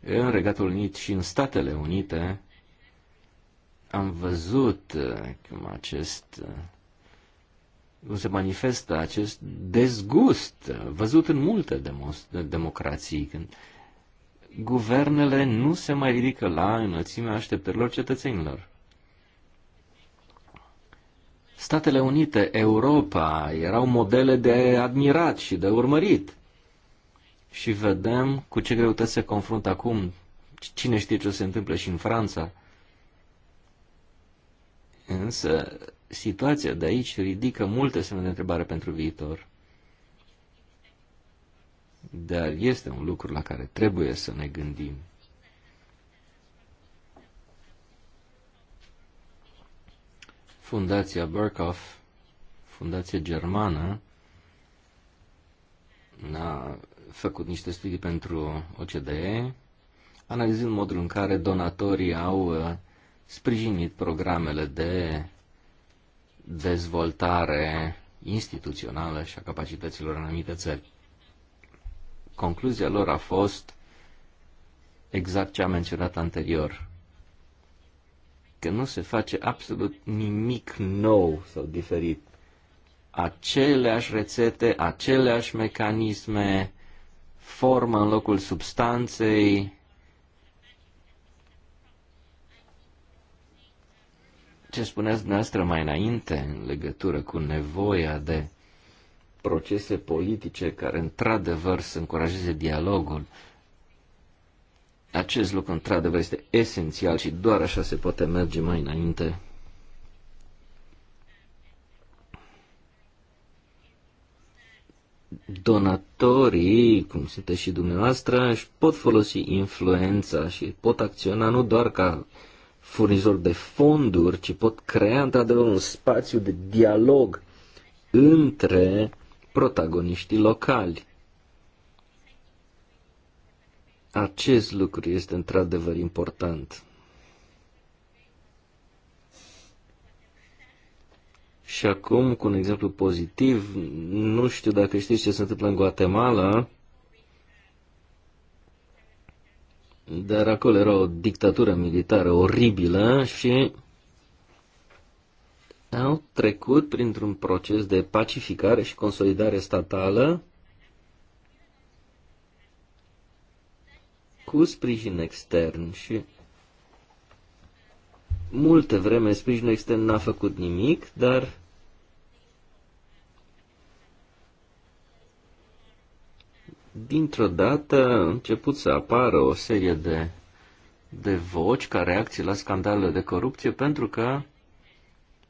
În Regatul Unit și în Statele Unite am văzut uh, cum acest uh, cum se manifestă acest dezgust uh, văzut în multe democrații când guvernele nu se mai ridică la înălțimea așteptărilor cetățenilor. Statele Unite, Europa erau modele de admirat și de urmărit. Și vedem cu ce greutăți se confruntă acum. Cine știe ce se întâmplă și în Franța. Însă, situația de aici ridică multe semne de întrebare pentru viitor. Dar este un lucru la care trebuie să ne gândim. Fundația Berkhoff, fundație germană, a făcut niște studii pentru OCDE, analizând modul în care donatorii au uh, sprijinit programele de dezvoltare instituțională și a capacităților în anumite țări. Concluzia lor a fost exact ce am menționat anterior, că nu se face absolut nimic nou sau diferit. Aceleași rețete, aceleași mecanisme, formă în locul substanței, ce spuneați dumneavoastră mai înainte în legătură cu nevoia de procese politice care într-adevăr să încurajeze dialogul, acest lucru într-adevăr este esențial și doar așa se poate merge mai înainte. donatorii, cum sunteți și dumneavoastră, își pot folosi influența și pot acționa nu doar ca Furnizor de fonduri, ci pot crea într-adevăr un spațiu de dialog între protagoniștii locali. Acest lucru este într-adevăr important. Și acum, cu un exemplu pozitiv, nu știu dacă știți ce se întâmplă în Guatemala, Dar acolo era o dictatură militară oribilă și au trecut printr-un proces de pacificare și consolidare statală cu sprijin extern și multe vreme sprijinul extern n-a făcut nimic, dar dintr-o dată a început să apară o serie de, de voci ca reacții la scandalele de corupție pentru că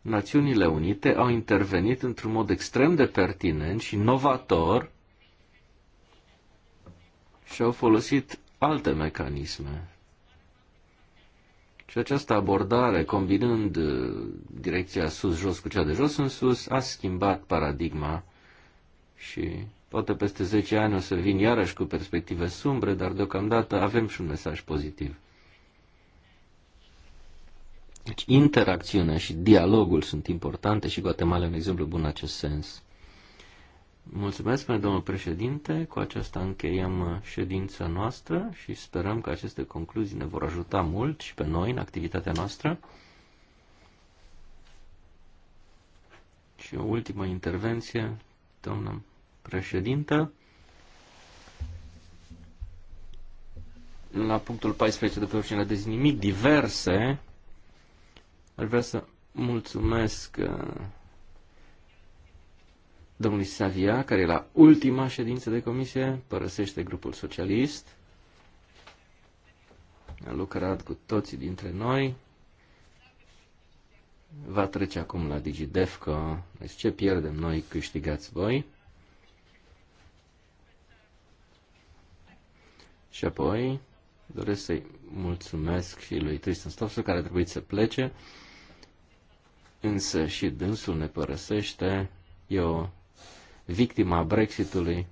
Națiunile Unite au intervenit într-un mod extrem de pertinent și novator și au folosit alte mecanisme. Și această abordare, combinând uh, direcția sus-jos cu cea de jos în sus, a schimbat paradigma și Poate peste 10 ani o să vin iarăși cu perspective sumbre, dar deocamdată avem și un mesaj pozitiv. Deci interacțiunea și dialogul sunt importante și Guatemala e un exemplu bun în acest sens. Mulțumesc, domnul președinte. Cu aceasta încheiem ședința noastră și sperăm că aceste concluzii ne vor ajuta mult și pe noi în activitatea noastră. Și o ultimă intervenție, domnul președintă. La punctul 14 de pe ordinea de zi nimic diverse, ar vrea să mulțumesc uh, domnului Savia, care la ultima ședință de comisie părăsește grupul socialist. A lucrat cu toții dintre noi. Va trece acum la DigiDefco. Deci ce pierdem noi, câștigați voi. Și apoi doresc să-i mulțumesc și lui Tristan Stofsu, care a trebuit să plece, însă și dânsul ne părăsește, e o victima Brexitului.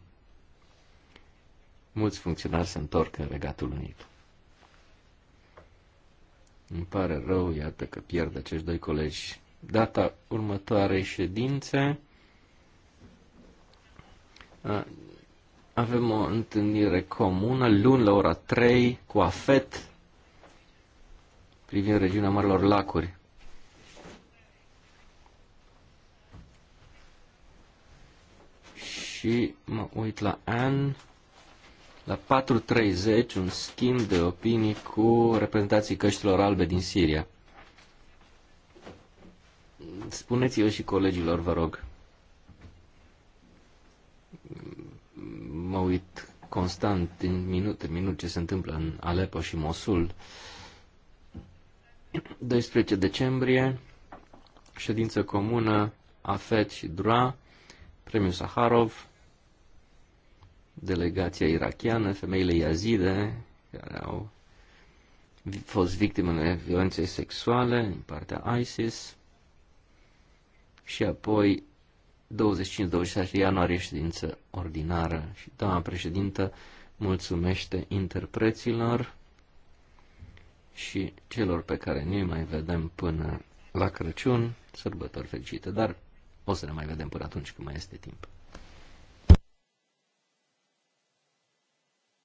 Mulți funcționari se întorc în Regatul Unit. Îmi pare rău, iată că pierd acești doi colegi. Data următoarei ședințe avem o întâlnire comună luni la ora 3 cu AFET privind regiunea Marilor Lacuri. Și mă uit la an la 4.30 un schimb de opinii cu reprezentații căștilor albe din Siria. spuneți vă și colegilor, vă rog. mă uit constant din minut în minut ce se întâmplă în Aleppo și Mosul. 12 decembrie, ședință comună AFET și DRA, premiul Saharov, delegația irachiană, femeile yazide care au fost victimele violenței sexuale din partea ISIS și apoi 25-26 ianuarie ședință ordinară și doamna președintă mulțumește interpreților și celor pe care nu mai vedem până la Crăciun, sărbători fericite, dar o să ne mai vedem până atunci când mai este timp.